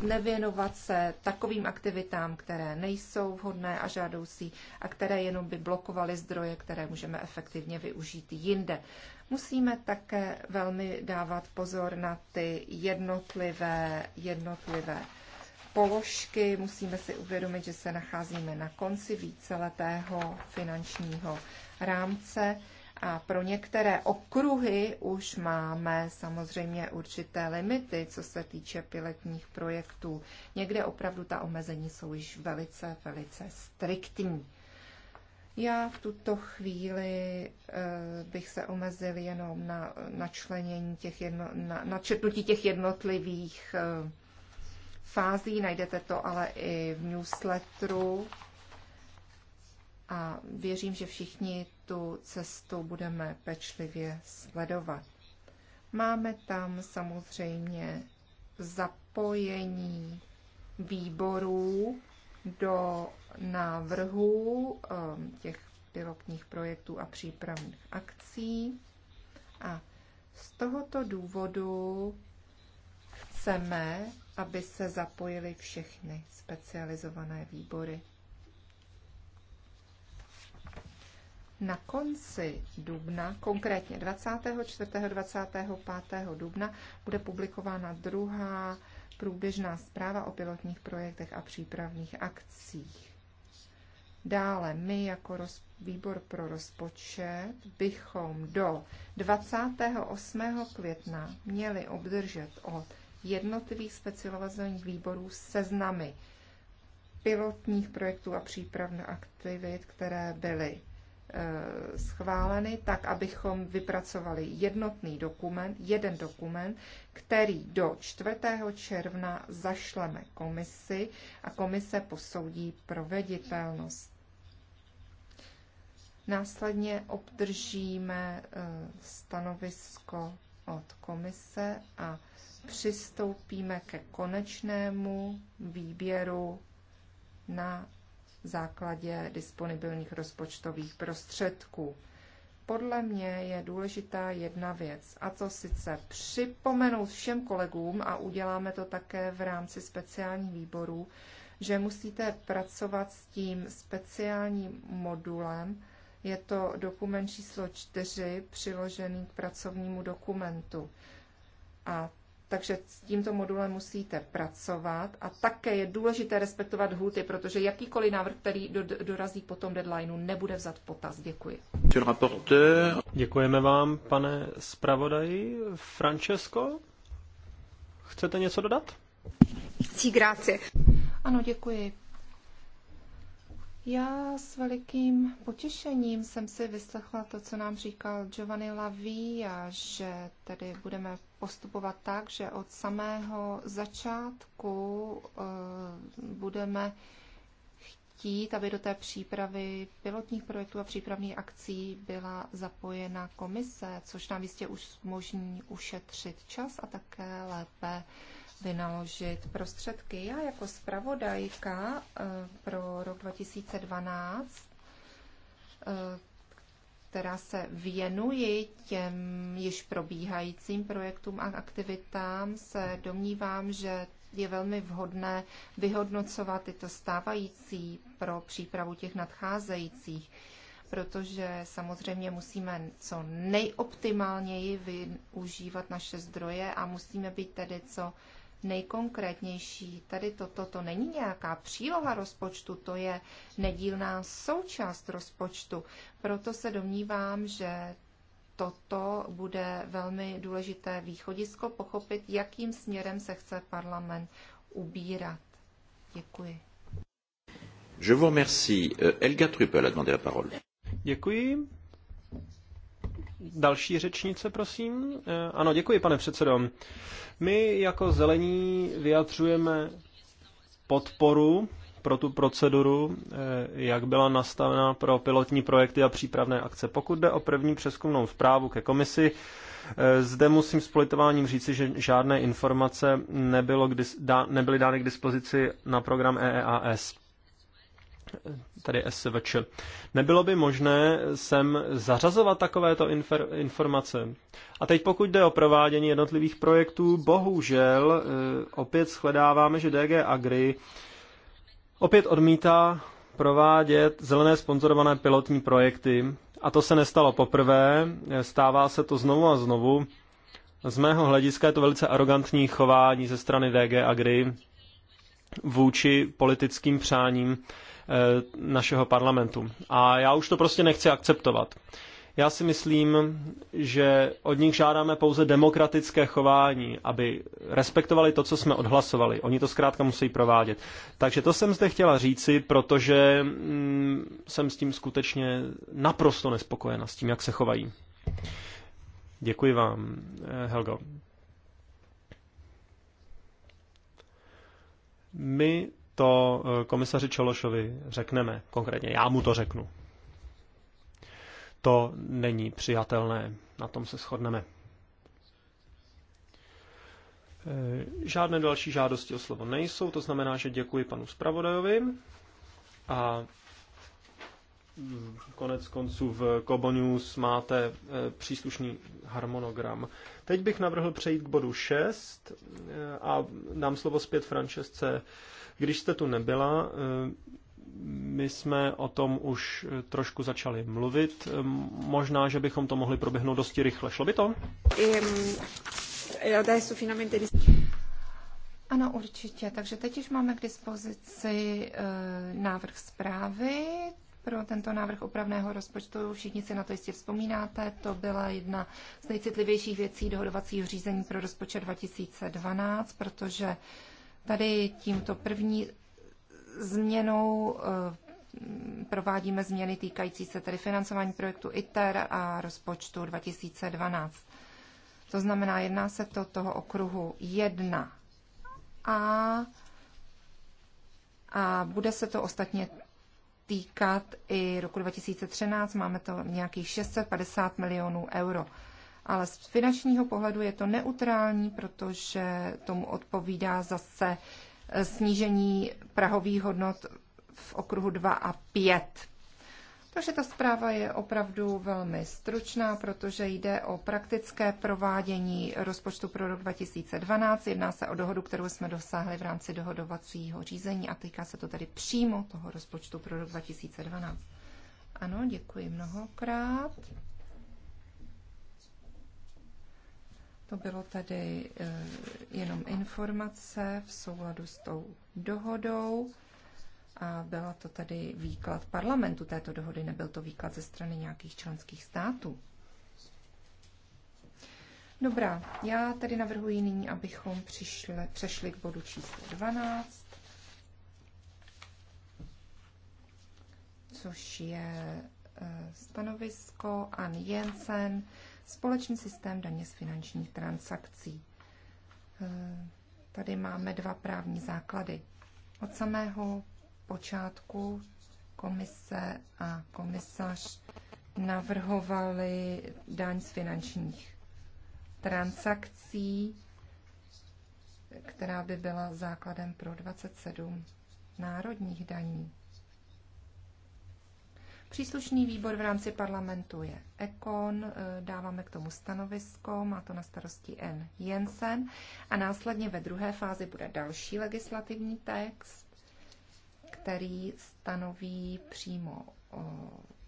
nevěnovat se takovým aktivitám, které nejsou vhodné a žádoucí a které jenom by blokovaly zdroje, které můžeme efektivně využít jinde. Musíme také velmi dávat pozor na ty jednotlivé, jednotlivé položky. Musíme si uvědomit, že se nacházíme na konci víceletého finančního rámce a pro některé okruhy už máme samozřejmě určité limity, co se týče pilotních projektů. Někde opravdu ta omezení jsou již velice, velice striktní. Já v tuto chvíli eh, bych se omezil jenom na členění těch jedno, na četnutí těch jednotlivých eh, fází, najdete to ale i v newsletteru a věřím, že všichni tu cestu budeme pečlivě sledovat. Máme tam samozřejmě zapojení výborů do návrhů ehm, těch pilotních projektů a přípravných akcí. A z tohoto důvodu chceme, aby se zapojili všechny specializované výbory. Na konci dubna, konkrétně 24. 25. dubna, bude publikována druhá průběžná zpráva o pilotních projektech a přípravných akcích. Dále my jako roz, výbor pro rozpočet bychom do 28. května měli obdržet od jednotlivých specializovaných výborů seznamy pilotních projektů a přípravných aktivit, které byly e, schváleny, tak abychom vypracovali jednotný dokument, jeden dokument, který do 4. června zašleme komisi a komise posoudí proveditelnost. Následně obdržíme e, stanovisko od komise a přistoupíme ke konečnému výběru na základě disponibilních rozpočtových prostředků. Podle mě je důležitá jedna věc, a to sice připomenout všem kolegům, a uděláme to také v rámci speciálních výborů, že musíte pracovat s tím speciálním modulem. Je to dokument číslo 4 přiložený k pracovnímu dokumentu. A takže s tímto modulem musíte pracovat a také je důležité respektovat hůty, protože jakýkoliv návrh, který do, dorazí po tom deadlineu, nebude vzat v potaz. Děkuji. Děkujeme vám, pane zpravodaji. Francesco, chcete něco dodat? Sí, grazie. Ano, děkuji. Já s velikým potěšením jsem si vyslechla to, co nám říkal Giovanni Laví a že tedy budeme postupovat tak, že od samého začátku e, budeme chtít, aby do té přípravy pilotních projektů a přípravných akcí byla zapojena komise, což nám jistě už umožní ušetřit čas a také lépe vynaložit prostředky. Já jako zpravodajka eh, pro rok 2012, eh, která se věnuje těm již probíhajícím projektům a aktivitám, se domnívám, že je velmi vhodné vyhodnocovat tyto stávající pro přípravu těch nadcházejících, protože samozřejmě musíme co nejoptimálněji využívat naše zdroje a musíme být tedy co nejkonkrétnější. Tady toto to není nějaká příloha rozpočtu, to je nedílná součást rozpočtu. Proto se domnívám, že toto bude velmi důležité východisko pochopit, jakým směrem se chce parlament ubírat. Děkuji. Je vous remercie. Euh, Elga Truppel a demandé la parole. Děkuji. Další řečnice, prosím. Eh, ano, děkuji, pane předsedo. My jako zelení vyjadřujeme podporu pro tu proceduru, eh, jak byla nastavena pro pilotní projekty a přípravné akce. Pokud jde o první přeskumnou zprávu ke komisi, eh, zde musím s politováním říci, že žádné informace nebylo dá, nebyly dány k dispozici na program EEAS tady SVČ. Nebylo by možné sem zařazovat takovéto infer, informace. A teď pokud jde o provádění jednotlivých projektů, bohužel e, opět shledáváme, že DG Agri opět odmítá provádět zelené sponzorované pilotní projekty. A to se nestalo poprvé, e, stává se to znovu a znovu. Z mého hlediska je to velice arrogantní chování ze strany DG Agri vůči politickým přáním Eh, našeho parlamentu. A já už to prostě nechci akceptovat. Já si myslím, že od nich žádáme pouze demokratické chování, aby respektovali to, co jsme odhlasovali. Oni to zkrátka musí provádět. Takže to jsem zde chtěla říci, protože mm, jsem s tím skutečně naprosto nespokojena, s tím, jak se chovají. Děkuji vám, eh, Helgo. My to eh, komisaři Čološovi řekneme, konkrétně já mu to řeknu. To není přijatelné, na tom se shodneme. Eh, žádné další žádosti o slovo nejsou, to znamená, že děkuji panu zpravodajovi a mm, konec konců v Kobonius máte eh, příslušný harmonogram. Teď bych navrhl přejít k bodu 6 a dám slovo zpět Francesce když jste tu nebyla, eh, my jsme o tom už eh, trošku začali mluvit. Eh, možná, že bychom to mohli proběhnout dosti rychle. Šlo by to? Ano, určitě. Takže teď už máme k dispozici návrh zprávy pro tento návrh opravného rozpočtu. Všichni si na to jistě vzpomínáte. To byla jedna z nejcitlivějších věcí dohodovacího řízení pro rozpočet 2012, protože Tady tímto první změnou eh, provádíme změny týkající se tedy financování projektu ITER a rozpočtu 2012. To znamená, jedná se to toho okruhu 1 a, a bude se to ostatně týkat i roku 2013. Máme to nějakých 650 milionů euro ale z finančního pohledu je to neutrální, protože tomu odpovídá zase eh, snížení prahových hodnot v okruhu 2 a 5. Takže ta zpráva je opravdu velmi stručná, protože jde o praktické provádění rozpočtu pro rok 2012. Jedná se o dohodu, kterou jsme dosáhli v rámci dohodovacího řízení a týká se to tedy přímo toho rozpočtu pro rok 2012. Ano, děkuji mnohokrát. To bylo tedy eh, jenom informace v souladu s tou dohodou a byla to tedy výklad parlamentu této dohody, nebyl to výklad ze strany nějakých členských států. Dobrá, já tedy navrhuji nyní, abychom přišli, přešli k bodu číslo 12, což je eh, stanovisko Ann Jensen Společný systém daně z finančních transakcí. E, tady máme dva právní základy. Od samého počátku komise a komisař navrhovali daň z finančních transakcí, která by byla základem pro 27 národních daní. Příslušný výbor v rámci parlamentu je Ekon, eh, dáváme k tomu stanovisko, má to na starosti N. Jensen a následně ve druhé fázi bude další legislativní text, který stanoví přímo eh,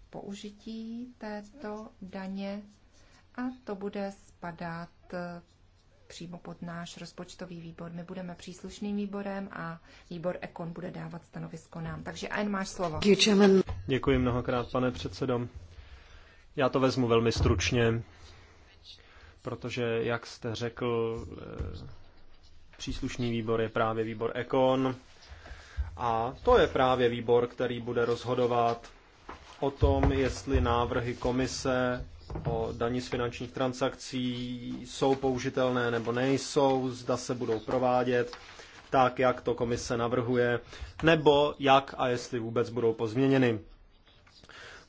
použití této daně a to bude spadat eh, přímo pod náš rozpočtový výbor. My budeme příslušným výborem a výbor Ekon bude dávat stanovisko nám. Takže Ayn, máš slovo. Děkuji mnohokrát, pane předsedo. Já to vezmu velmi stručně, protože, jak jste řekl, eh, příslušný výbor je právě výbor Ekon a to je právě výbor, který bude rozhodovat o tom, jestli návrhy komise o daní z finančních transakcí jsou použitelné nebo nejsou, zda se budou provádět tak, jak to komise navrhuje, nebo jak a jestli vůbec budou pozměněny.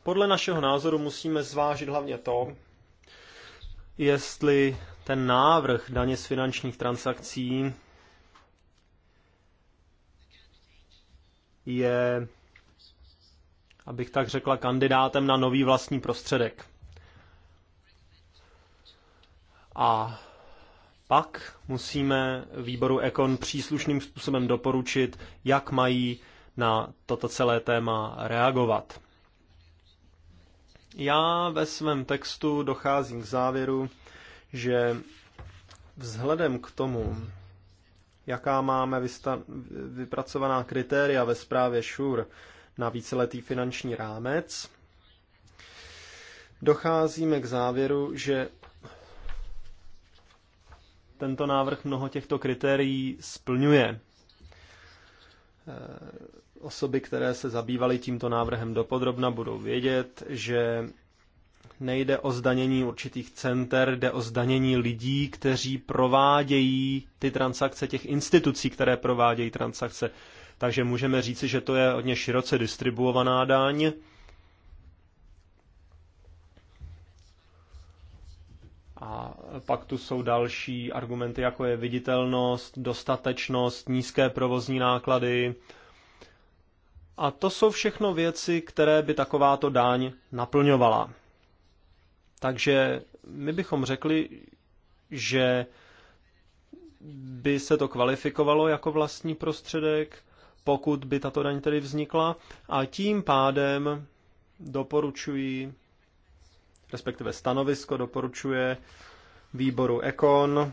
Podle našeho názoru musíme zvážit hlavně to, jestli ten návrh daně z finančních transakcí je, abych tak řekla, kandidátem na nový vlastní prostředek. A pak musíme výboru Ekon příslušným způsobem doporučit, jak mají na toto celé téma reagovat. Já ve svém textu docházím k závěru, že vzhledem k tomu, jaká máme vypracovaná kritéria ve zprávě ŠUR na víceletý finanční rámec, docházíme k závěru, že tento návrh mnoho těchto kritérií splňuje. Osoby, které se zabývaly tímto návrhem dopodrobna, budou vědět, že nejde o zdanění určitých center, jde o zdanění lidí, kteří provádějí ty transakce, těch institucí, které provádějí transakce. Takže můžeme říci, že to je hodně široce distribuovaná daň. A pak tu jsou další argumenty, jako je viditelnost, dostatečnost, nízké provozní náklady, a to jsou všechno věci, které by takováto daň naplňovala. Takže my bychom řekli, že by se to kvalifikovalo jako vlastní prostředek, pokud by tato daň tedy vznikla. A tím pádem doporučuji, respektive stanovisko doporučuje výboru Ekon,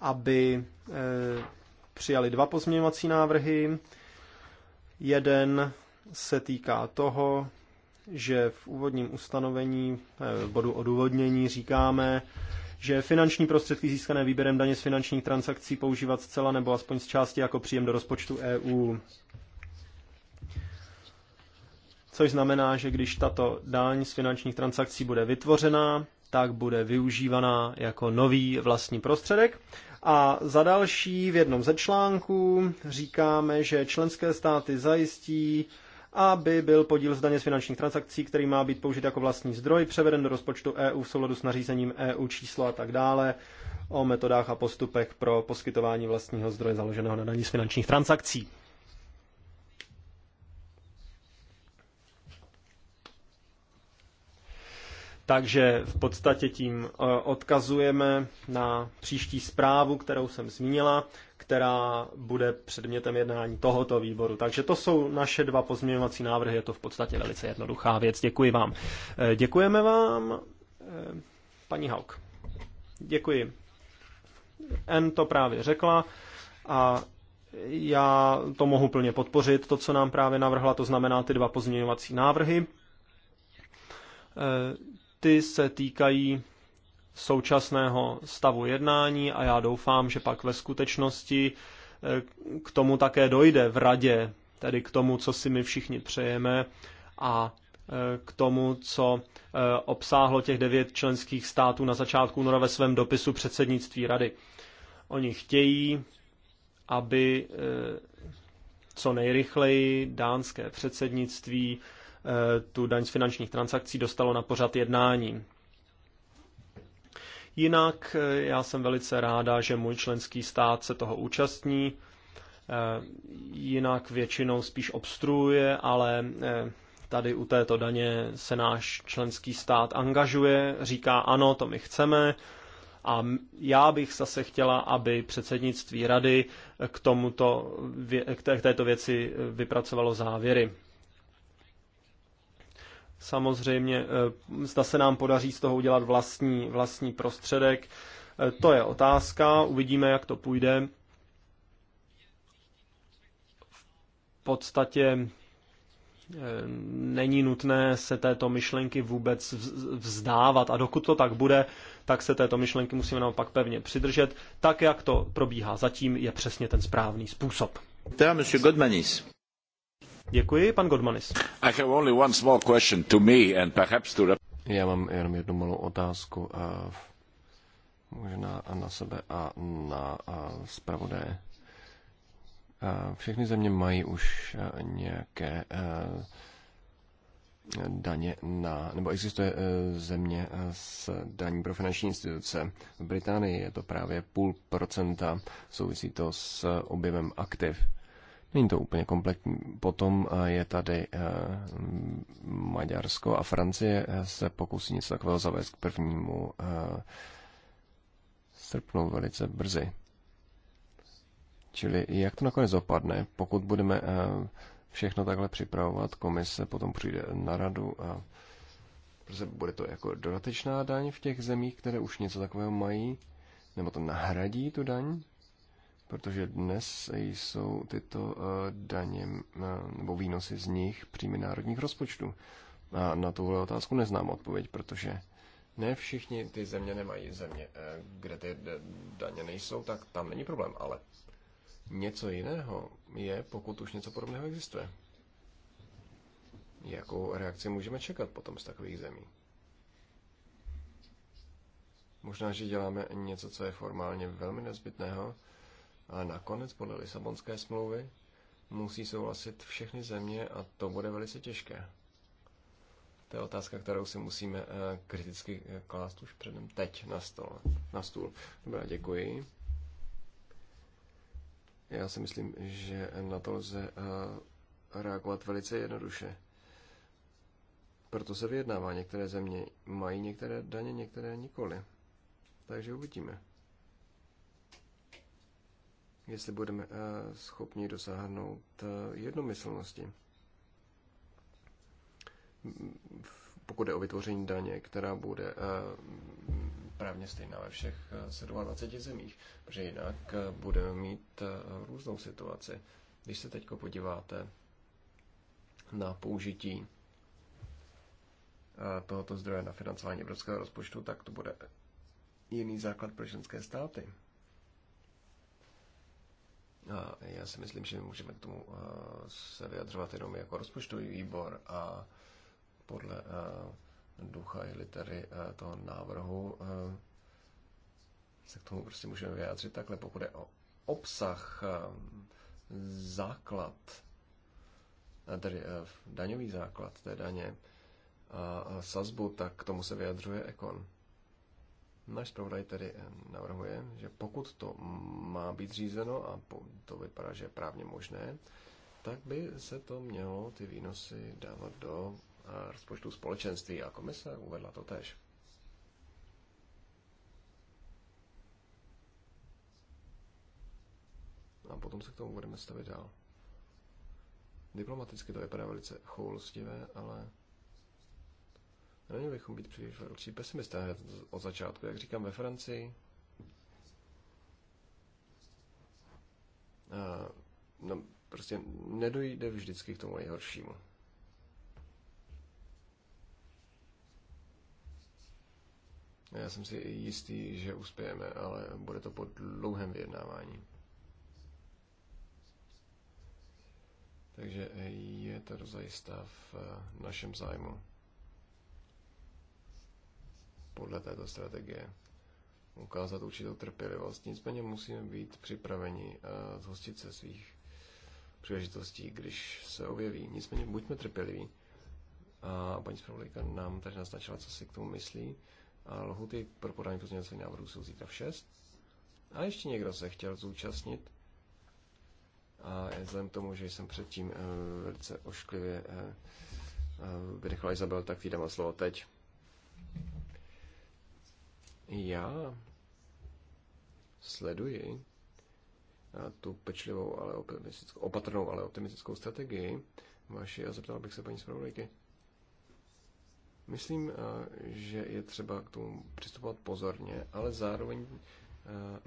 aby eh, přijali dva pozměňovací návrhy. Jeden se týká toho, že v úvodním ustanovení eh, bodu odůvodnění říkáme, že finanční prostředky získané výběrem daně z finančních transakcí používat zcela nebo aspoň z části jako příjem do rozpočtu EU. Což znamená, že když tato daň z finančních transakcí bude vytvořena, tak bude využívaná jako nový vlastní prostředek a za další v jednom ze článků říkáme, že členské státy zajistí, aby byl podíl zdaně z finančních transakcí, který má být použit jako vlastní zdroj, převeden do rozpočtu EU v souladu s nařízením EU číslo a tak dále o metodách a postupech pro poskytování vlastního zdroje založeného na daní z finančních transakcí. Takže v podstatě tím eh, odkazujeme na příští zprávu, kterou jsem zmínila, která bude předmětem jednání tohoto výboru. Takže to jsou naše dva pozměňovací návrhy, je to v podstatě velice jednoduchá věc. Děkuji vám. Eh, děkujeme vám, eh, paní Hauk. Děkuji. N to právě řekla a já to mohu plně podpořit, to, co nám právě navrhla, to znamená ty dva pozměňovací návrhy. Ty se týkají současného stavu jednání a já doufám, že pak ve skutečnosti eh, k tomu také dojde v radě, tedy k tomu, co si my všichni přejeme a eh, k tomu, co eh, obsáhlo těch devět členských států na začátku února ve svém dopisu předsednictví rady. Oni chtějí, aby co nejrychleji dánské předsednictví Eh, tu daň z finančních transakcí dostalo na pořad jednání. Jinak eh, já jsem velice ráda, že můj členský stát se toho účastní. Eh, jinak většinou spíš obstruuje, ale tady u této daně se náš členský stát angažuje, říká ano, to my chceme. A já bych zase chtěla, aby předsednictví rady k, tomuto, k této věci vypracovalo závěry. Samozřejmě, eh, zda se nám podaří z toho udělat vlastní, vlastní prostředek, eh, to je otázka, uvidíme, jak to půjde. V podstatě eh, není nutné se této myšlenky vůbec vzdávat a dokud to tak bude, tak se této myšlenky musíme naopak pevně přidržet. Tak, jak to probíhá zatím, je přesně ten správný způsob. Teda, monsieur Godmanis. Já mám jenom jednu malou otázku. Eh, možná na sebe a na eh, zpravodaje. Eh, všechny země mají už nějaké daně na, nebo existuje země s daní pro finanční instituce. V Británii je to právě půl procenta, souvisí to s objemem aktiv. Není to úplně kompletní. Potom eh, je tady eh, Maďarsko a Francie eh, se pokusí něco takového zavést k prvnímu srpnu velice brzy. Čili jak to nakonec dopadne, pokud budeme všechno takhle připravovat, komise potom přijde na radu a prostě bude to jako dodatečná daň v těch zemích, které už něco takového mají, nebo to nahradí tu daň, protože dnes jsou tyto eh, daně eh, nebo výnosy z nich příjmy národních rozpočtů. A na tuhle otázku neznám odpověď, protože ne všichni ty země nemají země, eh, kde ty daně nejsou, tak tam není problém, ale něco jiného je, pokud už něco podobného existuje. Jakou reakci můžeme čekat potom z takových zemí? Možná, že děláme něco, co je formálně velmi nezbytného, a nakonec podle Lisabonské smlouvy musí souhlasit všechny země a to bude velice těžké. To je otázka, kterou si musíme eh, kriticky eh, klást už předem teď na, stol, na stůl. Dobrá, děkuji. Já si myslím, že na to lze eh, reagovat velice jednoduše. Proto se vyjednává. Některé země mají některé daně, některé nikoli. Takže uvidíme jestli budeme eh, schopni dosáhnout eh, jednomyslnosti. Pokud je o vytvoření daně, která bude eh, právně stejná ve všech 27 zemích, protože jinak budeme mít různou situaci. Když se teď podíváte na použití tohoto zdroje na financování evropského rozpočtu, tak to bude jiný základ pro členské státy. A já si myslím, že můžeme k tomu eh, se vyjadřovat jenom jako rozpočtový výbor a podle eh, ducha i litery eh, toho návrhu se k tomu prostě můžeme vyjádřit takhle, pokud je o obsah, základ, tedy daňový základ té daně a sazbu, tak k tomu se vyjadřuje Ekon. Náš zpravodaj tedy eh, navrhuje, že pokud to má být řízeno a to vypadá, že je právně možné, tak by se to mělo ty výnosy dávat do eh, rozpočtu společenství a komise uvedla to tež. A potom se k tomu budeme stavit dál. Diplomaticky to vypadá velice choulostivé, ale Neměli bychom být příliš velcí pesimisté od začátku, jak říkám ve Francii. A, no, prostě nedojde vždycky k tomu nejhoršímu. Já jsem si jistý, že uspějeme, ale bude to po dlouhém vyjednávání. Takže je to dozajistá v našem zájmu podle této strategie. Ukázat určitou trpělivost. Nicméně musíme být připraveni eh, zhostit se svých příležitostí, když se objeví. Nicméně buďme trpěliví. A paní zpravodajka nám tady naznačila, co si k tomu myslí. A lhuty pro podání pozměňovacích návrhů jsou zítra v 6. A ještě někdo se chtěl zúčastnit. A vzhledem k tomu, že jsem předtím e, velice ošklivě e, eh, e, vydechla Izabel, tak jí slovo teď. Já sleduji tu pečlivou, ale optimistickou, opatrnou, ale optimistickou strategii vaši a zeptal bych se paní zpravodajky. Myslím, že je třeba k tomu přistupovat pozorně, ale zároveň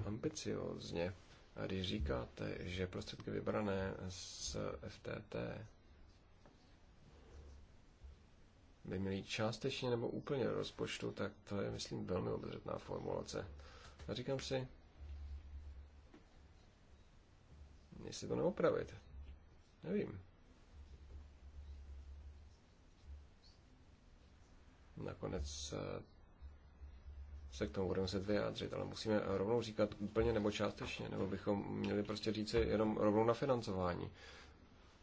ambiciozně. A když říkáte, že prostředky vybrané z FTT by měli částečně nebo úplně do rozpočtu, tak to je, myslím, velmi obezřetná formulace. A říkám si, jestli to neopravit. Nevím. Nakonec eh, se k tomu budeme muset vyjádřit, ale musíme rovnou říkat úplně nebo částečně, nebo bychom měli prostě říci jenom rovnou na financování.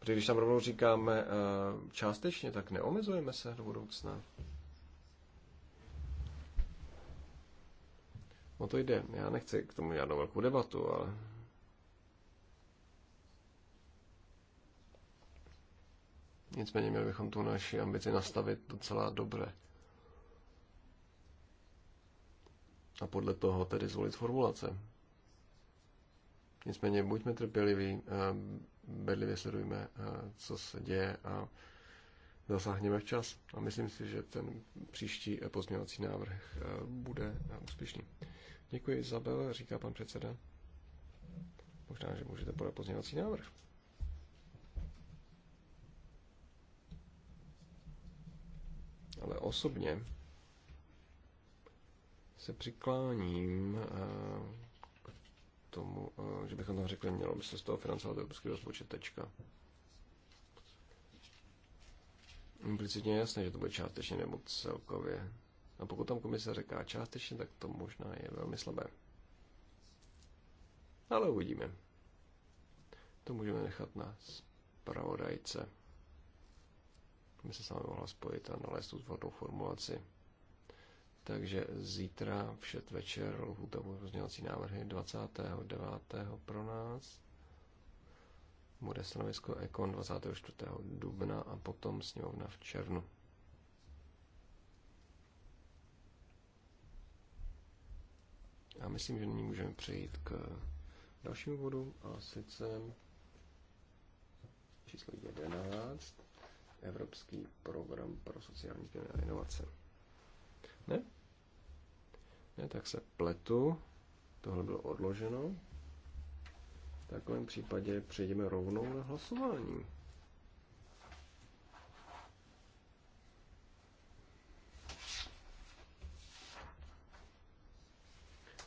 Protože když tam rovnou říkáme eh, částečně, tak neomezujeme se do budoucna. No to jde. Já nechci k tomu žádnou velkou debatu, ale... Nicméně měli bychom tu naši ambici nastavit docela dobře. A podle toho tedy zvolit formulace. Nicméně buďme trpěliví, eh, bedlivě sledujme, eh, co se děje a zasáhneme včas. A myslím si, že ten příští eh, pozměňovací návrh eh, bude úspěšný. Děkuji, Izabel, říká pan předseda. Možná, že můžete podat pozměňovací návrh. Ale osobně se přikláním tomu, eh, že bychom tam řekli, mělo by se z toho financovat evropský rozpočet tečka. Implicitně je jasné, že to bude částečně nebo celkově. A pokud tam komise říká částečně, tak to možná je velmi slabé. Ale uvidíme. To můžeme nechat na zpravodajce. My se sami mohla spojit a nalézt tu vhodnou formulaci. Takže zítra v večer lhůta bude pozměňovací návrhy 29. pro nás. Bude stanovisko Ekon 24. dubna a potom sněmovna v červnu. A myslím, že nyní můžeme přejít k dalšímu bodu a sice číslo 11. Evropský program pro sociální a inovace. Ne? Ne, tak se pletu. Tohle bylo odloženo. V takovém případě přejdeme rovnou na hlasování.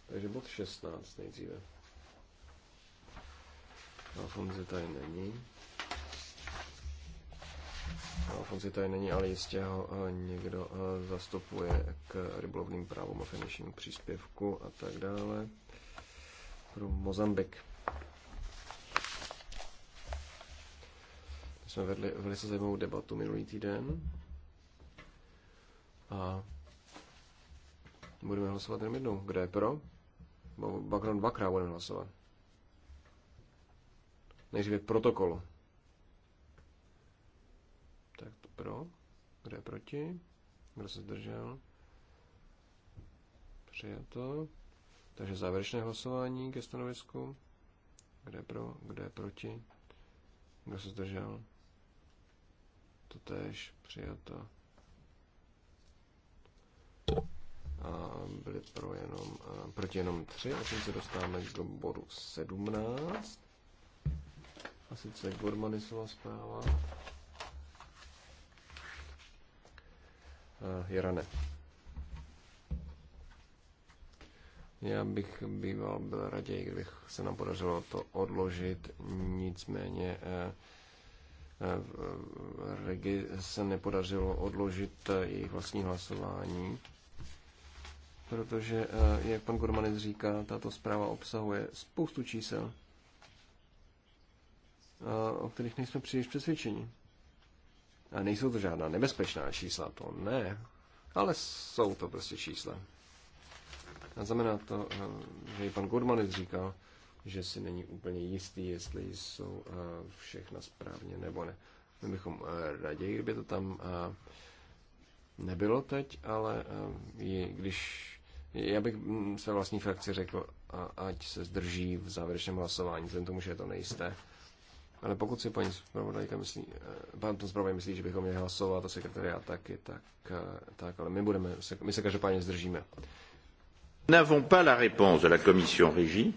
Takže bod 16 nejdříve. Alfonze tady není. Alfonsi tady není, ale jistě ho eh, někdo eh, zastupuje k rybolovným právům a finančnímu příspěvku a tak dále. Pro Mozambik. My jsme vedli velice zajímavou debatu minulý týden a budeme hlasovat jenom jednou. Kdo je pro? bakron, dvakrát budeme hlasovat. Nejdříve protokolu pro? Kdo je proti? Kdo se zdržel? Přijato. Takže závěrečné hlasování ke stanovisku. Kdo je pro? Kdo je proti? Kdo se zdržel? To tež přijato. A byly pro jenom, a proti jenom tři, a tím se dostáváme do bodu 17. A sice Gormanisova zpráva. Eh, Jirane. Já bych býval byl raději, kdybych se nám podařilo to odložit, nicméně eh, eh, Regi se nepodařilo odložit jejich vlastní hlasování, protože, jak pan Gormanec říká, tato zpráva obsahuje spoustu čísel, o kterých nejsme příliš přesvědčeni. A nejsou to žádná nebezpečná čísla, to ne, ale jsou to prostě čísla. A znamená to, eh, že i pan Gurman říkal, že si není úplně jistý, jestli jsou eh, všechna správně nebo ne. My bychom eh, raději, kdyby to tam nebylo teď, ale když já bych mm, se vlastní frakci řekl, ať se zdrží v závěrečném hlasování, vzhledem tomu, že je to nejisté. Ale pokud si paní zpravodajka myslí, eh, pan to zpravodaj myslí, že bychom měli hlasovat a sekretariat taky, tak, eh, tak, ale my, budeme, my se každopádně zdržíme. N'avons pas la réponse de la commission régie.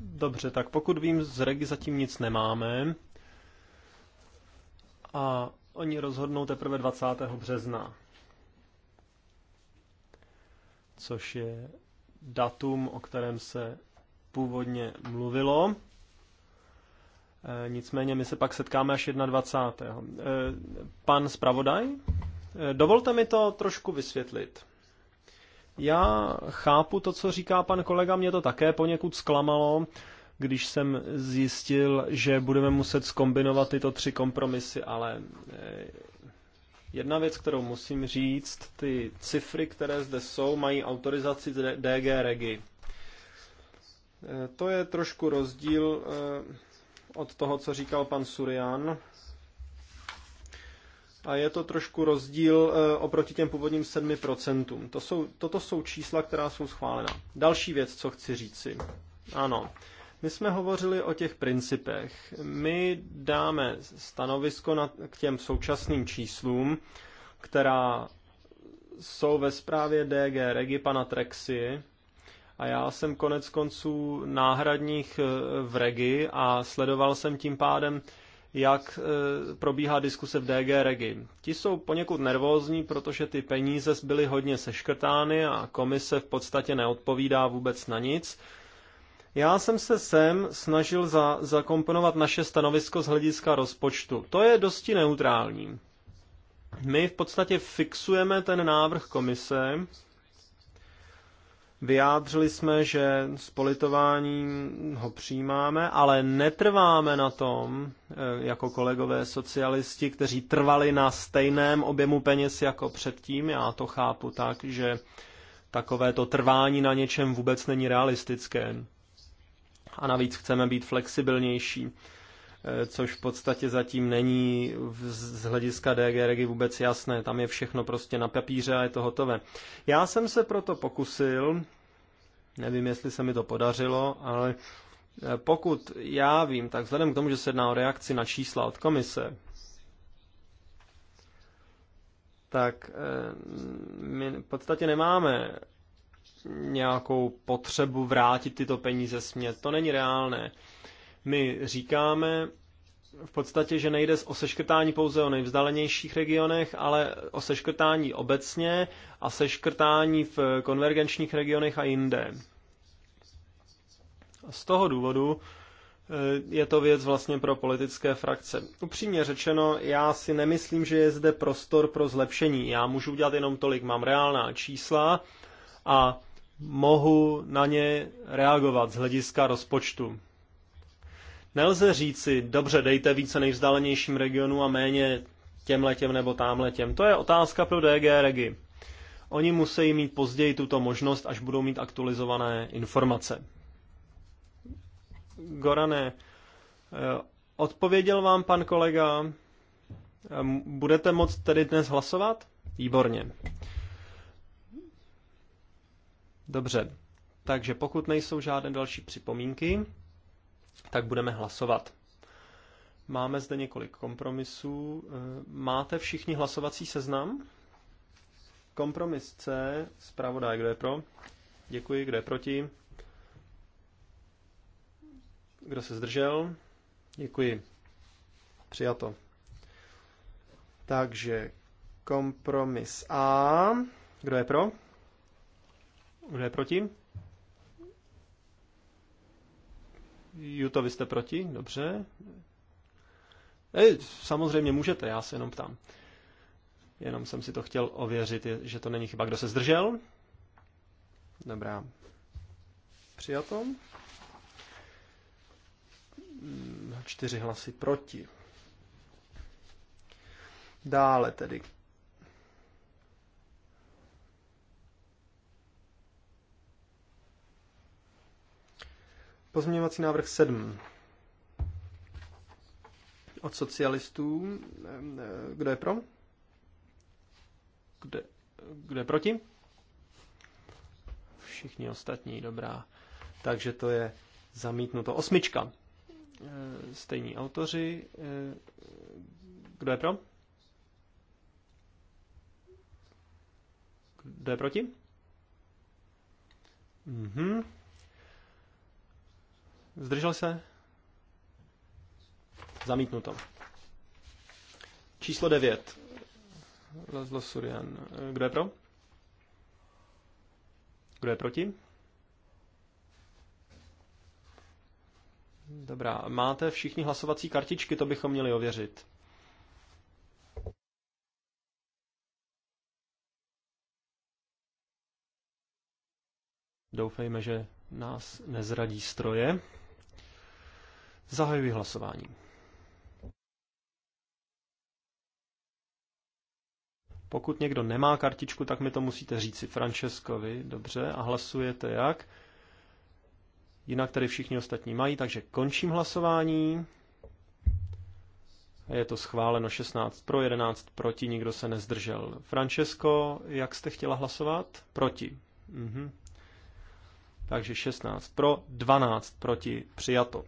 Dobře, tak pokud vím, z regi zatím nic nemáme. A oni rozhodnou teprve 20. března. Což je datum, o kterém se původně mluvilo. Eh, nicméně my se pak setkáme až 21. Eh, pan zpravodaj, eh, dovolte mi to trošku vysvětlit. Já chápu to, co říká pan kolega, mě to také poněkud zklamalo, když jsem zjistil, že budeme muset skombinovat tyto tři kompromisy, ale jedna věc, kterou musím říct, ty cifry, které zde jsou, mají autorizaci DG Regi. To je trošku rozdíl od toho, co říkal pan Surian. A je to trošku rozdíl eh, oproti těm původním 7%. To jsou, toto jsou čísla, která jsou schválena. Další věc, co chci říci. Ano, my jsme hovořili o těch principech. My dáme stanovisko na, k těm současným číslům, která jsou ve zprávě DG Regi pana Trexy, a já jsem konec konců náhradních eh, v Regi a sledoval jsem tím pádem, jak eh, probíhá diskuse v DG Regi. Ti jsou poněkud nervózní, protože ty peníze byly hodně seškrtány a komise v podstatě neodpovídá vůbec na nic. Já jsem se sem snažil za, zakomponovat naše stanovisko z hlediska rozpočtu. To je dosti neutrální. My v podstatě fixujeme ten návrh komise Vyjádřili jsme, že s politováním ho přijímáme, ale netrváme na tom, e, jako kolegové socialisti, kteří trvali na stejném objemu peněz jako předtím. Já to chápu tak, že takové to trvání na něčem vůbec není realistické. A navíc chceme být flexibilnější. Eh, což v podstatě zatím není z hlediska DG Regi vůbec jasné. Tam je všechno prostě na papíře a je to hotové. Já jsem se proto pokusil, nevím, jestli se mi to podařilo, ale eh, pokud já vím, tak vzhledem k tomu, že se jedná o reakci na čísla od komise, tak eh, my v podstatě nemáme nějakou potřebu vrátit tyto peníze smět. To není reálné. My říkáme v podstatě, že nejde o seškrtání pouze o nejvzdálenějších regionech, ale o seškrtání obecně a seškrtání v konvergenčních regionech a jinde. Z toho důvodu eh, je to věc vlastně pro politické frakce. Upřímně řečeno, já si nemyslím, že je zde prostor pro zlepšení. Já můžu udělat jenom tolik, mám reálná čísla a mohu na ně reagovat z hlediska rozpočtu. Nelze říci, dobře, dejte více nejvzdálenějším regionu a méně těm letem nebo tam letem. To je otázka pro DG Regi. Oni musí mít později tuto možnost, až budou mít aktualizované informace. Gorane, eh, odpověděl vám pan kolega, ehm, budete moct tedy dnes hlasovat? Výborně. Dobře, takže pokud nejsou žádné další připomínky, tak budeme hlasovat. Máme zde několik kompromisů. Eh, máte všichni hlasovací seznam? Kompromis C, zpravodaj, kdo je pro? Děkuji, kdo je proti? Kdo se zdržel? Děkuji. Přijato. Takže kompromis A. Kdo je pro? Kdo je proti? Juto, vy jste proti? Dobře. E, samozřejmě můžete, já se jenom ptám. Jenom jsem si to chtěl ověřit, že to není chyba. Kdo se zdržel? Dobrá. Přijato. Hmm, čtyři hlasy proti. Dále tedy Pozměňovací návrh 7 od socialistů. Kdo je pro? Kde, kde je proti? Všichni ostatní, dobrá. Takže to je zamítnuto. Osmička. Eh, stejní autoři. Eh, kdo je pro? Kdo je proti? Mhm. Zdržel se? Zamítnuto. Číslo 9. Lazlo Surian. Kdo je pro? Kdo je proti? Dobrá, máte všichni hlasovací kartičky, to bychom měli ověřit. Doufejme, že nás nezradí stroje. Zahajuji hlasování. Pokud někdo nemá kartičku, tak mi to musíte říci Franceskovi, dobře, a hlasujete jak? Jinak tady všichni ostatní mají, takže končím hlasování. Je to schváleno 16 pro, 11 proti, nikdo se nezdržel. Francesco, jak jste chtěla hlasovat? Proti. Mhm. Takže 16 pro, 12 proti, přijato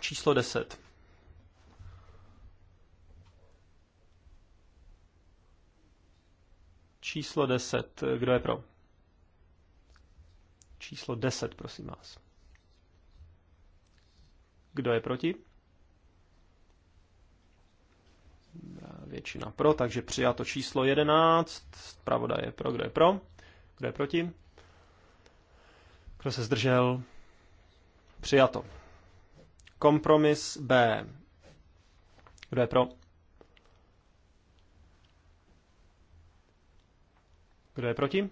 číslo 10. Číslo 10. Kdo je pro? Číslo 10, prosím vás. Kdo je proti? Většina pro, takže přijato číslo 11. Pravoda je pro, kdo je pro? Kdo je proti? Kdo se zdržel? Přijato. Kompromis B. Kdo je pro? Kdo je proti?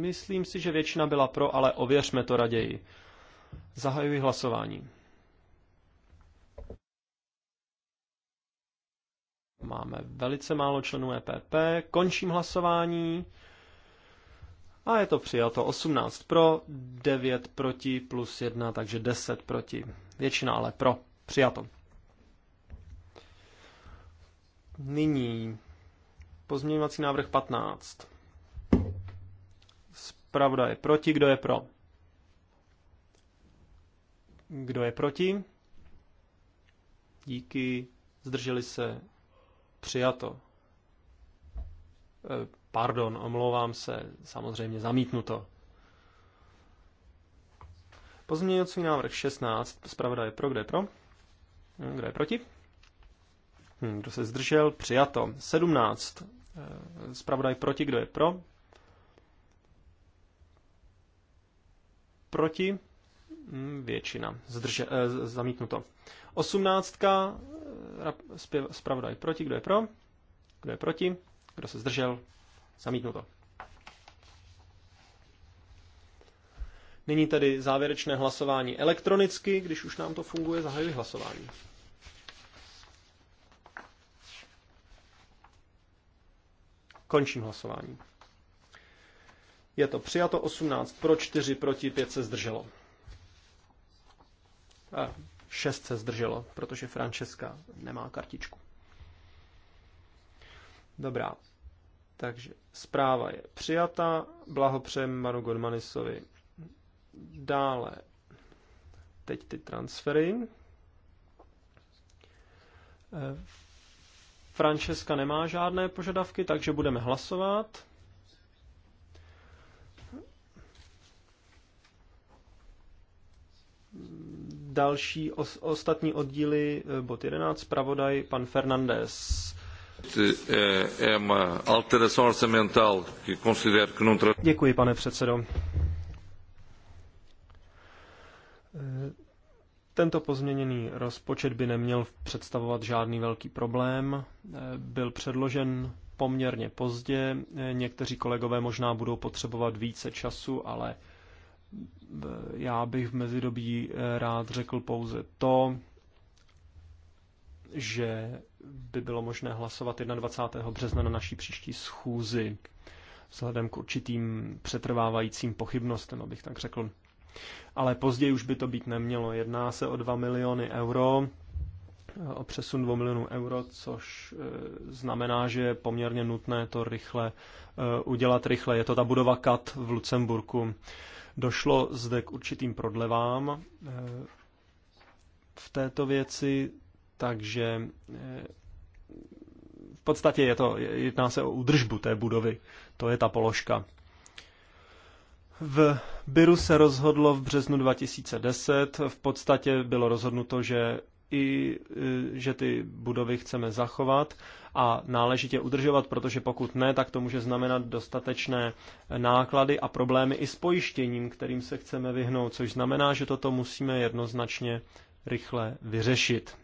Myslím si, že většina byla pro, ale ověřme to raději. Zahajuji hlasování. Máme velice málo členů EPP. Končím hlasování. A je to přijato 18 pro, 9 proti plus 1, takže 10 proti. Většina ale pro. Přijato. Nyní pozměňovací návrh 15. Zpravda je proti, kdo je pro? Kdo je proti? Díky, zdrželi se, přijato. E Pardon, omlouvám se, samozřejmě zamítnuto. Pozměňovací návrh 16, zpravodaj pro, kde je pro? Hm, kdo je proti? Hm, kdo se zdržel? Přijato. 17, eh, zpravodaj proti, kdo je pro? Proti? Hm, většina. Zdrže, eh, zamítnuto. 18, eh, zpravodaj proti, kdo je pro? Kdo je proti? Kdo se zdržel? Zamítnuto. Nyní tedy závěrečné hlasování elektronicky, když už nám to funguje, zahajuji hlasování. Končím hlasování. Je to přijato 18 pro 4 proti 5 se zdrželo. A 6 se zdrželo, protože Francesca nemá kartičku. Dobrá. Takže zpráva je přijata, blahopřejeme Manu Godmanisovi. Dále, teď ty transfery. Eh, Francesca nemá žádné požadavky, takže budeme hlasovat. Další os, ostatní oddíly, eh, bod 11, pravodaj, pan Fernandez. Děkuji, pane předsedo. Tento pozměněný rozpočet by neměl představovat žádný velký problém. Byl předložen poměrně pozdě. Někteří kolegové možná budou potřebovat více času, ale já bych v mezidobí rád řekl pouze to, že by bylo možné hlasovat 21. března na naší příští schůzi vzhledem k určitým přetrvávajícím pochybnostem, abych tak řekl. Ale později už by to být nemělo. Jedná se o 2 miliony euro, o přesun 2 milionů euro, což eh, znamená, že je poměrně nutné to rychle eh, udělat rychle. Je to ta budova KAT v Lucemburku. Došlo zde k určitým prodlevám eh, v této věci, takže eh, v podstatě je to, jedná se o udržbu té budovy. To je ta položka. V Biru se rozhodlo v březnu 2010. V podstatě bylo rozhodnuto, že i eh, že ty budovy chceme zachovat a náležitě udržovat, protože pokud ne, tak to může znamenat dostatečné náklady a problémy i s pojištěním, kterým se chceme vyhnout, což znamená, že toto musíme jednoznačně rychle vyřešit.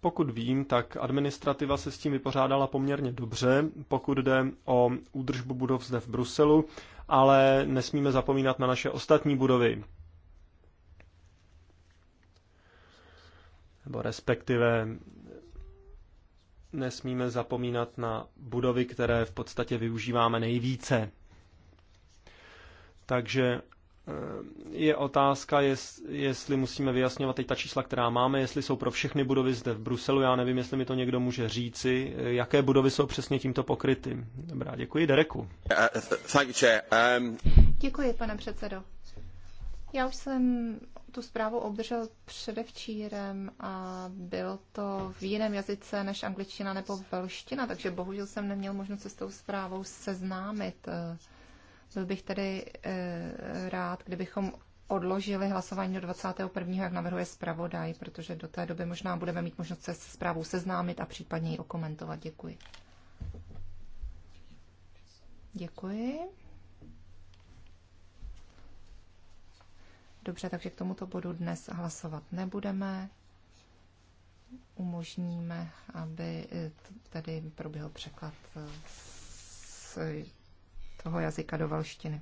Pokud vím, tak administrativa se s tím vypořádala poměrně dobře, pokud jde o údržbu budov zde v Bruselu, ale nesmíme zapomínat na naše ostatní budovy. Nebo respektive nesmíme zapomínat na budovy, které v podstatě využíváme nejvíce. Takže Eh, je otázka, jest, jestli musíme vyjasňovat teď ta čísla, která máme, jestli jsou pro všechny budovy zde v Bruselu. Já nevím, jestli mi to někdo může říci, eh, jaké budovy jsou přesně tímto pokryty. Dobrá, děkuji Dereku. Uh, um, děkuji, pane předsedo. Já už jsem tu zprávu obdržel předevčírem a bylo to v jiném jazyce než angličtina nebo velština, takže bohužel jsem neměl možnost se s tou zprávou seznámit. Eh, byl bych tedy eh, rád, kdybychom odložili hlasování do 21. jak navrhuje zpravodaj, protože do té doby možná budeme mít možnost se zprávou seznámit a případně ji okomentovat. Děkuji. Děkuji. Dobře, takže k tomuto bodu dnes hlasovat nebudeme. Umožníme, aby eh, tady proběhl překlad eh, s toho jazyka do valštiny.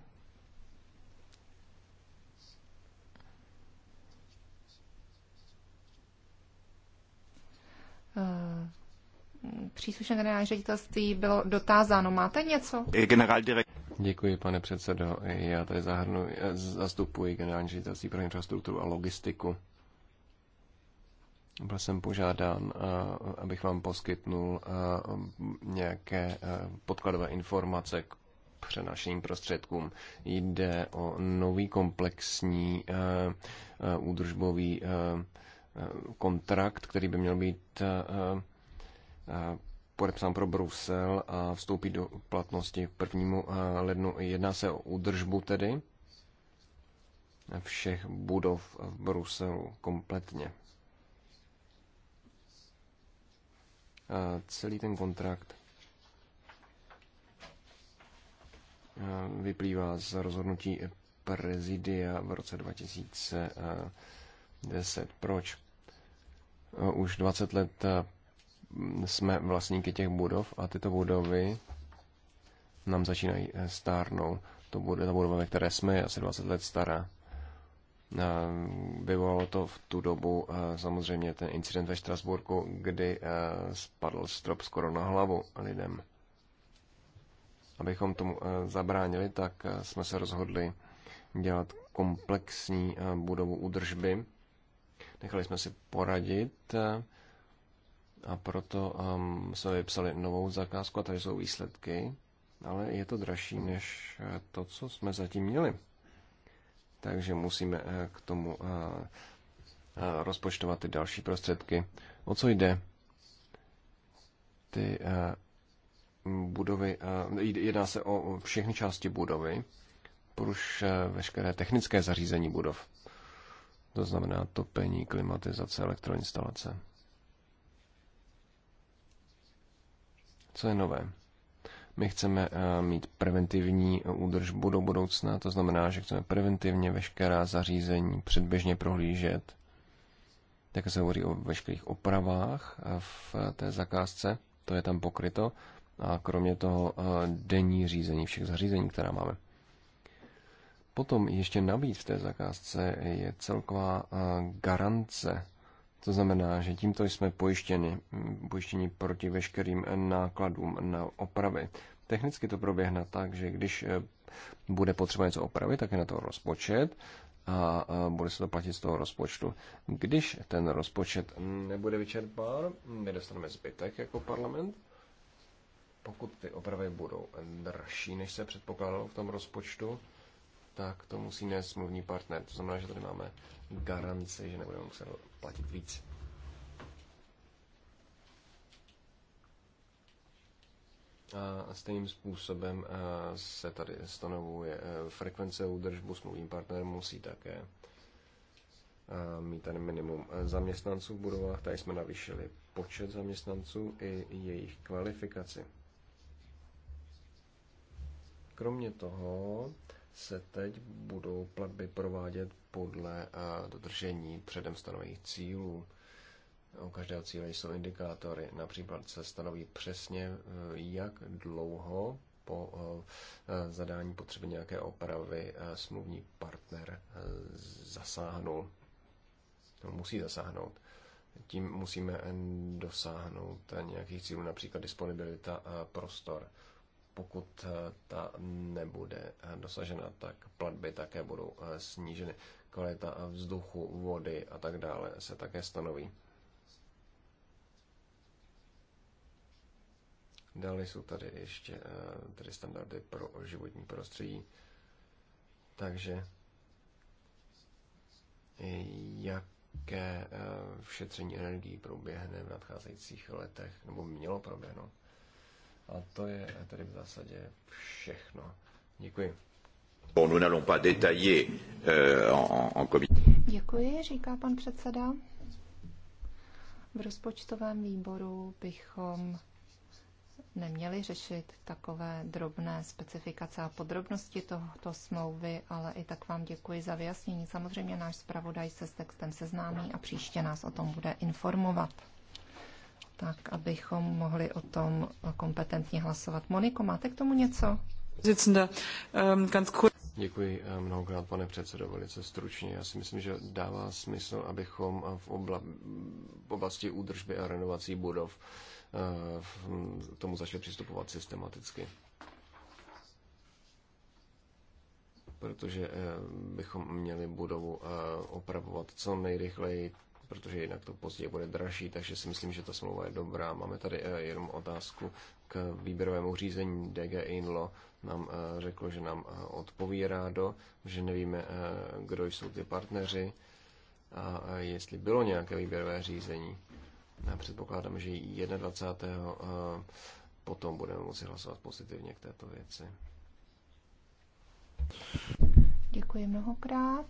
Eh, příslušné generální ředitelství bylo dotázáno. Máte něco? Děkuji, pane předsedo. Já tady zahrnu, eh, zastupuji generální ředitelství pro infrastrukturu a logistiku. Byl jsem požádán, eh, abych vám poskytnul nějaké podkladové informace k přenášeným prostředkům. Jde o nový komplexní eh, eh, údržbový eh, kontrakt, který by měl být podepsán pro Brusel a vstoupí do platnosti k prvnímu lednu. Jedná se o údržbu tedy všech budov v Bruselu kompletně. celý ten kontrakt Eh, vyplývá z rozhodnutí prezidia v roce 2010. Proč? Eh, už 20 let eh, jsme vlastníky těch budov a tyto budovy nám začínají stárnout. To bude ta budova, ve které jsme, je asi 20 let stará. Vyvolalo to v tu dobu samozřejmě ten incident ve Štrasburku, kdy spadl strop skoro na hlavu lidem. Abychom tomu eh, zabránili, tak eh, jsme se rozhodli dělat komplexní eh, budovu údržby. Nechali jsme si poradit a proto ehm, jsme vypsali novou zakázku a tady jsou výsledky, ale je to dražší než to, co jsme zatím měli. Takže musíme k tomu rozpočtovat ty další prostředky. O co jde? Ty budovy, eh, jedná se o všechny části budovy, plus eh, veškeré technické zařízení budov. To znamená topení, klimatizace, elektroinstalace. Co je nové? My chceme eh, mít preventivní údržbu do budoucna, to znamená, že chceme preventivně veškerá zařízení předběžně prohlížet. tak se hovoří o veškerých opravách v té zakázce, to je tam pokryto a kromě toho eh, denní řízení všech zařízení, která máme. Potom ještě navíc v té zakázce je celková eh, garance. To znamená, že tímto jsme pojištěni, mm, pojištěni proti veškerým eh, nákladům na opravy. Technicky to proběhne tak, že když bude potřeba něco opravit, tak je na to rozpočet a bude se to platit z toho rozpočtu. Když ten rozpočet nebude vyčerpán, my dostaneme zbytek jako parlament pokud ty opravy budou dražší, než se předpokládalo v tom rozpočtu, tak to musí nést smluvní partner. To znamená, že tady máme garanci, že nebudeme muset platit víc. A stejným způsobem eh, se tady stanovuje eh, frekvence údržbu smluvní partner musí také eh, mít ten minimum zaměstnanců v budovách. Tady jsme navýšili počet zaměstnanců i jejich kvalifikaci. Kromě toho se teď budou platby provádět podle eh, dodržení předem stanovených cílů. U každého cíle jsou indikátory. Například se stanoví přesně, eh, jak dlouho po eh, zadání potřeby nějaké opravy smluvní partner zasáhnul. Musí zasáhnout. Tím musíme dosáhnout nějakých cílů, například disponibilita a prostor pokud eh, ta nebude eh, dosažena, tak platby také budou eh, sníženy. Kvalita vzduchu, vody a tak dále se také stanoví. Dále jsou tady ještě tady standardy pro životní prostředí. Takže jaké šetření energií proběhne v nadcházejících letech, nebo mělo proběhnout? A to je tedy v zásadě všechno. Děkuji. Euh, děkuji, říká pan předseda. V rozpočtovém výboru bychom neměli řešit takové drobné specifikace a podrobnosti tohoto smlouvy, ale i tak vám děkuji za vyjasnění. Samozřejmě náš zpravodaj se s textem seznámí a příště nás o tom bude informovat tak abychom mohli o tom kompetentně hlasovat. Moniko, máte k tomu něco? Ähm, Děkuji eh, mnohokrát, pane předsedo, velice stručně. Já si myslím, že dává smysl, abychom eh, v, obla, v oblasti údržby a renovací budov eh, k tomu začali přistupovat systematicky. protože bychom měli budovu opravovat co nejrychleji, protože jinak to později bude dražší, takže si myslím, že ta smlouva je dobrá. Máme tady eh, jenom otázku k výběrovému řízení. DG Inlo nám eh, řeklo, že nám eh, odpoví rádo, že nevíme, kdo jsou ty partneři a jestli bylo nějaké výběrové řízení. Předpokládám, že 21. potom budeme moci hlasovat pozitivně k této věci. Děkuji mnohokrát.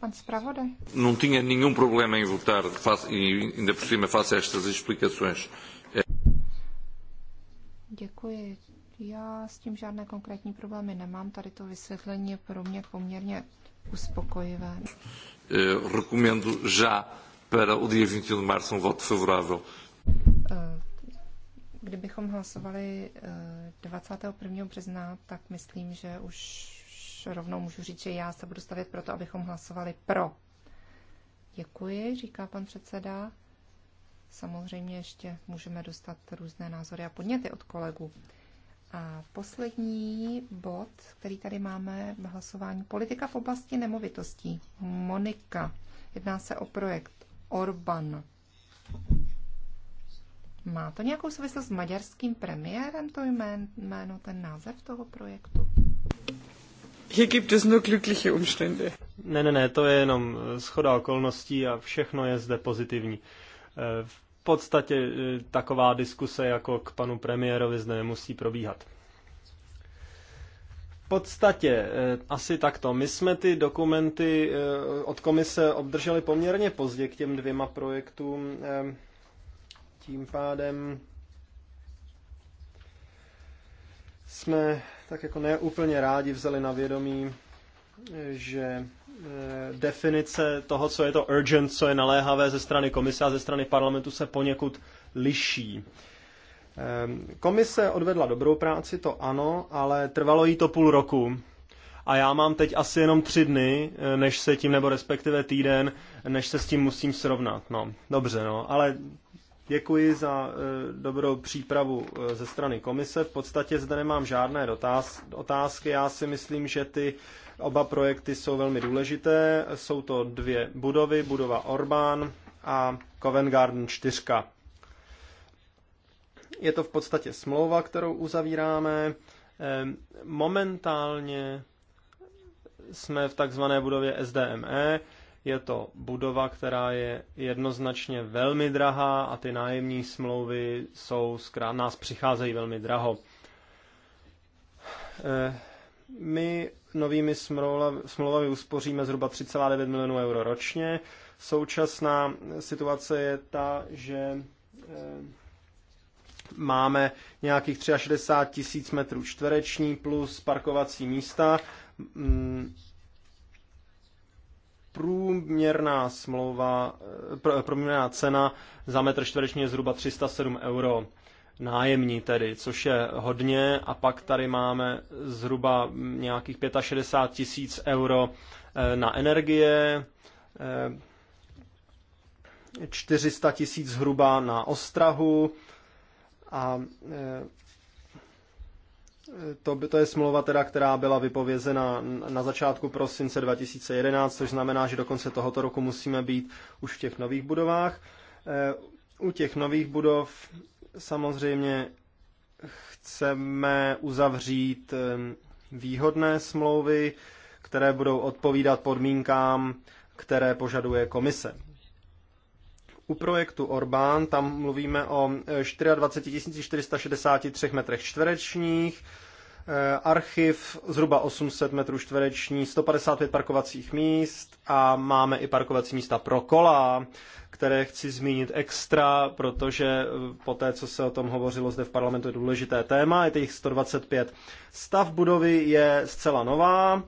Pan zpravodaj. Não tinha nenhum problema em votar, face, e ainda por cima face a estas explicações. Děkuji. Já s tím žádné konkrétní problémy nemám. Tady to vysvětlení je pro mě poměrně uspokojivé. Eh, Rekomendu já para o dia 21 e um de março um voto favorável. Eh, kdybychom hlasovali 21. Eh, března, tak myslím, že už rovnou můžu říct, že já se budu stavět pro to, abychom hlasovali pro. Děkuji, říká pan předseda. Samozřejmě ještě můžeme dostat různé názory a podněty od kolegů. A poslední bod, který tady máme v hlasování, politika v oblasti nemovitostí. Monika, jedná se o projekt Orban. Má to nějakou souvislost s maďarským premiérem, to jméno, ten název toho projektu? Hier gibt es nur glückliche Umstände. Ne, ne, ne, to je jenom eh, schoda okolností a všechno je zde pozitivní. Eh, v podstatě eh, taková diskuse jako k panu premiérovi zde nemusí probíhat. V podstatě asi takto. My jsme ty dokumenty od komise obdrželi poměrně pozdě k těm dvěma projektům. Tím pádem jsme tak jako neúplně rádi vzali na vědomí, že e, definice toho, co je to urgent, co je naléhavé ze strany komise a ze strany parlamentu se poněkud liší. E, komise odvedla dobrou práci, to ano, ale trvalo jí to půl roku. A já mám teď asi jenom tři dny, e, než se tím, nebo respektive týden, než se s tím musím srovnat. No, dobře, no, ale Děkuji za eh, dobrou přípravu eh, ze strany komise. V podstatě zde nemám žádné otázky. Já si myslím, že ty oba projekty jsou velmi důležité. Jsou to dvě budovy, budova Orbán a Covent Garden 4. Je to v podstatě smlouva, kterou uzavíráme. Eh, momentálně jsme v takzvané budově SDME, je to budova, která je jednoznačně velmi drahá a ty nájemní smlouvy jsou, nás přicházejí velmi draho. Eh, my novými smlouvami uspoříme zhruba 3,9 milionů euro ročně. Současná situace je ta, že eh, máme nějakých 63 tisíc metrů čtvereční plus parkovací místa. Mm, průměrná smlouva, eh, průměrná cena za metr čtvereční je zhruba 307 euro nájemní tedy, což je hodně a pak tady máme zhruba nějakých 65 tisíc euro eh, na energie, 400 eh, tisíc zhruba na ostrahu a to, by, to je smlouva, teda, která byla vypovězena na začátku prosince 2011, což znamená, že do konce tohoto roku musíme být už v těch nových budovách. Eh, u těch nových budov samozřejmě chceme uzavřít eh, výhodné smlouvy, které budou odpovídat podmínkám, které požaduje komise. U projektu Orbán tam mluvíme o 24 eh, 463 metrech čtverečních, eh, archiv zhruba 800 metrů čtvereční, 155 parkovacích míst a máme i parkovací místa pro kola, které chci zmínit extra, protože eh, po té, co se o tom hovořilo zde v parlamentu, je důležité téma, je těch 125. Stav budovy je zcela nová,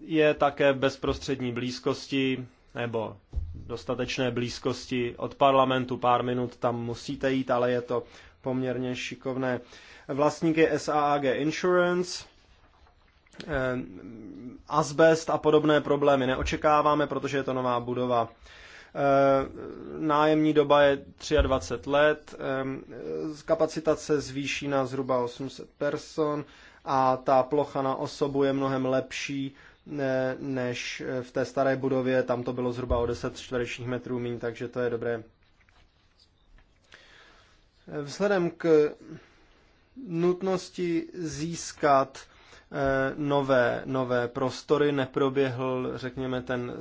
je také v bezprostřední blízkosti nebo dostatečné blízkosti od parlamentu, pár minut tam musíte jít, ale je to poměrně šikovné. Vlastník je SAAG Insurance, eh, asbest a podobné problémy neočekáváme, protože je to nová budova. Eh, nájemní doba je 23 let, eh, kapacita se zvýší na zhruba 800 person a ta plocha na osobu je mnohem lepší než v té staré budově. Tam to bylo zhruba o 10 čtverečních metrů méně, takže to je dobré. Vzhledem k nutnosti získat eh, nové, nové prostory, neproběhl, řekněme, ten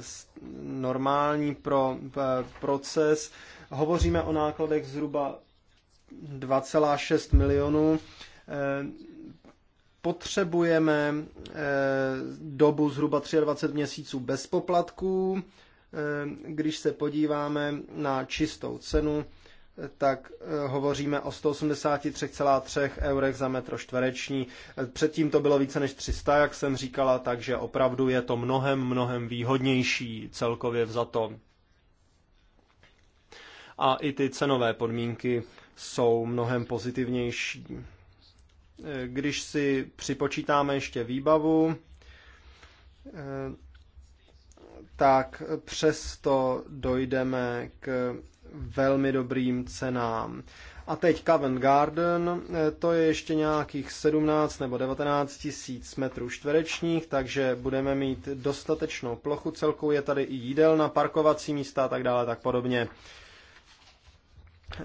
normální pro, eh, proces. Hovoříme o nákladech zhruba 2,6 milionů. Eh, potřebujeme eh, dobu zhruba 23 měsíců bez poplatků. Eh, když se podíváme na čistou cenu, eh, tak hovoříme o 183,3 eurech za metr čtvereční. Předtím to bylo více než 300, jak jsem říkala, takže opravdu je to mnohem, mnohem výhodnější celkově to. A i ty cenové podmínky jsou mnohem pozitivnější když si připočítáme ještě výbavu, eh, tak přesto dojdeme k velmi dobrým cenám. A teď Covent Garden, eh, to je ještě nějakých 17 nebo 19 tisíc metrů čtverečních, takže budeme mít dostatečnou plochu, celkou je tady i jídelna, parkovací místa a tak dále, tak podobně.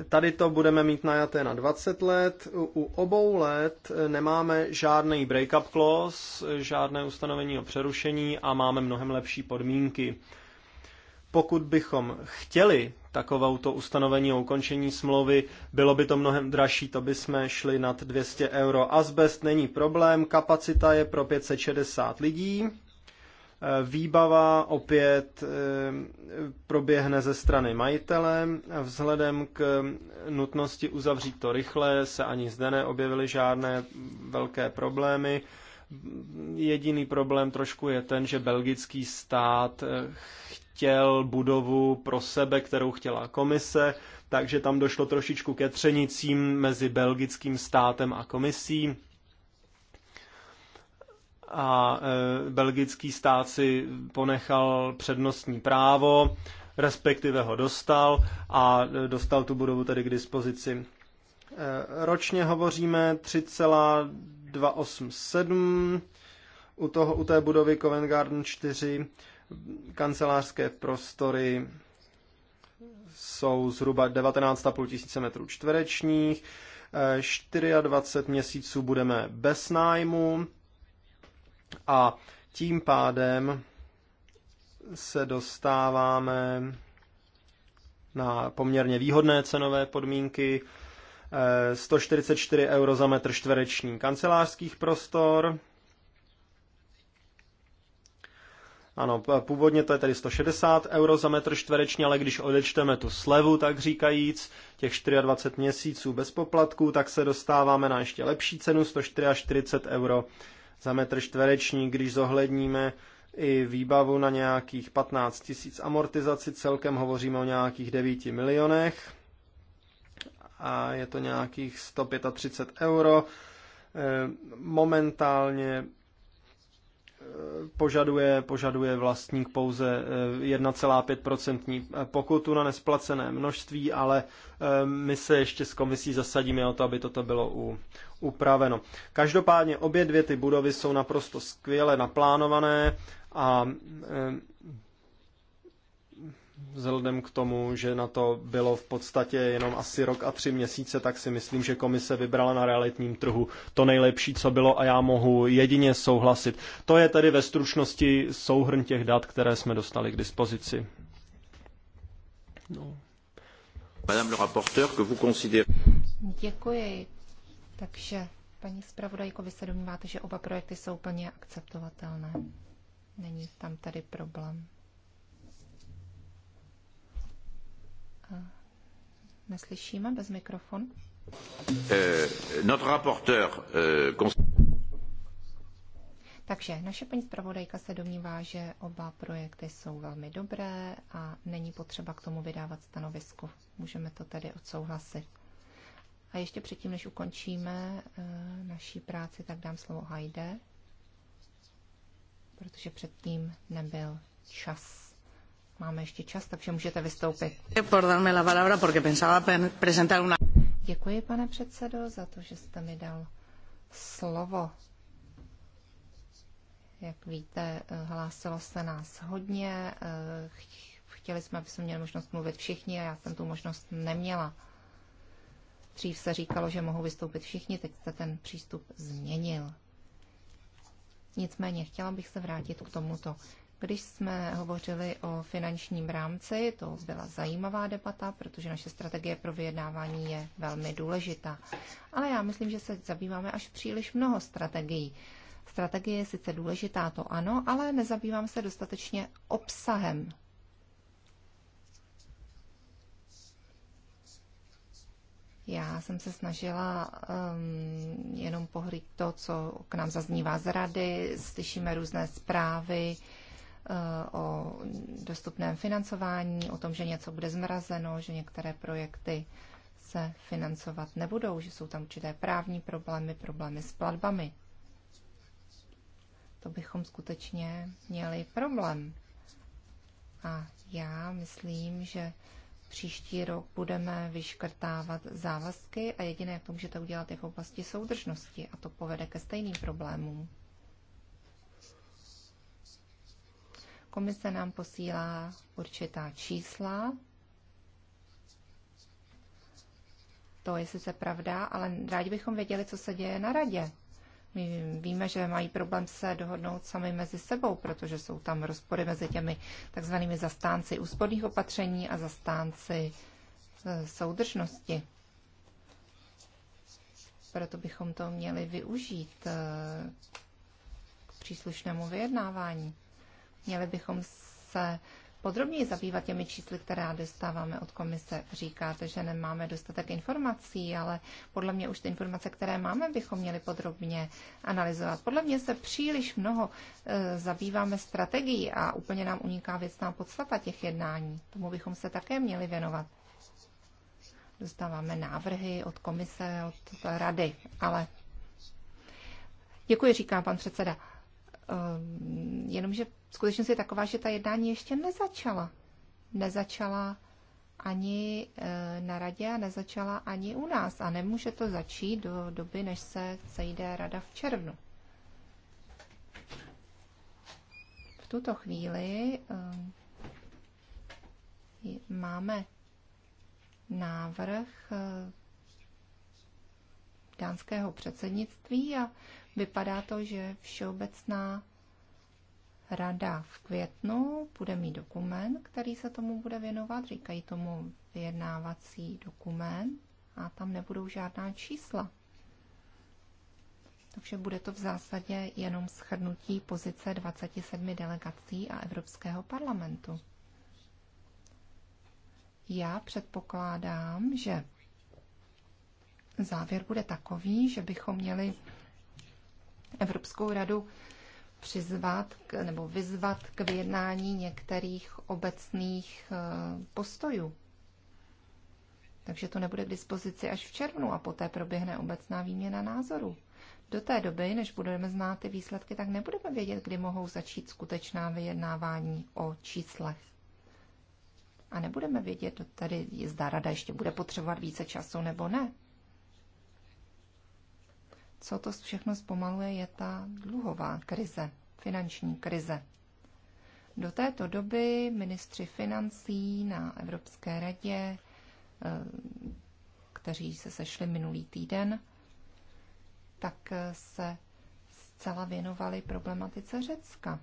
Tady to budeme mít najaté na 20 let. U obou let nemáme žádný break-up clause, žádné ustanovení o přerušení a máme mnohem lepší podmínky. Pokud bychom chtěli to ustanovení o ukončení smlouvy, bylo by to mnohem dražší, to by jsme šli nad 200 euro. Asbest není problém, kapacita je pro 560 lidí Výbava opět eh, proběhne ze strany majitele. Vzhledem k nutnosti uzavřít to rychle se ani zde neobjevily žádné velké problémy. Jediný problém trošku je ten, že belgický stát eh, chtěl budovu pro sebe, kterou chtěla komise, takže tam došlo trošičku ke třenicím mezi belgickým státem a komisí a e, belgický stát si ponechal přednostní právo, respektive ho dostal a e, dostal tu budovu tedy k dispozici. E, ročně hovoříme 3,287 u, toho, u té budovy Covent Garden 4 kancelářské prostory jsou zhruba 19,5 tisíce metrů čtverečních, 24 měsíců budeme bez nájmu, a tím pádem se dostáváme na poměrně výhodné cenové podmínky, 144 eh, euro za metr čtvereční kancelářských prostor. Ano, původně to je tedy 160 euro za metr čtvereční, ale když odečteme tu slevu, tak říkajíc, těch 24 měsíců bez poplatků, tak se dostáváme na ještě lepší cenu, 144 euro za metr čtvereční, když zohledníme i výbavu na nějakých 15 tisíc amortizaci, celkem hovoříme o nějakých 9 milionech a je to nějakých 135 euro. E, momentálně požaduje, požaduje vlastník pouze 1,5% eh, pokutu na nesplacené množství, ale eh, my se ještě s komisí zasadíme o to, aby toto bylo u, upraveno. Každopádně obě dvě ty budovy jsou naprosto skvěle naplánované a eh, vzhledem k tomu, že na to bylo v podstatě jenom asi rok a tři měsíce, tak si myslím, že komise vybrala na realitním trhu to nejlepší, co bylo a já mohu jedině souhlasit. To je tedy ve stručnosti souhrn těch dat, které jsme dostali k dispozici. No. Madame le rapporteur, que vous considérez... Děkuji. Takže, paní zpravodajko, vy se domníváte, že oba projekty jsou plně akceptovatelné. Není tam tady problém. Eh, neslyšíme bez mikrofon. Eh, notre rapporteur, eh, takže naše paní zpravodajka se domnívá, že oba projekty jsou velmi dobré a není potřeba k tomu vydávat stanovisko. Můžeme to tedy odsouhlasit. A ještě předtím, než ukončíme eh, naší práci, tak dám slovo Hajde, protože předtím nebyl čas. Máme ještě čas, takže můžete vystoupit. Děkuji, pane předsedo, za to, že jste mi dal slovo. Jak víte, hlásilo se nás hodně. Chtěli jsme, aby jsme měli možnost mluvit všichni a já jsem tu možnost neměla. Dřív se říkalo, že mohou vystoupit všichni, teď se ten přístup změnil. Nicméně chtěla bych se vrátit k tomuto. Když jsme hovořili o finančním rámci, to byla zajímavá debata, protože naše strategie pro vyjednávání je velmi důležitá. Ale já myslím, že se zabýváme až příliš mnoho strategií. Strategie je sice důležitá, to ano, ale nezabývám se dostatečně obsahem. Já jsem se snažila um, jenom pohrýt to, co k nám zaznívá z rady, slyšíme různé zprávy, uh, Eh, o dostupném financování, o tom, že něco bude zmrazeno, že některé projekty se financovat nebudou, že jsou tam určité právní problémy, problémy s platbami. To bychom skutečně měli problém. A já myslím, že příští rok budeme vyškrtávat závazky a jediné, jak to můžete udělat, je v oblasti soudržnosti a to povede ke stejným problémům. Komise nám posílá určitá čísla. To je sice pravda, ale rádi bychom věděli, co se děje na radě. My víme, že mají problém se dohodnout sami mezi sebou, protože jsou tam rozpory mezi těmi takzvanými zastánci úsporných opatření a zastánci e, soudržnosti. Proto bychom to měli využít e, k příslušnému vyjednávání. Měli bychom se podrobněji zabývat těmi čísly, která dostáváme od komise. Říkáte, že nemáme dostatek informací, ale podle mě už ty informace, které máme, bychom měli podrobně analyzovat. Podle mě se příliš mnoho e, zabýváme strategií a úplně nám uniká věcná podstata těch jednání. Tomu bychom se také měli věnovat. Dostáváme návrhy od komise, od rady, ale Děkuji, říká pan předseda. Ehm, jenomže skutečnost je taková, že ta jednání ještě nezačala. Nezačala ani eh, na radě a nezačala ani u nás. A nemůže to začít do doby, než se sejde rada v červnu. V tuto chvíli ehm, máme návrh eh, dánského předsednictví a Vypadá to, že Všeobecná rada v květnu bude mít dokument, který se tomu bude věnovat, říkají tomu vyjednávací dokument a tam nebudou žádná čísla. Takže bude to v zásadě jenom schrnutí pozice 27 delegací a Evropského parlamentu. Já předpokládám, že závěr bude takový, že bychom měli Evropskou radu přizvat k, nebo vyzvat k vyjednání některých obecných eh, postojů. Takže to nebude k dispozici až v červnu a poté proběhne obecná výměna názorů. Do té doby, než budeme znát ty výsledky, tak nebudeme vědět, kdy mohou začít skutečná vyjednávání o číslech. A nebudeme vědět, tady zda rada ještě bude potřebovat více času nebo ne co to všechno zpomaluje, je ta dluhová krize, finanční krize. Do této doby ministři financí na Evropské radě, eh, kteří se sešli minulý týden, tak eh, se zcela věnovali problematice Řecka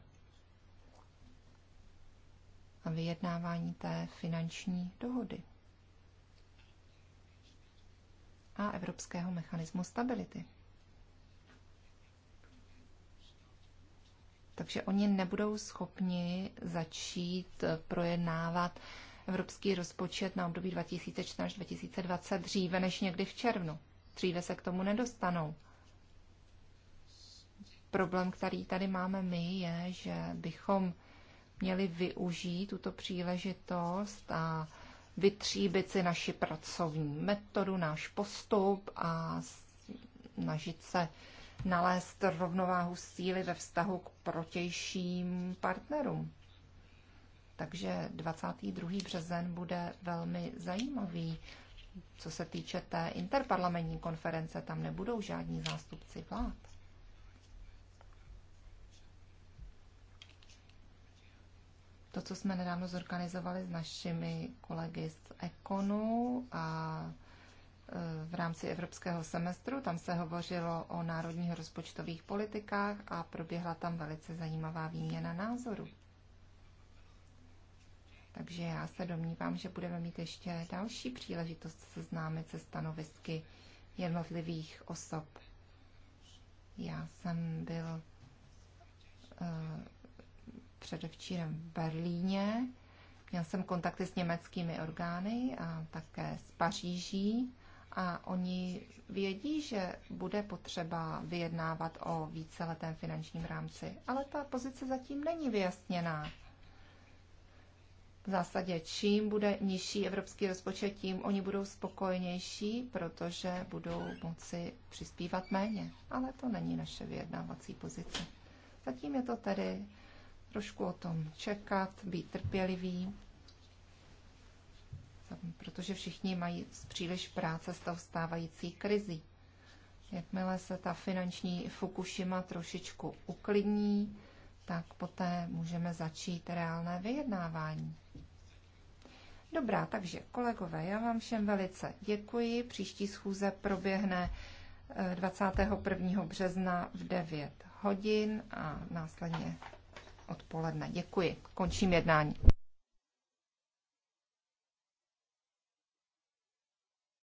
a vyjednávání té finanční dohody a Evropského mechanismu stability. Takže oni nebudou schopni začít eh, projednávat evropský rozpočet na období 2014-2020 dříve než někdy v červnu. Dříve se k tomu nedostanou. Problém, který tady máme my, je, že bychom měli využít tuto příležitost a vytříbit si naši pracovní metodu, náš postup a snažit se nalézt rovnováhu síly ve vztahu k protějším partnerům. Takže 22. březen bude velmi zajímavý. Co se týče té interparlamentní konference, tam nebudou žádní zástupci vlád. To, co jsme nedávno zorganizovali s našimi kolegy z Ekonu a v rámci evropského semestru. Tam se hovořilo o národních rozpočtových politikách a proběhla tam velice zajímavá výměna názorů. Takže já se domnívám, že budeme mít ještě další příležitost seznámit se stanovisky jednotlivých osob. Já jsem byl uh, předevčírem v Berlíně, měl jsem kontakty s německými orgány a také s Paříží. A oni vědí, že bude potřeba vyjednávat o víceletém finančním rámci, ale ta pozice zatím není vyjasněná. V zásadě čím bude nižší evropský rozpočet, tím oni budou spokojenější, protože budou moci přispívat méně. Ale to není naše vyjednávací pozice. Zatím je to tedy trošku o tom čekat, být trpělivý protože všichni mají příliš práce s tou stávající krizí. Jakmile se ta finanční Fukushima trošičku uklidní, tak poté můžeme začít reálné vyjednávání. Dobrá, takže kolegové, já vám všem velice děkuji. Příští schůze proběhne 21. Eh, března v 9 hodin a následně odpoledne. Děkuji. Končím jednání.